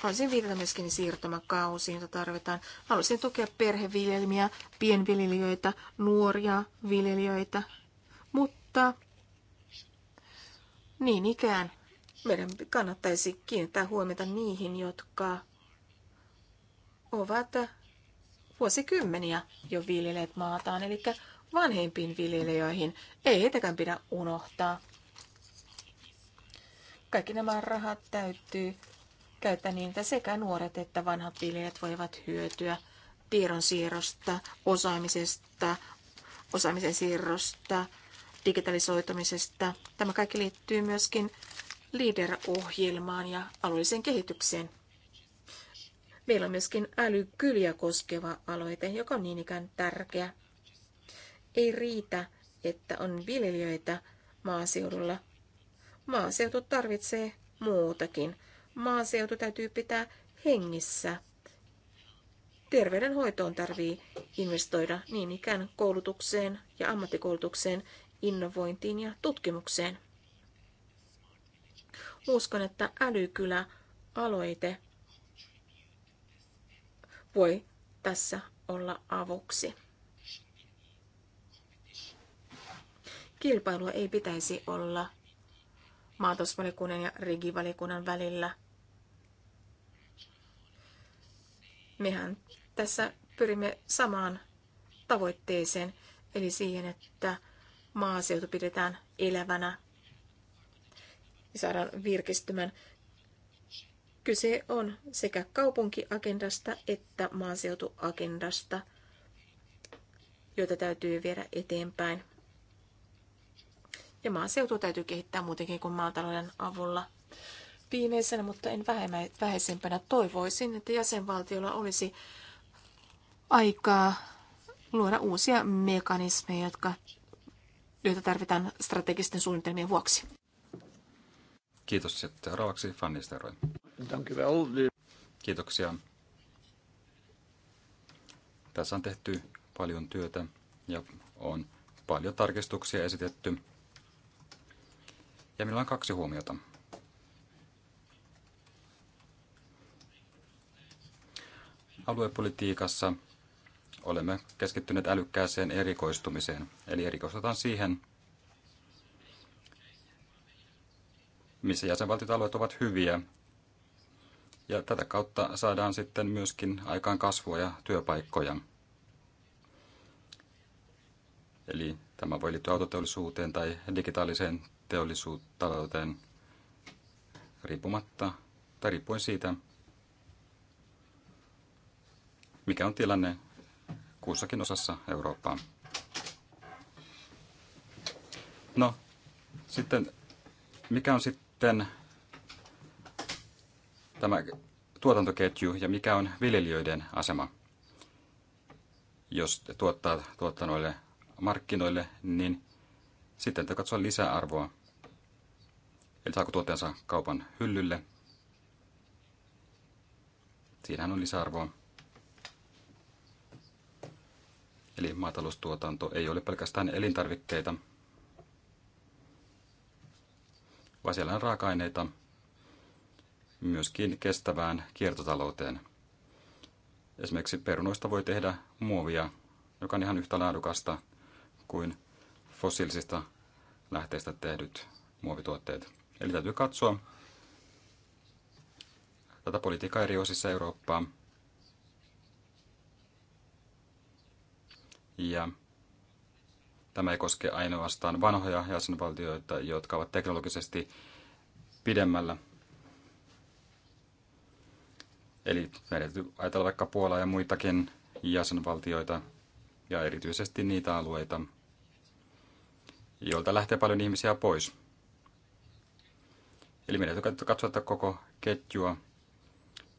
Haluaisin viitata myöskin siirtomakausiin, jota tarvitaan. Haluaisin tukea perheviljelmiä, pienviljelijöitä, nuoria viljelijöitä, mutta niin ikään meidän kannattaisi kiinnittää huomiota niihin, jotka ovat vuosikymmeniä jo viljelleet maataan, eli vanhempiin viljelijöihin. Ei heitäkään pidä unohtaa. Kaikki nämä rahat täytyy käyttää niin, että sekä nuoret että vanhat viljelijät voivat hyötyä tiedonsiirrosta, osaamisesta, osaamisen siirrosta, digitalisoitumisesta. Tämä kaikki liittyy myöskin LEADER-ohjelmaan ja alueelliseen kehitykseen. Meillä on myöskin älykyliä koskeva aloite, joka on niin ikään tärkeä. Ei riitä, että on viljelijöitä maaseudulla. Maaseutu tarvitsee muutakin maaseutu täytyy pitää hengissä. Terveydenhoitoon tarvii investoida niin ikään koulutukseen ja ammattikoulutukseen, innovointiin ja tutkimukseen. Uskon, että älykylä-aloite voi tässä olla avuksi. Kilpailua ei pitäisi olla maatosvalikunnan ja rigivalikunnan välillä – Mehän tässä pyrimme samaan tavoitteeseen, eli siihen, että maaseutu pidetään elävänä ja saadaan virkistymään. Kyse on sekä kaupunkiagendasta että maaseutuagendasta, joita täytyy viedä eteenpäin. Ja maaseutu täytyy kehittää muutenkin kuin maatalouden avulla. Viimeisenä, mutta en vähäisempänä, toivoisin, että jäsenvaltiolla olisi aikaa luoda uusia mekanismeja, jotka, joita tarvitaan strategisten suunnitelmien vuoksi. Kiitos. Sitten seuraavaksi Fanny Steroin. Kiitoksia. Tässä on tehty paljon työtä ja on paljon tarkistuksia esitetty. Ja minulla on kaksi huomiota. aluepolitiikassa olemme keskittyneet älykkääseen erikoistumiseen, eli erikoistutaan siihen, missä jäsenvaltiotalueet ovat hyviä, ja tätä kautta saadaan sitten myöskin aikaan kasvua ja työpaikkoja. Eli tämä voi liittyä autoteollisuuteen tai digitaaliseen teollisuuteen riippumatta tai riippuen siitä, mikä on tilanne kuussakin osassa Eurooppaa. No, sitten mikä on sitten tämä tuotantoketju ja mikä on viljelijöiden asema? Jos tuottaa tuottanoille markkinoille, niin sitten te katsoa lisäarvoa. Eli saako tuotteensa kaupan hyllylle. Siinähän on lisäarvoa. Eli maataloustuotanto ei ole pelkästään elintarvikkeita, vaan siellä on raaka-aineita myöskin kestävään kiertotalouteen. Esimerkiksi perunoista voi tehdä muovia, joka on ihan yhtä laadukasta kuin fossiilisista lähteistä tehdyt muovituotteet. Eli täytyy katsoa tätä politiikkaa eri osissa Eurooppaa Ja tämä ei koske ainoastaan vanhoja jäsenvaltioita, jotka ovat teknologisesti pidemmällä. Eli meidän täytyy ajatella vaikka Puolaa ja muitakin jäsenvaltioita ja erityisesti niitä alueita, joilta lähtee paljon ihmisiä pois. Eli meidän täytyy katsoa koko ketjua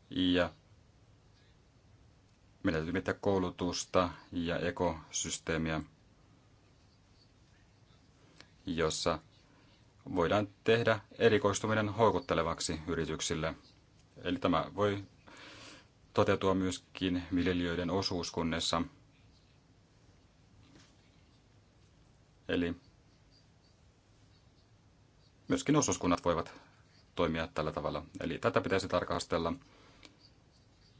ja meidän täytyy miettiä koulutusta ja ekosysteemiä, jossa voidaan tehdä erikoistuminen houkuttelevaksi yrityksille. Eli tämä voi toteutua myöskin viljelijöiden osuuskunnissa. Eli myöskin osuuskunnat voivat toimia tällä tavalla. Eli tätä pitäisi tarkastella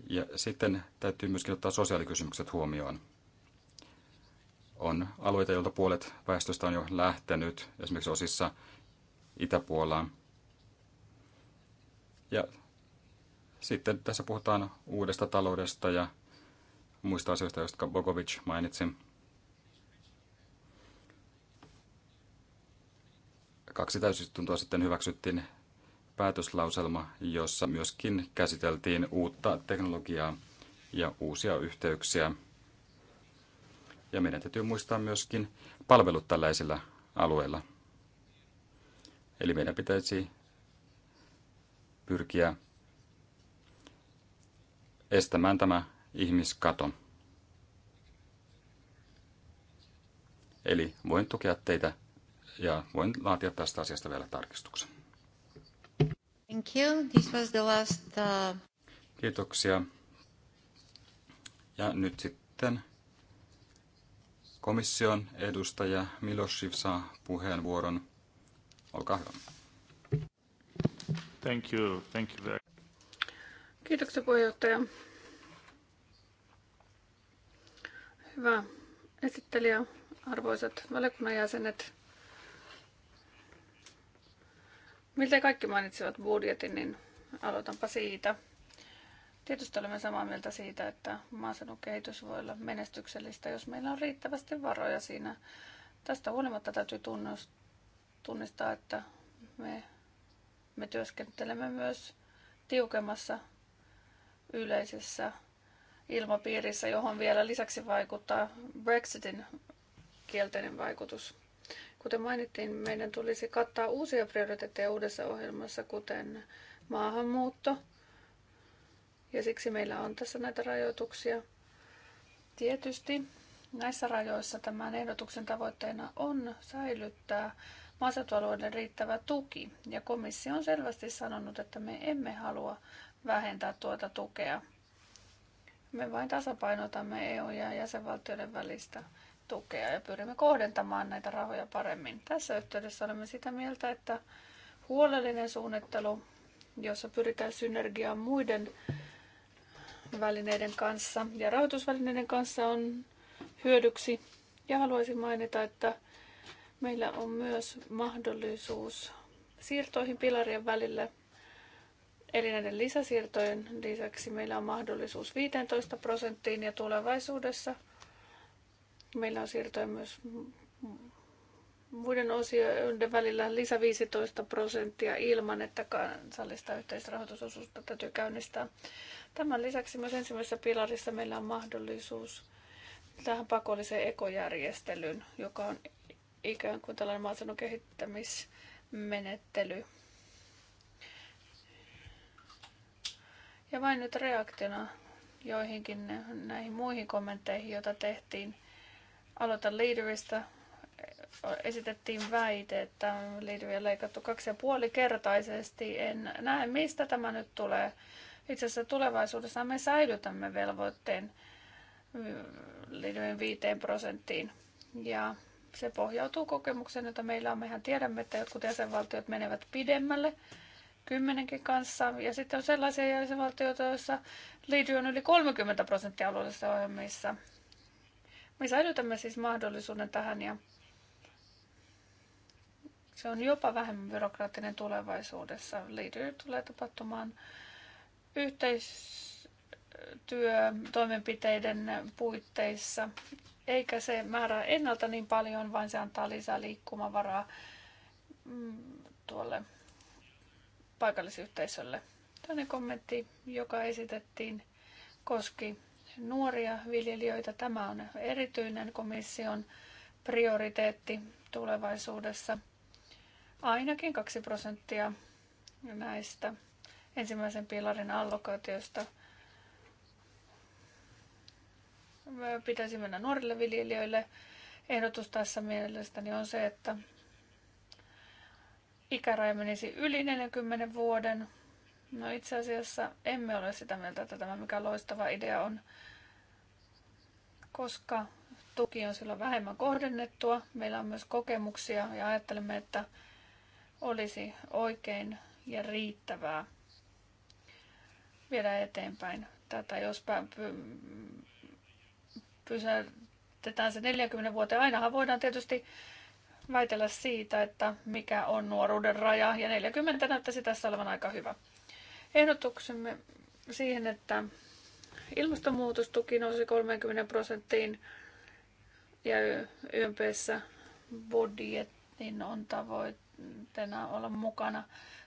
ja sitten täytyy myöskin ottaa sosiaalikysymykset huomioon. On alueita, joilta puolet väestöstä on jo lähtenyt, esimerkiksi osissa Itäpuolaa. Ja sitten tässä puhutaan uudesta taloudesta ja muista asioista, joista Bogovic mainitsi. Kaksi täysistuntoa sitten hyväksyttiin päätöslauselma, jossa myöskin käsiteltiin uutta teknologiaa ja uusia yhteyksiä. Ja meidän täytyy muistaa myöskin palvelut tällaisilla alueilla. Eli meidän pitäisi pyrkiä estämään tämä ihmiskato. Eli voin tukea teitä ja voin laatia tästä asiasta vielä tarkistuksen. Thank you. This was the last, uh, Kiitoksia. Ja nyt sitten komission edustaja Milosiv saa puheenvuoron. Olkaa hyvä. Thank you. Thank you very... Kiitoksia puheenjohtaja. Hyvä esittelijä, arvoisat valiokunnan jäsenet. Miltä kaikki mainitsivat budjetin, niin aloitanpa siitä. Tietysti olemme samaa mieltä siitä, että maaseudun kehitys voi olla menestyksellistä, jos meillä on riittävästi varoja siinä. Tästä huolimatta täytyy tunnistaa, että me, me työskentelemme myös tiukemmassa yleisessä ilmapiirissä, johon vielä lisäksi vaikuttaa Brexitin kielteinen vaikutus. Kuten mainittiin, meidän tulisi kattaa uusia prioriteetteja uudessa ohjelmassa, kuten maahanmuutto. Ja siksi meillä on tässä näitä rajoituksia. Tietysti näissä rajoissa tämän ehdotuksen tavoitteena on säilyttää maaseutualueiden riittävä tuki. Ja komissio on selvästi sanonut, että me emme halua vähentää tuota tukea. Me vain tasapainotamme EU- ja jäsenvaltioiden välistä tukea ja pyrimme kohdentamaan näitä rahoja paremmin. Tässä yhteydessä olemme sitä mieltä, että huolellinen suunnittelu, jossa pyritään synergiaan muiden välineiden kanssa ja rahoitusvälineiden kanssa on hyödyksi. Ja haluaisin mainita, että meillä on myös mahdollisuus siirtoihin pilarien välille. Eli näiden lisäsiirtojen lisäksi meillä on mahdollisuus 15 prosenttiin ja tulevaisuudessa – Meillä on siirtoja myös muiden osioiden välillä lisä 15 prosenttia ilman, että kansallista yhteisrahoitusosuutta täytyy käynnistää. Tämän lisäksi myös ensimmäisessä pilarissa meillä on mahdollisuus tähän pakolliseen ekojärjestelyyn, joka on ikään kuin tällainen maaseudun kehittämismenettely. Ja vain nyt reaktiona joihinkin näihin muihin kommentteihin, joita tehtiin aloita Leaderista. Esitettiin väite, että Leaderia on leikattu kaksi ja puoli kertaisesti. En näe, mistä tämä nyt tulee. Itse asiassa tulevaisuudessa me säilytämme velvoitteen liiduin viiteen prosenttiin. Ja se pohjautuu kokemukseen, jota meillä on. Mehän tiedämme, että jotkut jäsenvaltiot menevät pidemmälle kymmenenkin kanssa. Ja sitten on sellaisia jäsenvaltioita, joissa liity on yli 30 prosenttia alueellisissa ohjelmissa. Me säilytämme siis mahdollisuuden tähän ja se on jopa vähemmän byrokraattinen tulevaisuudessa. Leader tulee tapahtumaan yhteistyötoimenpiteiden puitteissa, eikä se määrää ennalta niin paljon, vaan se antaa lisää liikkumavaraa mm, tuolle paikallisyhteisölle. Toinen kommentti, joka esitettiin, koski nuoria viljelijöitä. Tämä on erityinen komission prioriteetti tulevaisuudessa. Ainakin 2 prosenttia näistä ensimmäisen pilarin allokaatiosta pitäisi mennä nuorille viljelijöille. Ehdotus tässä mielestäni on se, että ikäraja menisi yli 40 vuoden No itse asiassa emme ole sitä mieltä, että tämä mikä loistava idea on, koska tuki on silloin vähemmän kohdennettua. Meillä on myös kokemuksia ja ajattelemme, että olisi oikein ja riittävää viedä eteenpäin tätä, jos pysäytetään se 40 vuoteen. Ainahan voidaan tietysti väitellä siitä, että mikä on nuoruuden raja, ja 40 näyttäisi tässä olevan aika hyvä ehdotuksemme siihen, että tuki nousi 30 prosenttiin ja YMPssä budjetin on tavoitteena olla mukana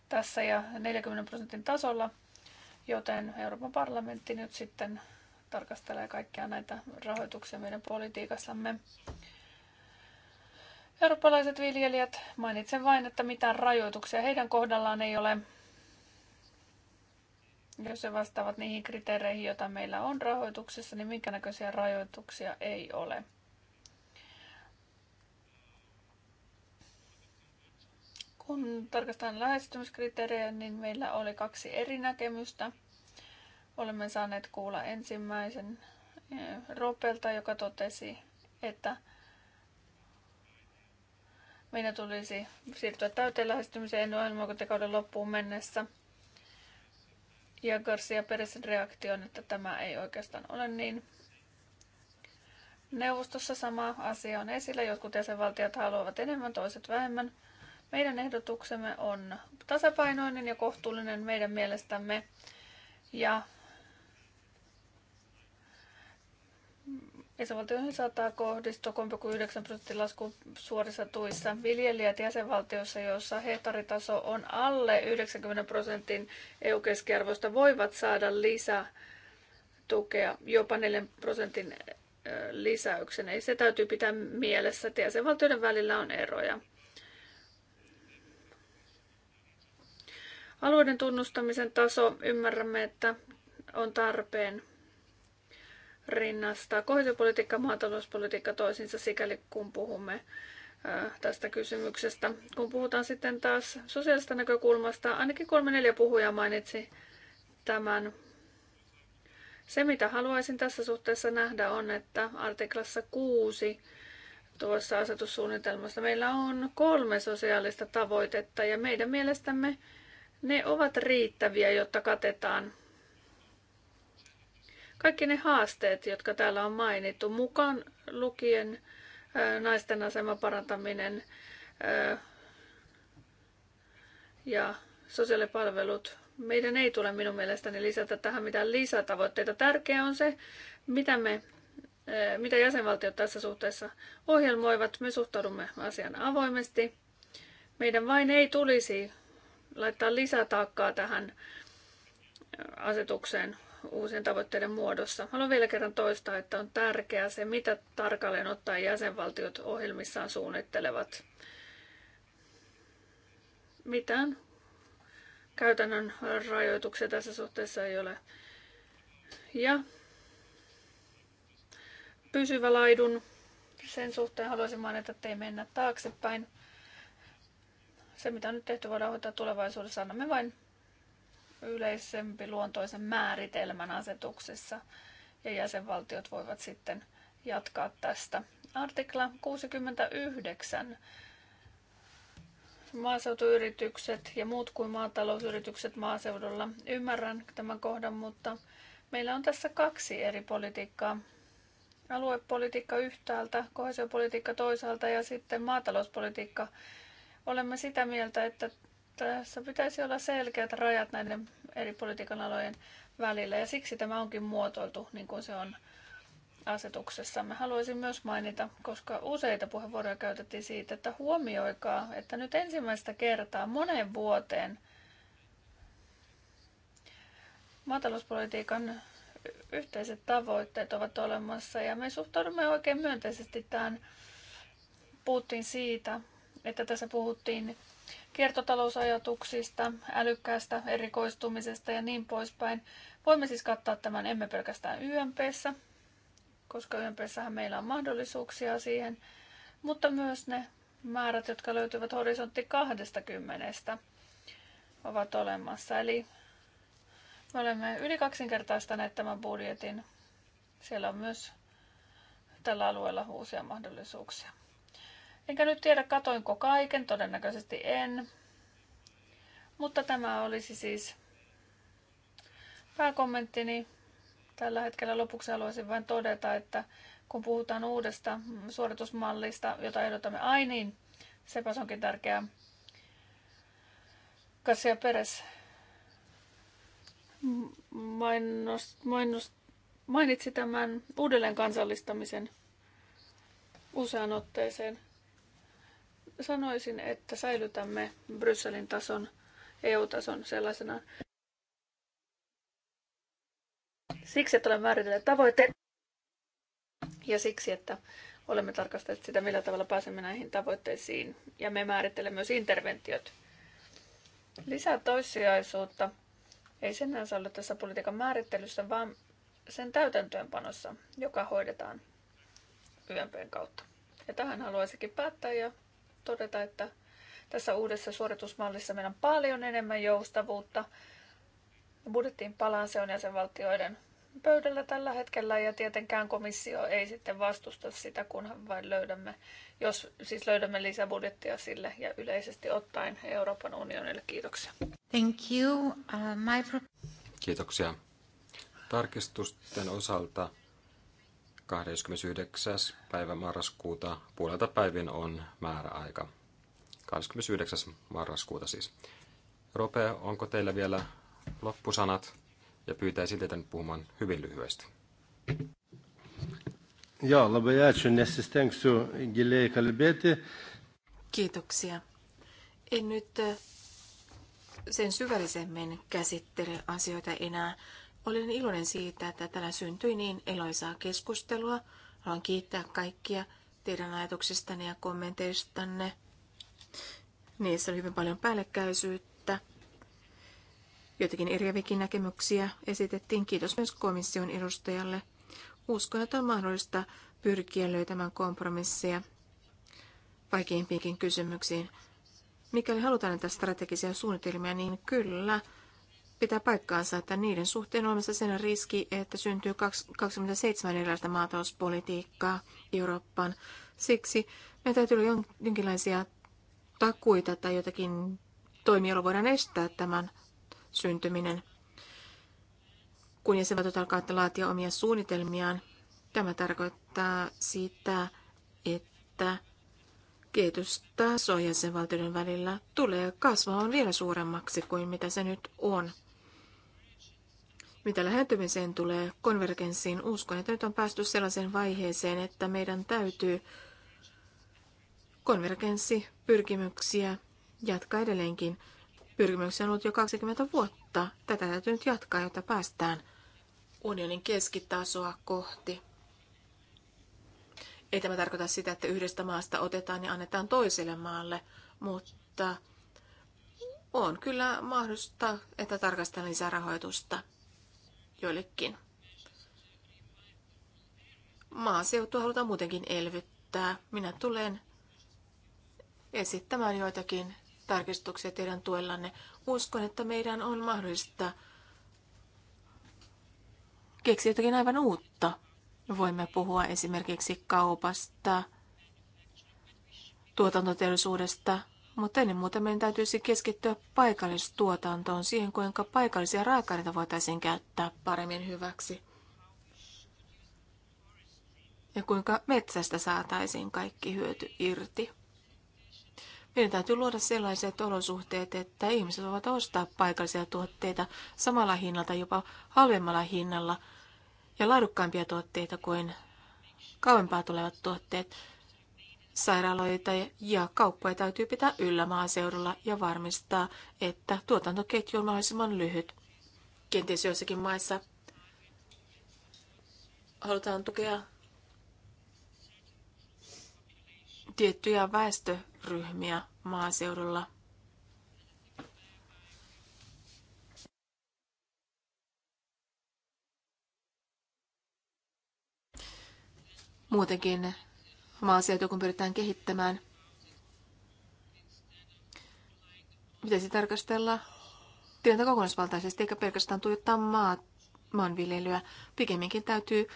tässä ja 40 prosentin tasolla, joten Euroopan parlamentti nyt sitten tarkastelee kaikkia näitä rahoituksia meidän politiikassamme. Eurooppalaiset viljelijät, mainitsen vain, että mitään rajoituksia heidän kohdallaan ei ole jos se vastaavat niihin kriteereihin, joita meillä on rahoituksessa, niin minkä näköisiä rajoituksia ei ole. Kun tarkastetaan lähestymiskriteerejä, niin meillä oli kaksi eri näkemystä. Olemme saaneet kuulla ensimmäisen eh, Ropelta, joka totesi, että meidän tulisi siirtyä täyteen lähestymiseen ohjelmakontikauden loppuun mennessä – ja Garcia Peresin reaktioon, että tämä ei oikeastaan ole niin. Neuvostossa sama asia on esillä. Jotkut jäsenvaltiot haluavat enemmän, toiset vähemmän. Meidän ehdotuksemme on tasapainoinen ja kohtuullinen meidän mielestämme. Ja Jäsenvaltioihin saattaa kohdistua kuin 9 prosentin lasku suorissa tuissa. Viljelijät jäsenvaltioissa, joissa hehtaaritaso on alle 90 prosentin EU-keskiarvoista, voivat saada lisätukea jopa 4 prosentin lisäyksen. Ei se täytyy pitää mielessä, että jäsenvaltioiden välillä on eroja. Alueiden tunnustamisen taso, ymmärrämme, että on tarpeen rinnastaa kohdepolitiikka ja maatalouspolitiikka toisiinsa sikäli kun puhumme tästä kysymyksestä. Kun puhutaan sitten taas sosiaalista näkökulmasta, ainakin kolme neljä puhujaa mainitsi tämän. Se, mitä haluaisin tässä suhteessa nähdä, on, että artiklassa 6 tuossa asetussuunnitelmassa meillä on kolme sosiaalista tavoitetta ja meidän mielestämme ne ovat riittäviä, jotta katetaan kaikki ne haasteet, jotka täällä on mainittu, mukaan lukien naisten aseman parantaminen ja sosiaalipalvelut. Meidän ei tule minun mielestäni lisätä tähän mitään lisätavoitteita. Tärkeää on se, mitä me mitä jäsenvaltiot tässä suhteessa ohjelmoivat. Me suhtaudumme asian avoimesti. Meidän vain ei tulisi laittaa lisätaakkaa tähän asetukseen uusien tavoitteiden muodossa. Haluan vielä kerran toistaa, että on tärkeää se, mitä tarkalleen ottaen jäsenvaltiot ohjelmissaan suunnittelevat. Mitään käytännön rajoituksia tässä suhteessa ei ole. Ja pysyvä laidun, sen suhteen haluaisin mainita, että ei mennä taaksepäin. Se, mitä on nyt tehty, voidaan hoitaa tulevaisuudessa. Annamme vain yleisempi luontoisen määritelmän asetuksessa ja jäsenvaltiot voivat sitten jatkaa tästä. Artikla 69. Maaseutuyritykset ja muut kuin maatalousyritykset maaseudulla. Ymmärrän tämän kohdan, mutta meillä on tässä kaksi eri politiikkaa. Aluepolitiikka yhtäältä, kohesiopolitiikka toisaalta ja sitten maatalouspolitiikka. Olemme sitä mieltä, että tässä pitäisi olla selkeät rajat näiden eri politiikan alojen välillä ja siksi tämä onkin muotoiltu niin kuin se on asetuksessa. Mä haluaisin myös mainita, koska useita puheenvuoroja käytettiin siitä, että huomioikaa, että nyt ensimmäistä kertaa moneen vuoteen maatalouspolitiikan yhteiset tavoitteet ovat olemassa ja me suhtaudumme oikein myönteisesti tähän. Puhuttiin siitä, että tässä puhuttiin kiertotalousajatuksista, älykkäästä erikoistumisesta ja niin poispäin. Voimme siis kattaa tämän emme pelkästään YMPssä, koska YMPssähän meillä on mahdollisuuksia siihen, mutta myös ne määrät, jotka löytyvät horisontti 20 ovat olemassa. Eli me olemme yli kaksinkertaistaneet tämän budjetin. Siellä on myös tällä alueella uusia mahdollisuuksia. Enkä nyt tiedä, katoinko kaiken, todennäköisesti en. Mutta tämä olisi siis pääkommenttini. Tällä hetkellä lopuksi haluaisin vain todeta, että kun puhutaan uudesta suoritusmallista, jota ehdotamme, Ainiin, niin, sepäs onkin tärkeää. Kassia Peres mainos, mainos, mainitsi tämän uudelleen kansallistamisen useaan otteeseen sanoisin, että säilytämme Brysselin tason, EU-tason sellaisena. Siksi, että olemme määritelleet tavoitteet ja siksi, että olemme tarkastelleet sitä, millä tavalla pääsemme näihin tavoitteisiin. Ja me määrittelemme myös interventiot. Lisää toissijaisuutta ei sinänsä ole tässä politiikan määrittelyssä, vaan sen täytäntöönpanossa, joka hoidetaan YMPn kautta. Ja tähän haluaisinkin päättää ja todeta, että tässä uudessa suoritusmallissa meillä on paljon enemmän joustavuutta. Budjettiin palaan, se on jäsenvaltioiden pöydällä tällä hetkellä ja tietenkään komissio ei sitten vastusta sitä, kunhan vain löydämme, jos siis löydämme lisäbudjettia sille ja yleisesti ottaen Euroopan unionille. Kiitoksia. Thank you. Uh, my... Kiitoksia. Tarkistusten osalta 29. päivä marraskuuta puolelta päivin on määräaika. 29. marraskuuta siis. Rope, onko teillä vielä loppusanat? Ja pyytäisin teitä nyt puhumaan hyvin lyhyesti. Joo, labai ačiū, nesistengsiu giliai kalbėti. Kiitoksia. En nyt eh, sen syvällisemmin käsittele asioita enää. Olen iloinen siitä, että täällä syntyi niin eloisaa keskustelua. Haluan kiittää kaikkia teidän ajatuksistanne ja kommenteistanne. Niissä oli hyvin paljon päällekkäisyyttä. Joitakin eriävikin näkemyksiä esitettiin. Kiitos myös komission edustajalle. Uskon, että on mahdollista pyrkiä löytämään kompromisseja vaikeimpiinkin kysymyksiin. Mikäli halutaan näitä strategisia suunnitelmia, niin kyllä – pitää paikkaansa, että niiden suhteen on olemassa sen riski, että syntyy 27 erilaista maatalouspolitiikkaa Eurooppaan. Siksi meidän täytyy olla jonkinlaisia takuita tai jotakin toimia, joilla voidaan estää tämän syntyminen. Kun jäsenvaltiot alkaa laatia omia suunnitelmiaan, tämä tarkoittaa sitä, että kehitystaso jäsenvaltioiden välillä tulee kasvamaan vielä suuremmaksi kuin mitä se nyt on. Mitä lähentymiseen tulee konvergenssiin, uskon, että nyt on päästy sellaiseen vaiheeseen, että meidän täytyy konvergenssipyrkimyksiä jatkaa edelleenkin. Pyrkimyksiä on ollut jo 20 vuotta. Tätä täytyy nyt jatkaa, jotta päästään unionin keskitasoa kohti. Ei tämä tarkoita sitä, että yhdestä maasta otetaan ja annetaan toiselle maalle, mutta on kyllä mahdollista, että tarkastellaan lisärahoitusta joillekin. Maaseutua halutaan muutenkin elvyttää. Minä tulen esittämään joitakin tarkistuksia teidän tuellanne. Uskon, että meidän on mahdollista keksiä jotakin aivan uutta. Voimme puhua esimerkiksi kaupasta, tuotantoteollisuudesta, mutta ennen muuta meidän täytyisi keskittyä paikallistuotantoon, siihen kuinka paikallisia raaka voitaisiin käyttää paremmin hyväksi. Ja kuinka metsästä saataisiin kaikki hyöty irti. Meidän täytyy luoda sellaiset olosuhteet, että ihmiset voivat ostaa paikallisia tuotteita samalla hinnalla tai jopa halvemmalla hinnalla ja laadukkaampia tuotteita kuin kauempaa tulevat tuotteet sairaaloita ja kauppoja täytyy pitää yllä maaseudulla ja varmistaa, että tuotantoketju on mahdollisimman lyhyt. Kenties joissakin maissa halutaan tukea tiettyjä väestöryhmiä maaseudulla. Muutenkin maaseutua, kun pyritään kehittämään, pitäisi tarkastella tilannetta kokonaisvaltaisesti, eikä pelkästään tuijottaa maa, maanviljelyä. Pikemminkin täytyy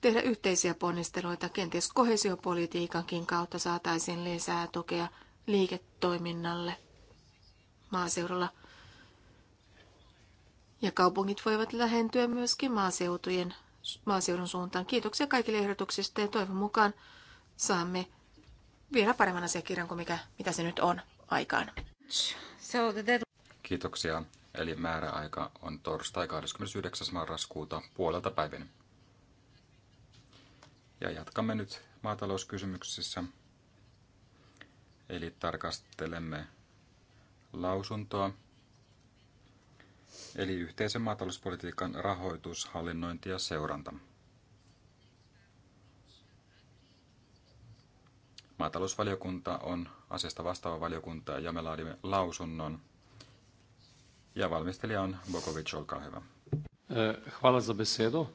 tehdä yhteisiä ponnisteluita. Kenties kohesiopolitiikankin kautta saataisiin lisää tukea liiketoiminnalle maaseudulla. Ja kaupungit voivat lähentyä myöskin maaseutujen maaseudun suuntaan. Kiitoksia kaikille ehdotuksista ja toivon mukaan saamme vielä paremman asiakirjan kuin mikä, mitä se nyt on aikaan. Kiitoksia. Eli määräaika on torstai 29. marraskuuta puolelta päivin. Ja jatkamme nyt maatalouskysymyksissä. Eli tarkastelemme lausuntoa eli yhteisen maatalouspolitiikan rahoitus, hallinnointi ja seuranta. Maatalousvaliokunta on asiasta vastaava valiokunta ja me laadimme lausunnon. Ja valmistelija on Bokovic, olkaa hyvä. Eh, hvala za besedo.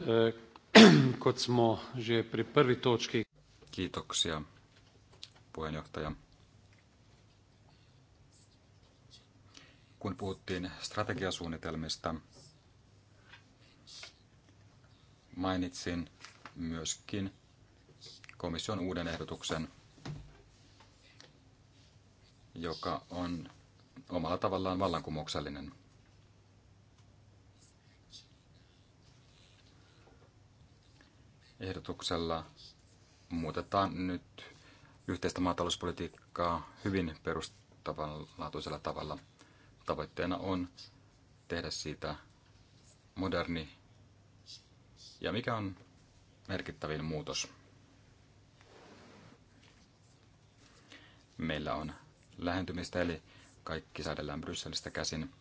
Eh, *clears throat* kot smo že pri prvi točki. Kiitoksia, puheenjohtaja. kun puhuttiin strategiasuunnitelmista, mainitsin myöskin komission uuden ehdotuksen, joka on omalla tavallaan vallankumouksellinen. Ehdotuksella muutetaan nyt yhteistä maatalouspolitiikkaa hyvin perustavanlaatuisella tavalla – Tavoitteena on tehdä siitä moderni ja mikä on merkittävin muutos. Meillä on lähentymistä, eli kaikki säädellään Brysselistä käsin.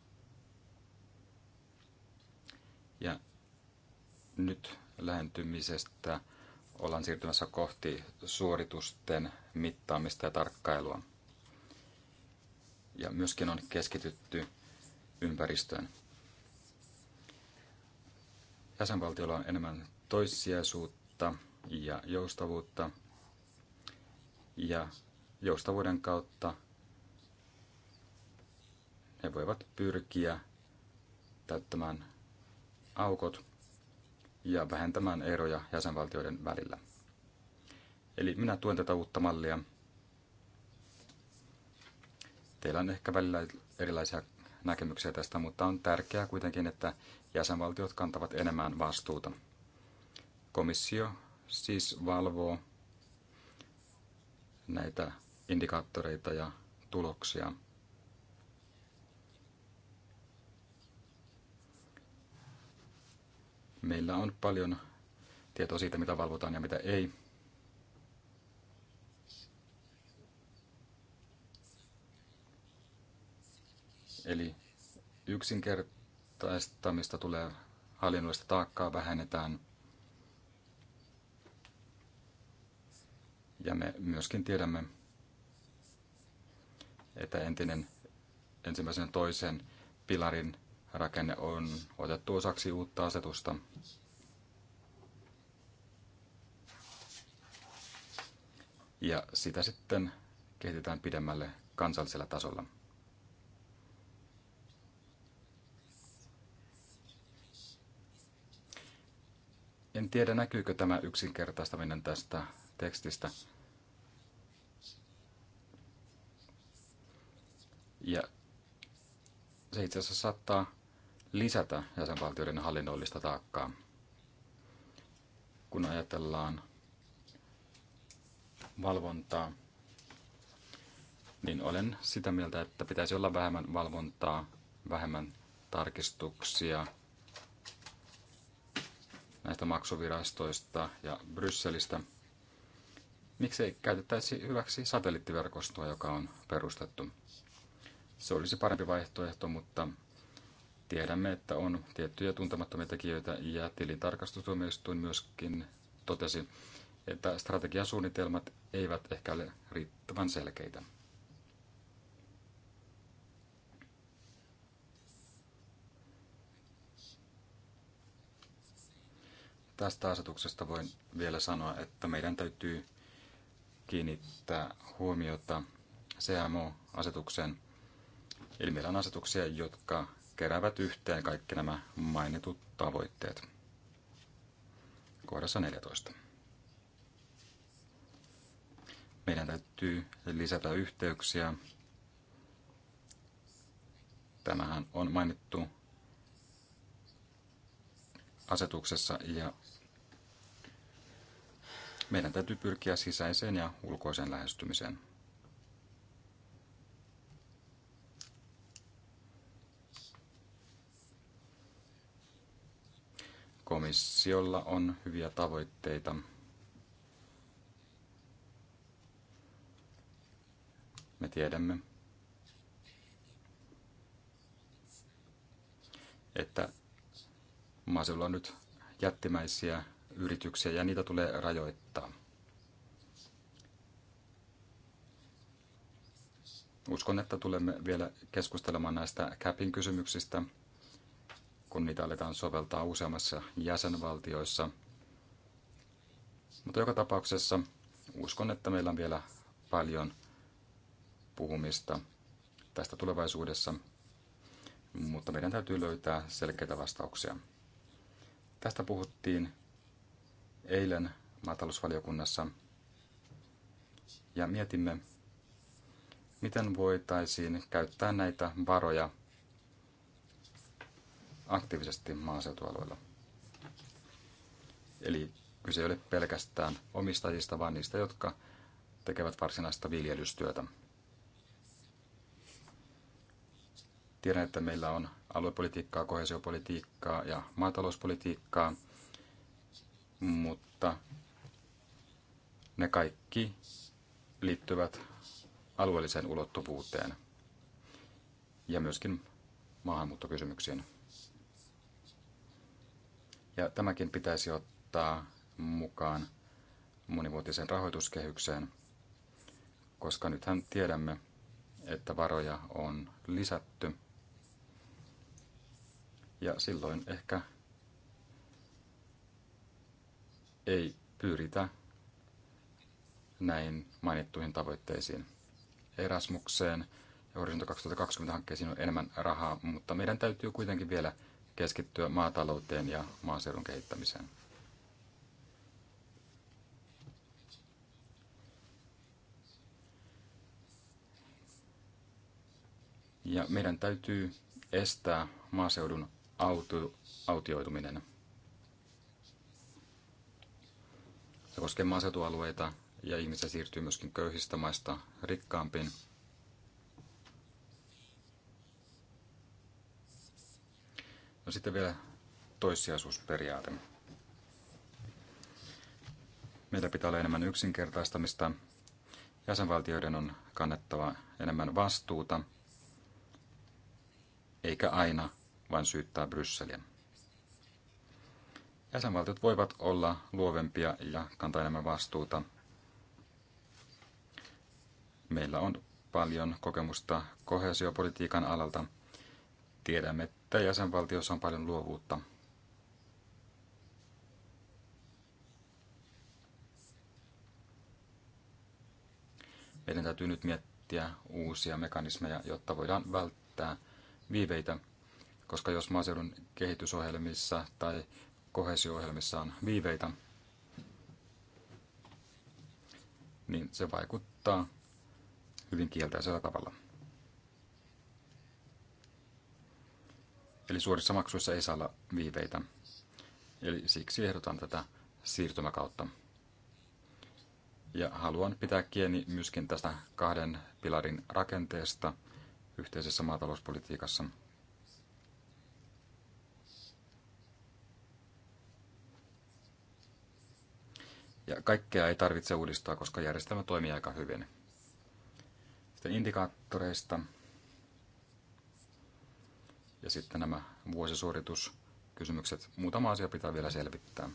Ja nyt lähentymisestä ollaan siirtymässä kohti suoritusten mittaamista ja tarkkailua ja myöskin on keskitytty ympäristöön. Jäsenvaltiolla on enemmän toissijaisuutta ja joustavuutta, ja joustavuuden kautta he voivat pyrkiä täyttämään aukot ja vähentämään eroja jäsenvaltioiden välillä. Eli minä tuen tätä uutta mallia Teillä on ehkä välillä erilaisia näkemyksiä tästä, mutta on tärkeää kuitenkin, että jäsenvaltiot kantavat enemmän vastuuta. Komissio siis valvoo näitä indikaattoreita ja tuloksia. Meillä on paljon tietoa siitä, mitä valvotaan ja mitä ei. Eli yksinkertaistamista tulee hallinnollista taakkaa vähennetään. Ja me myöskin tiedämme, että entinen ensimmäisen toisen pilarin rakenne on otettu osaksi uutta asetusta. Ja sitä sitten kehitetään pidemmälle kansallisella tasolla. tiedä, näkyykö tämä yksinkertaistaminen tästä tekstistä. Ja se itse asiassa saattaa lisätä jäsenvaltioiden hallinnollista taakkaa, kun ajatellaan valvontaa niin olen sitä mieltä, että pitäisi olla vähemmän valvontaa, vähemmän tarkistuksia – näistä maksuvirastoista ja Brysselistä. Miksei käytettäisi hyväksi satelliittiverkostoa, joka on perustettu? Se olisi parempi vaihtoehto, mutta tiedämme, että on tiettyjä tuntemattomia tekijöitä ja tilintarkastustuomioistuin myöskin totesi, että strategiasuunnitelmat eivät ehkä ole riittävän selkeitä. tästä asetuksesta voin vielä sanoa, että meidän täytyy kiinnittää huomiota CMO-asetukseen. Eli meillä on asetuksia, jotka keräävät yhteen kaikki nämä mainitut tavoitteet. Kohdassa 14. Meidän täytyy lisätä yhteyksiä. Tämähän on mainittu asetuksessa ja meidän täytyy pyrkiä sisäiseen ja ulkoiseen lähestymiseen. Komissiolla on hyviä tavoitteita. Me tiedämme, että maaseudulla on nyt jättimäisiä yrityksiä ja niitä tulee rajoittaa. Uskon, että tulemme vielä keskustelemaan näistä CAPin kysymyksistä, kun niitä aletaan soveltaa useammassa jäsenvaltioissa. Mutta joka tapauksessa uskon, että meillä on vielä paljon puhumista tästä tulevaisuudessa, mutta meidän täytyy löytää selkeitä vastauksia. Tästä puhuttiin eilen maatalousvaliokunnassa ja mietimme, miten voitaisiin käyttää näitä varoja aktiivisesti maaseutualueilla. Eli kyse ei ole pelkästään omistajista, vaan niistä, jotka tekevät varsinaista viljelystyötä. Tiedän, että meillä on aluepolitiikkaa, kohesiopolitiikkaa ja maatalouspolitiikkaa – mutta ne kaikki liittyvät alueelliseen ulottuvuuteen ja myöskin maahanmuuttokysymyksiin. Ja tämäkin pitäisi ottaa mukaan monivuotiseen rahoituskehykseen, koska nythän tiedämme, että varoja on lisätty. Ja silloin ehkä ei pyritä näin mainittuihin tavoitteisiin. Erasmukseen ja Horisonto 2020 hankkeisiin on enemmän rahaa, mutta meidän täytyy kuitenkin vielä keskittyä maatalouteen ja maaseudun kehittämiseen. Ja meidän täytyy estää maaseudun autioituminen. Se koskee maaseutualueita ja ihmisiä siirtyy myöskin köyhistä maista rikkaampiin. No sitten vielä toissijaisuusperiaate. Meillä pitää olla enemmän yksinkertaistamista. Jäsenvaltioiden on kannettava enemmän vastuuta, eikä aina vain syyttää Brysseliä. Jäsenvaltiot voivat olla luovempia ja kantaa enemmän vastuuta. Meillä on paljon kokemusta kohesiopolitiikan alalta. Tiedämme, että jäsenvaltiossa on paljon luovuutta. Meidän täytyy nyt miettiä uusia mekanismeja, jotta voidaan välttää viiveitä, koska jos maaseudun kehitysohjelmissa tai kohesio-ohjelmissa on viiveitä, niin se vaikuttaa hyvin kielteisellä tavalla. Eli suorissa maksuissa ei saa olla viiveitä. Eli siksi ehdotan tätä siirtymäkautta. Ja haluan pitää kiinni myöskin tästä kahden pilarin rakenteesta yhteisessä maatalouspolitiikassa – Ja kaikkea ei tarvitse uudistaa, koska järjestelmä toimii aika hyvin. Sitten indikaattoreista ja sitten nämä vuosisuorituskysymykset. Muutama asia pitää vielä selvittää.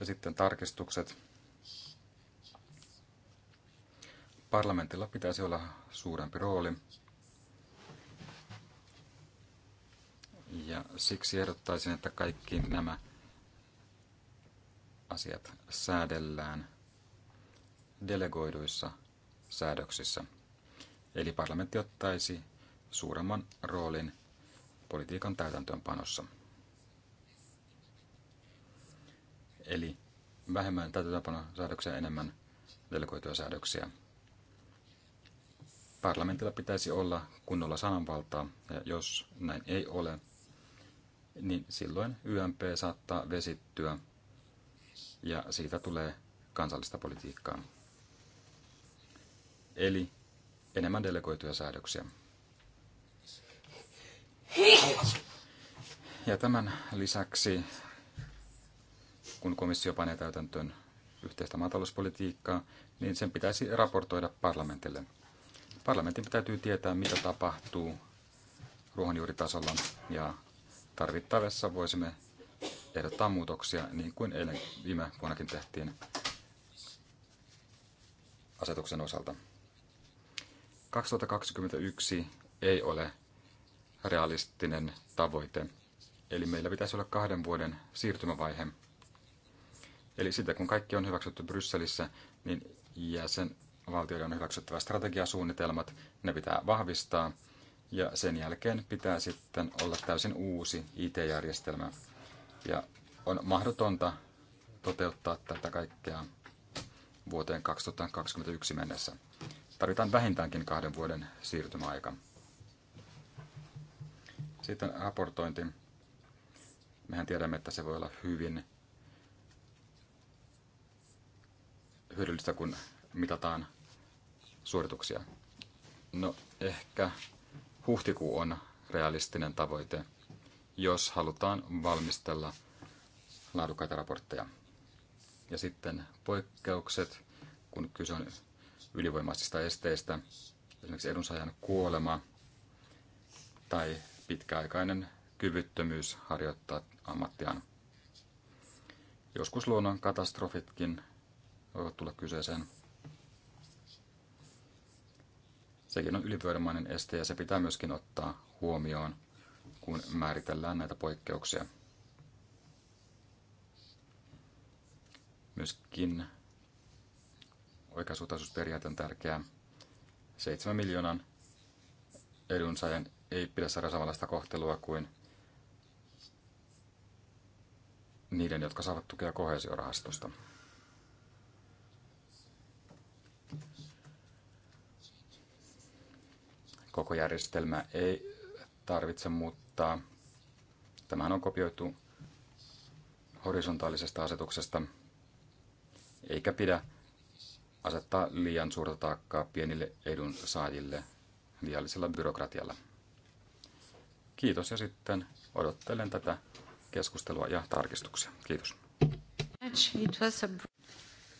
Ja sitten tarkistukset. Parlamentilla pitäisi olla suurempi rooli Ja siksi ehdottaisin, että kaikki nämä asiat säädellään delegoiduissa säädöksissä. Eli parlamentti ottaisi suuremman roolin politiikan täytäntöönpanossa. Eli vähemmän täytäntöönpanosäädöksiä, enemmän delegoituja säädöksiä. Parlamentilla pitäisi olla kunnolla sananvaltaa, ja jos näin ei ole, niin silloin YMP saattaa vesittyä ja siitä tulee kansallista politiikkaa. Eli enemmän delegoituja säädöksiä. Ja tämän lisäksi, kun komissio panee täytäntöön yhteistä maatalouspolitiikkaa, niin sen pitäisi raportoida parlamentille. Parlamentin täytyy tietää, mitä tapahtuu ruohonjuuritasolla ja Tarvittaessa voisimme ehdottaa muutoksia, niin kuin eilen viime vuonnakin tehtiin asetuksen osalta. 2021 ei ole realistinen tavoite, eli meillä pitäisi olla kahden vuoden siirtymävaihe. Eli sitten kun kaikki on hyväksytty Brysselissä, niin jäsenvaltioiden on hyväksyttävä strategiasuunnitelmat, ne pitää vahvistaa – ja sen jälkeen pitää sitten olla täysin uusi IT-järjestelmä. Ja on mahdotonta toteuttaa tätä kaikkea vuoteen 2021 mennessä. Tarvitaan vähintäänkin kahden vuoden siirtymäaika. Sitten raportointi. Mehän tiedämme, että se voi olla hyvin hyödyllistä, kun mitataan suorituksia. No ehkä huhtikuu on realistinen tavoite, jos halutaan valmistella laadukkaita raportteja. Ja sitten poikkeukset, kun kyse on ylivoimaisista esteistä, esimerkiksi edunsaajan kuolema tai pitkäaikainen kyvyttömyys harjoittaa ammattiaan. Joskus luonnon katastrofitkin voivat tulla kyseeseen. Sekin on ylivoimainen este ja se pitää myöskin ottaa huomioon, kun määritellään näitä poikkeuksia. Myöskin oikeasuhtaisuusperiaate on tärkeää. 7 miljoonan edunsaajan ei pidä saada samanlaista kohtelua kuin niiden, jotka saavat tukea kohesiorahastosta. Koko järjestelmä ei tarvitse muuttaa. Tämähän on kopioitu horisontaalisesta asetuksesta, eikä pidä asettaa liian suurta taakkaa pienille edunsaajille liiallisella byrokratialla. Kiitos ja sitten odottelen tätä keskustelua ja tarkistuksia. Kiitos.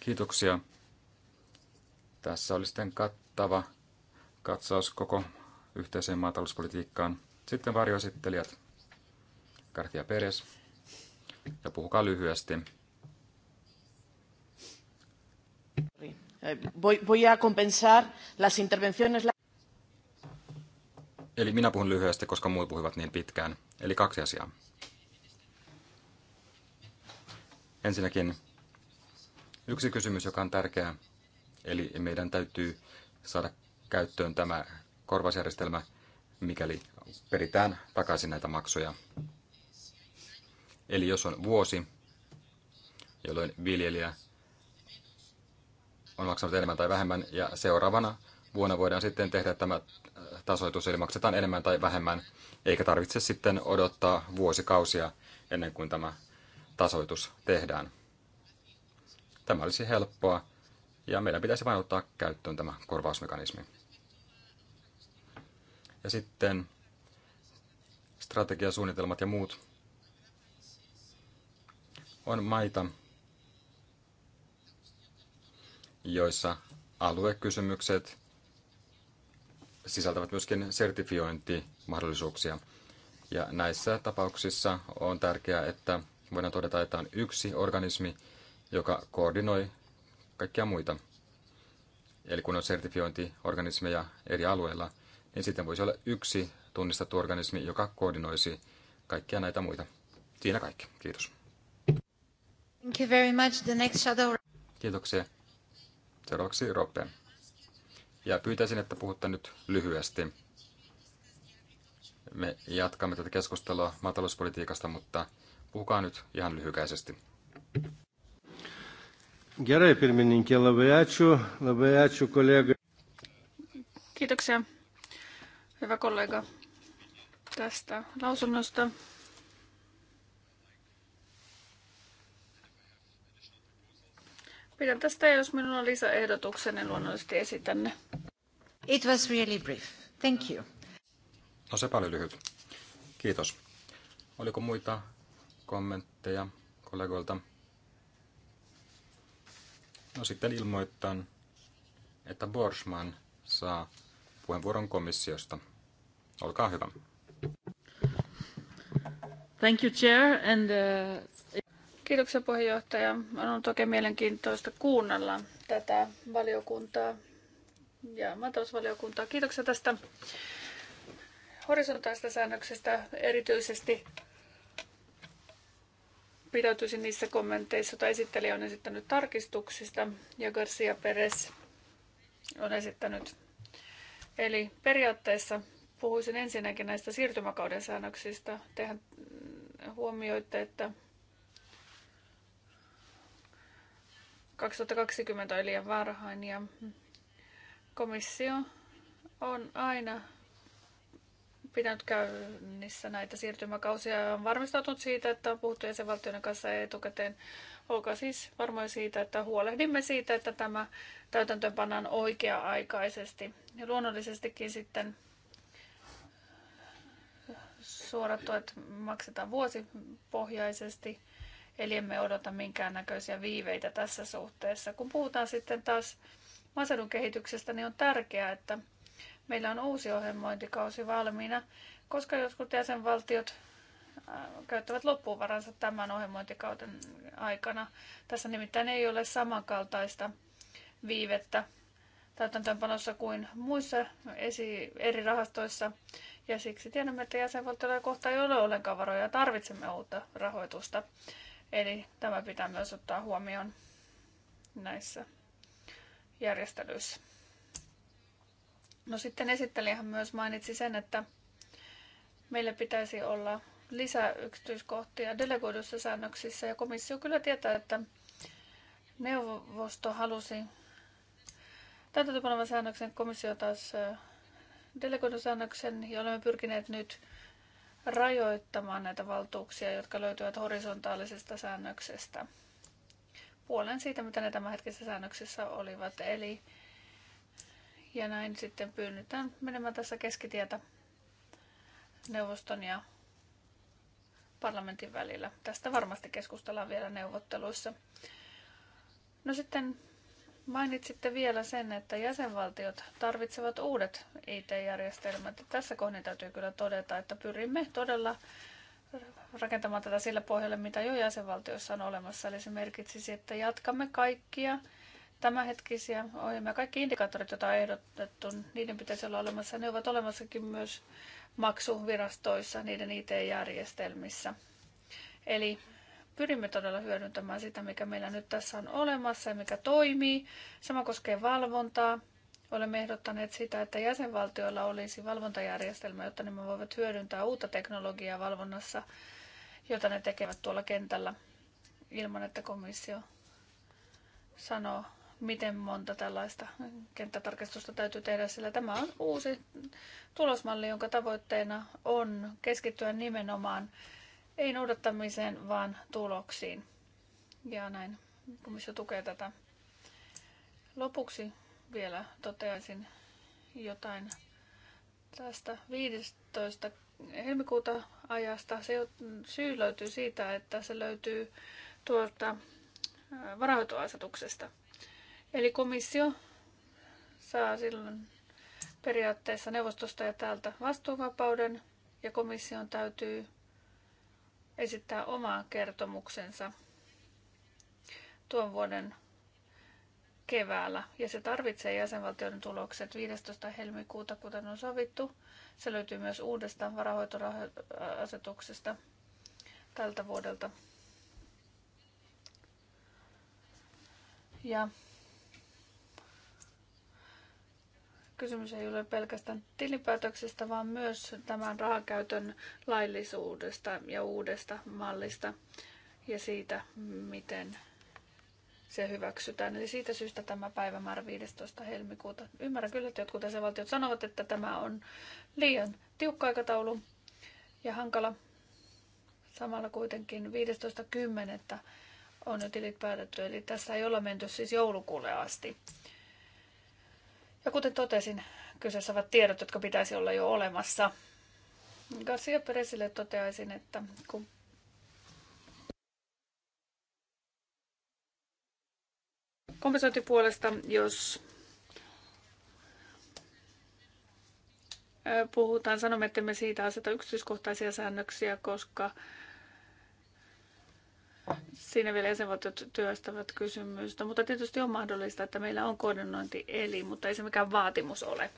Kiitoksia. Tässä oli sitten kattava katsaus koko yhteiseen maatalouspolitiikkaan. Sitten varjoesittelijät, Kartia Peres, ja puhukaa lyhyesti. Voy a compensar las intervenciones. Eli minä puhun lyhyesti, koska muut puhuivat niin pitkään. Eli kaksi asiaa. Ensinnäkin yksi kysymys, joka on tärkeä, eli meidän täytyy saada käyttöön tämä korvausjärjestelmä, mikäli peritään takaisin näitä maksuja. Eli jos on vuosi, jolloin viljelijä on maksanut enemmän tai vähemmän, ja seuraavana vuonna voidaan sitten tehdä tämä äh, tasoitus, eli maksetaan enemmän tai vähemmän, eikä tarvitse sitten odottaa vuosikausia ennen kuin tämä tasoitus tehdään. Tämä olisi helppoa, ja meidän pitäisi vain ottaa käyttöön tämä korvausmekanismi. Ja sitten strategiasuunnitelmat ja muut. On maita, joissa aluekysymykset sisältävät myöskin sertifiointimahdollisuuksia. Ja näissä tapauksissa on tärkeää, että voidaan todeta, että on yksi organismi, joka koordinoi kaikkia muita. Eli kun on sertifiointiorganismeja eri alueilla, niin sitten voisi olla yksi tunnistettu organismi, joka koordinoisi kaikkia näitä muita. Siinä kaikki. Kiitos. Thank you very much. The next shadow... Kiitoksia. Seuraavaksi Rope. Ja pyytäisin, että puhutte nyt lyhyesti. Me jatkamme tätä keskustelua maatalouspolitiikasta, mutta puhukaa nyt ihan lyhykäisesti. Gerai, pirmininkė, labai ačiū, labai ačiū kollega. Kiitoksia hyvä kollega, tästä lausunnosta. Pidän tästä ja jos minulla on lisäehdotuksen, niin luonnollisesti esitän ne. It was really brief. Thank you. No se paljon lyhyt. Kiitos. Oliko muita kommentteja kollegoilta? No sitten ilmoitan, että Borsman saa puheenvuoron komissiosta. Olkaa hyvä. Thank you, Chair. And, uh... Kiitoksia puheenjohtaja. On ollut oikein mielenkiintoista kuunnella tätä valiokuntaa ja maatalousvaliokuntaa. Kiitoksia tästä horisontaalista säännöksestä erityisesti pitäytyisin niissä kommenteissa, joita esittelijä on esittänyt tarkistuksista ja Garcia Perez on esittänyt. Eli periaatteessa Puhuisin ensinnäkin näistä siirtymäkauden säännöksistä. Tehän huomioitte, että 2020 on liian varhain ja komissio on aina pitänyt käynnissä näitä siirtymäkausia ja on varmistautunut siitä, että on puhuttu jäsenvaltioiden kanssa etukäteen. Olkaa siis varmoin siitä, että huolehdimme siitä, että tämä täytäntöön pannaan oikea-aikaisesti. Ja luonnollisestikin sitten suorattu, että maksetaan vuosipohjaisesti, eli emme odota minkäännäköisiä viiveitä tässä suhteessa. Kun puhutaan sitten taas maaseudun kehityksestä, niin on tärkeää, että meillä on uusi ohjelmointikausi valmiina, koska jotkut jäsenvaltiot äh, käyttävät loppuvaransa tämän ohjelmointikauden aikana. Tässä nimittäin ei ole samankaltaista viivettä täytäntöönpanossa kuin muissa eri rahastoissa, ja siksi tiedämme, että jäsenvaltioilla kohta ei ole ollenkaan varoja ja tarvitsemme uutta rahoitusta. Eli tämä pitää myös ottaa huomioon näissä järjestelyissä. No sitten esittelijähän myös mainitsi sen, että meillä pitäisi olla lisää yksityiskohtia delegoidussa säännöksissä ja komissio kyllä tietää, että neuvosto halusi täytäntöpanevan säännöksen komissio taas delegointisäännöksen ja olemme pyrkineet nyt rajoittamaan näitä valtuuksia, jotka löytyvät horisontaalisesta säännöksestä puolen siitä, mitä ne tämänhetkisessä säännöksessä olivat. Eli ja näin sitten pyynnytään menemään tässä keskitietä neuvoston ja parlamentin välillä. Tästä varmasti keskustellaan vielä neuvotteluissa. No sitten Mainitsitte vielä sen, että jäsenvaltiot tarvitsevat uudet IT-järjestelmät. Tässä kohdin täytyy kyllä todeta, että pyrimme todella rakentamaan tätä sillä pohjalle, mitä jo jäsenvaltioissa on olemassa. Eli se merkitsisi, että jatkamme kaikkia tämänhetkisiä ohjelmia. Kaikki indikaattorit, joita on ehdotettu, niiden pitäisi olla olemassa. Ne ovat olemassakin myös maksuvirastoissa, niiden IT-järjestelmissä. Eli Pyrimme todella hyödyntämään sitä, mikä meillä nyt tässä on olemassa ja mikä toimii. Sama koskee valvontaa. Olemme ehdottaneet sitä, että jäsenvaltioilla olisi valvontajärjestelmä, jotta ne voivat hyödyntää uutta teknologiaa valvonnassa, jota ne tekevät tuolla kentällä ilman, että komissio sanoo, miten monta tällaista kenttätarkastusta täytyy tehdä, sillä tämä on uusi tulosmalli, jonka tavoitteena on keskittyä nimenomaan ei noudattamiseen, vaan tuloksiin. Ja näin komissio tukee tätä. Lopuksi vielä toteaisin jotain tästä 15. helmikuuta ajasta. Se syy löytyy siitä, että se löytyy tuolta varahoitoasetuksesta. Eli komissio saa silloin periaatteessa neuvostosta ja täältä vastuuvapauden ja komission täytyy esittää omaa kertomuksensa tuon vuoden keväällä. Ja se tarvitsee jäsenvaltioiden tulokset 15. helmikuuta, kuten on sovittu. Se löytyy myös uudesta varahoitoasetuksesta tältä vuodelta. Ja Kysymys ei ole pelkästään tilinpäätöksestä, vaan myös tämän rahakäytön laillisuudesta ja uudesta mallista ja siitä, miten se hyväksytään. Eli siitä syystä tämä päivämäärä 15. helmikuuta. Ymmärrän kyllä, että jotkut valtiot sanovat, että tämä on liian tiukka aikataulu ja hankala. Samalla kuitenkin 15.10. on jo tilit päätetty, eli tässä ei olla menty siis joulukuulle asti. Ja kuten totesin, kyseessä ovat tiedot, jotka pitäisi olla jo olemassa. Garcia Peresille toteaisin, että kun kompensointipuolesta, jos puhutaan, sanomme, että me siitä aseta yksityiskohtaisia säännöksiä, koska Siinä vielä jäsenvaltiot työstävät kysymystä, mutta tietysti on mahdollista, että meillä on koordinointieli, mutta ei se mikään vaatimus ole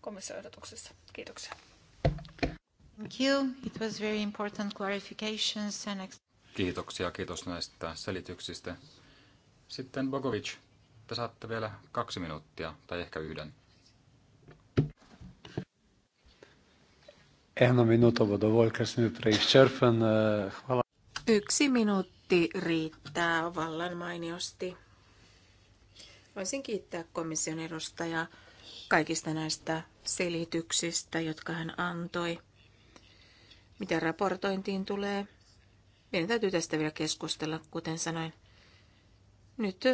komissioehdotuksessa. Kiitoksia. Thank you. It was very important clarifications and Kiitoksia, kiitos näistä selityksistä. Sitten Bogovic, te saatte vielä kaksi minuuttia tai ehkä yhden. Eno minuto bo dovolj, Hvala. Yksi minuutti riittää vallan mainiosti. Voisin kiittää komission edustajaa kaikista näistä selityksistä, jotka hän antoi. Mitä raportointiin tulee, meidän täytyy tästä vielä keskustella, kuten sanoin. Nyt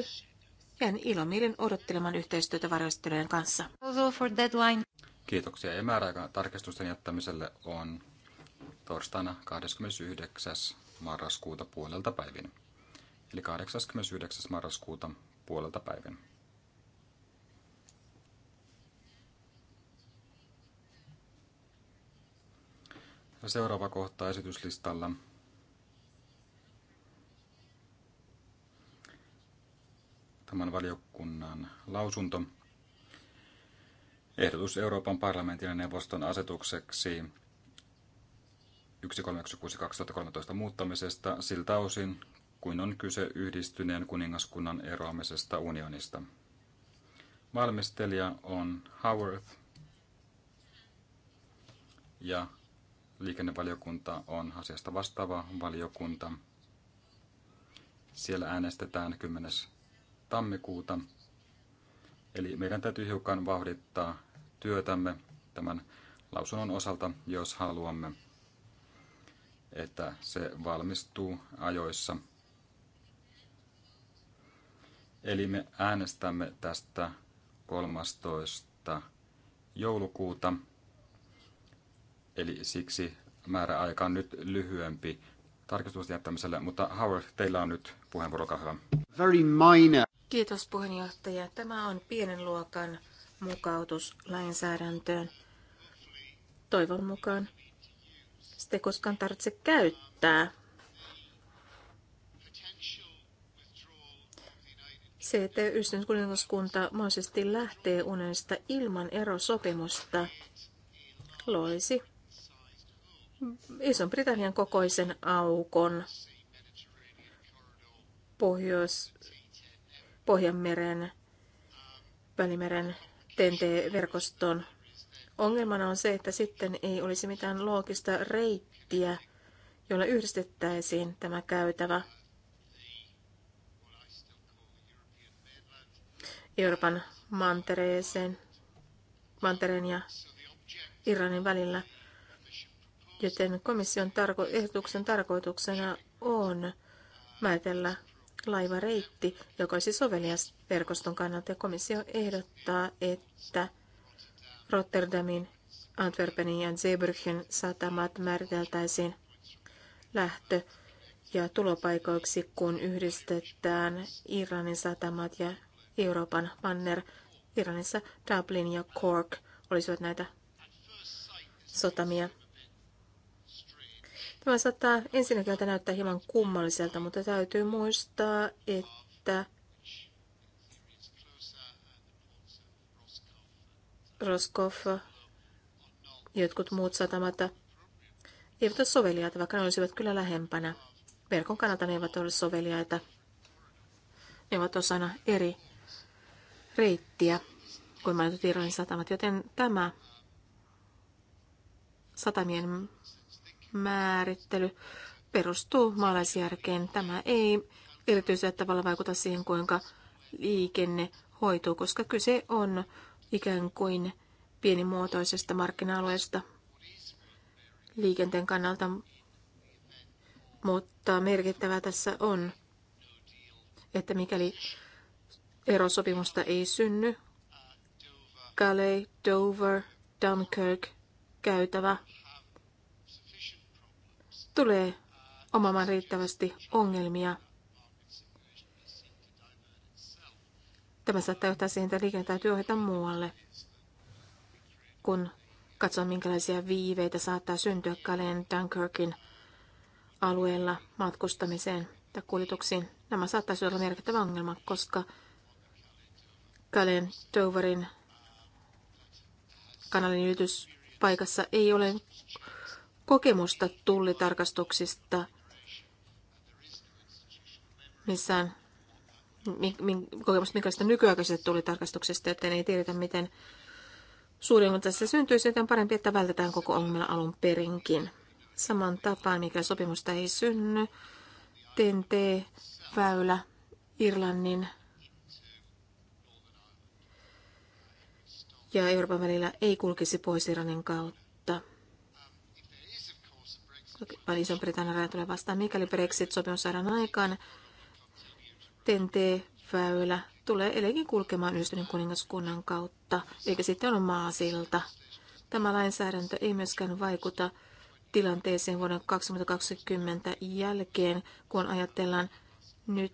jään ilomielin odottelemaan yhteistyötä varjostelijoiden kanssa. Kiitoksia. Ja määräaika tarkistusten jättämiselle on torstaina 29 marraskuuta puolelta päivin. Eli 89. marraskuuta puolelta päivin. Ja seuraava kohta esityslistalla tämän valiokunnan lausunto. Ehdotus Euroopan parlamentin ja neuvoston asetukseksi 1316-2013 muuttamisesta siltä osin, kuin on kyse yhdistyneen kuningaskunnan eroamisesta unionista. Valmistelija on Howarth ja liikennevaliokunta on asiasta vastaava valiokunta. Siellä äänestetään 10. tammikuuta. Eli meidän täytyy hiukan vauhdittaa työtämme tämän lausunnon osalta, jos haluamme että se valmistuu ajoissa. Eli me äänestämme tästä 13. joulukuuta. Eli siksi määräaika on nyt lyhyempi tarkistusjättämiselle, mutta Howard, teillä on nyt puheenvuoro, Very minor. Kiitos puheenjohtaja. Tämä on pienen luokan mukautus lainsäädäntöön. Toivon mukaan sitä koskaan tarvitse käyttää. Se, että yhdistynyt mahdollisesti lähtee unesta ilman erosopimusta, loisi Ison-Britannian kokoisen aukon Pohjois, Pohjanmeren, Välimeren TNT-verkoston Ongelmana on se, että sitten ei olisi mitään loogista reittiä, jolla yhdistettäisiin tämä käytävä Euroopan mantereeseen, mantereen ja Iranin välillä. Joten komission tarko- ehdotuksen tarkoituksena on määritellä laivareitti, joka olisi sovelias verkoston kannalta. Ja komissio ehdottaa, että Rotterdamin, Antwerpenin ja Zeebruggen satamat määriteltäisiin lähtö- ja tulopaikoiksi, kun yhdistetään Irlannin satamat ja Euroopan manner. Irlannissa Dublin ja Cork olisivat näitä sotamia. Tämä saattaa ensinnäkin näyttää hieman kummalliselta, mutta täytyy muistaa, että Roskov, jotkut muut satamat eivät ole soveliaita, vaikka ne olisivat kyllä lähempänä. Verkon kannalta ne eivät ole soveliaita. Ne ovat osana eri reittiä kuin mainitut Irlannin satamat, joten tämä satamien määrittely perustuu maalaisjärkeen. Tämä ei erityisellä tavalla vaikuta siihen, kuinka liikenne hoituu, koska kyse on ikään kuin pienimuotoisesta markkina-alueesta liikenteen kannalta, mutta merkittävää tässä on, että mikäli erosopimusta ei synny, Calais, Dover, Dunkirk käytävä tulee omaamaan riittävästi ongelmia Tämä saattaa johtaa siihen, että liikenne täytyy ohjata muualle, kun katsoo minkälaisia viiveitä saattaa syntyä Kaleen Dunkirkin alueella matkustamiseen tai kuljetuksiin. Nämä saattaisi olla merkittävä ongelma, koska Kaleen Doverin kanalin ylityspaikassa ei ole kokemusta tullitarkastuksista missään kokemusta minkälaista nykyaikaisesta tulitarkastuksesta, joten ei tiedetä, miten suuri ongelma tässä syntyy, joten parempi, että vältetään koko ongelma alun perinkin. Saman tapaan, mikä sopimusta ei synny, TNT-väylä Irlannin ja Euroopan välillä ei kulkisi pois Iranin kautta. Vaan Iso-Britannian raja tulee vastaan, mikäli Brexit-sopimus saadaan aikaan. TNT-väylä tulee edelleenkin kulkemaan yhdistyneen kuningaskunnan kautta, eikä sitten ole maasilta. Tämä lainsäädäntö ei myöskään vaikuta tilanteeseen vuoden 2020 jälkeen, kun ajatellaan nyt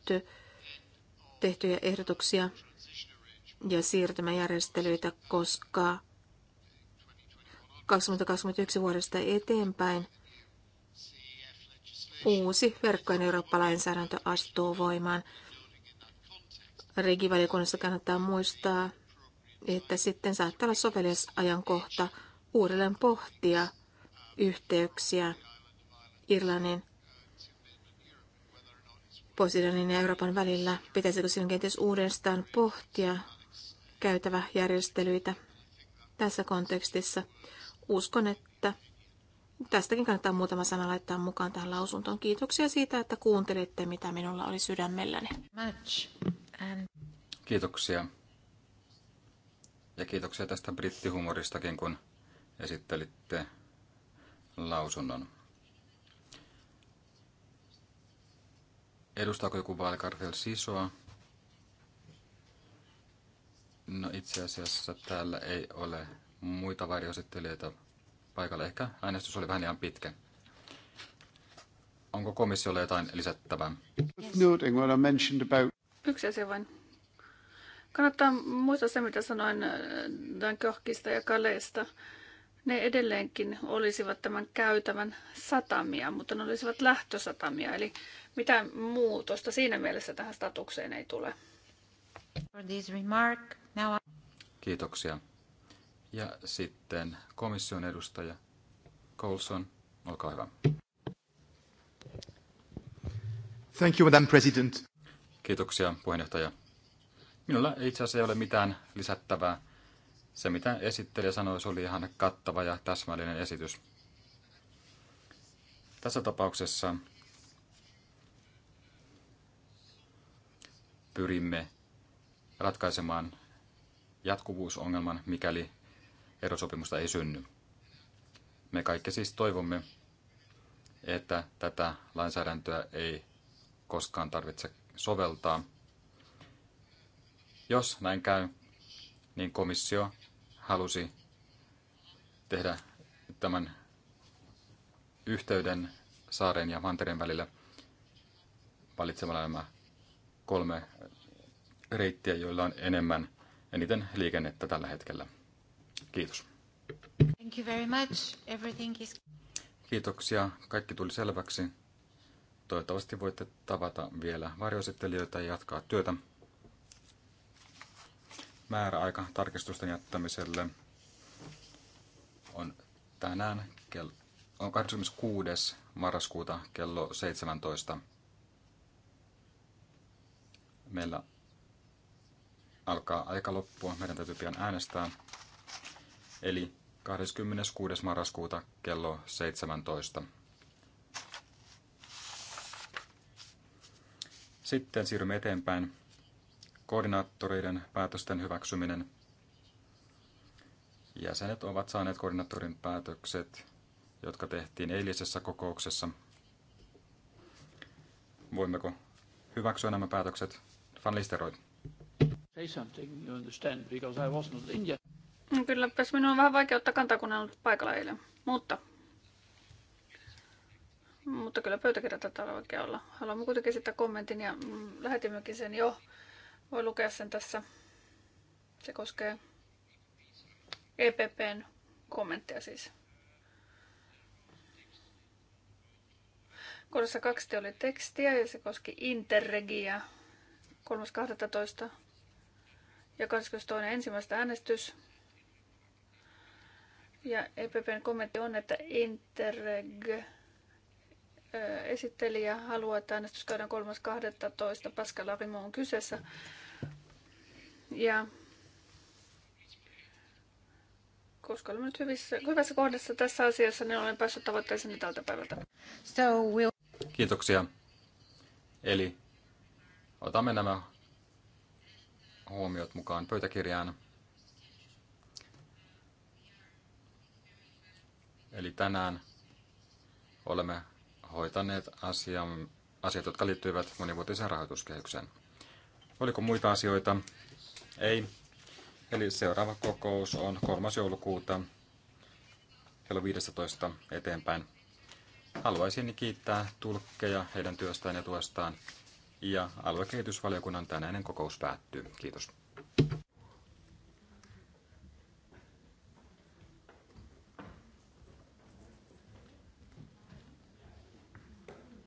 tehtyjä ehdotuksia ja siirtymäjärjestelyitä, koska 2021 vuodesta eteenpäin uusi verkkojen Eurooppa-lainsäädäntö astuu voimaan. Regivaliokunnassa kannattaa muistaa, että sitten saattaa olla ajankohta uudelleen pohtia yhteyksiä Irlannin, Posidonin ja Euroopan välillä. Pitäisikö sinun kenties uudestaan pohtia käytävä järjestelyitä tässä kontekstissa? Uskon, että tästäkin kannattaa muutama sana laittaa mukaan tähän lausuntoon. Kiitoksia siitä, että kuuntelitte, mitä minulla oli sydämelläni. Match. And... Kiitoksia. Ja kiitoksia tästä brittihumoristakin, kun esittelitte lausunnon. Edustaako joku vaalikartel sisoa? No itse asiassa täällä ei ole muita varjoesittelijöitä paikalla. Ehkä äänestys oli vähän liian pitkä. Onko komissiolle jotain lisättävää? Yes. Yksi asia vain. Kannattaa muistaa se, mitä sanoin äh, Dunkirkista ja Kaleista. Ne edelleenkin olisivat tämän käytävän satamia, mutta ne olisivat lähtösatamia. Eli mitään muutosta siinä mielessä tähän statukseen ei tule. Kiitoksia. Ja sitten komission edustaja Colson, olkaa hyvä. Thank you, Madam President. Kiitoksia puheenjohtaja. Minulla itse asiassa ei ole mitään lisättävää. Se mitä esittelijä sanoi, se oli ihan kattava ja täsmällinen esitys. Tässä tapauksessa pyrimme ratkaisemaan jatkuvuusongelman, mikäli erosopimusta ei synny. Me kaikki siis toivomme, että tätä lainsäädäntöä ei koskaan tarvitse soveltaa. Jos näin käy, niin komissio halusi tehdä tämän yhteyden saaren ja mantereen välillä valitsemalla nämä kolme reittiä, joilla on enemmän, eniten liikennettä tällä hetkellä. Kiitos. Thank you very much. Everything is... Kiitoksia. Kaikki tuli selväksi. Toivottavasti voitte tavata vielä varjoesittelijöitä ja jatkaa työtä. Määräaika tarkistusten jättämiselle on tänään kello on 26. marraskuuta kello 17. Meillä alkaa aika loppua. Meidän täytyy pian äänestää. Eli 26. marraskuuta kello 17. Sitten siirrymme eteenpäin. Koordinaattoreiden päätösten hyväksyminen. Jäsenet ovat saaneet koordinaattorin päätökset, jotka tehtiin eilisessä kokouksessa. Voimmeko hyväksyä nämä päätökset? Van Listeroid. Kylläpäs minun on vähän vaikea ottaa kantaa, kun en ollut paikalla eilen. Mutta mutta kyllä pöytäkirja tätä oikein olla. Haluamme kuitenkin esittää kommentin ja mm, lähetimmekin sen jo. Voi lukea sen tässä. Se koskee EPPn kommentteja siis. Kohdassa kaksi oli tekstiä ja se koski Interregia 3.12. ja ensimmäistä äänestys. Ja EPPn kommentti on, että Interreg esittelijä haluaa, että äänestyskauden käydään 3.12. Pascal Arimo on kyseessä. Ja koska olemme nyt hyvissä, hyvässä kohdassa tässä asiassa, niin olen päässyt tavoitteeseen tältä päivältä. So we'll... Kiitoksia. Eli otamme nämä huomiot mukaan pöytäkirjaan. Eli tänään olemme hoitaneet asian, asiat, jotka liittyivät monivuotiseen rahoituskehykseen. Oliko muita asioita? Ei. Eli seuraava kokous on 3. joulukuuta kello 15 eteenpäin. Haluaisin kiittää tulkkeja heidän työstään ja tuestaan. Ja aluekehitysvaliokunnan tänäinen kokous päättyy. Kiitos.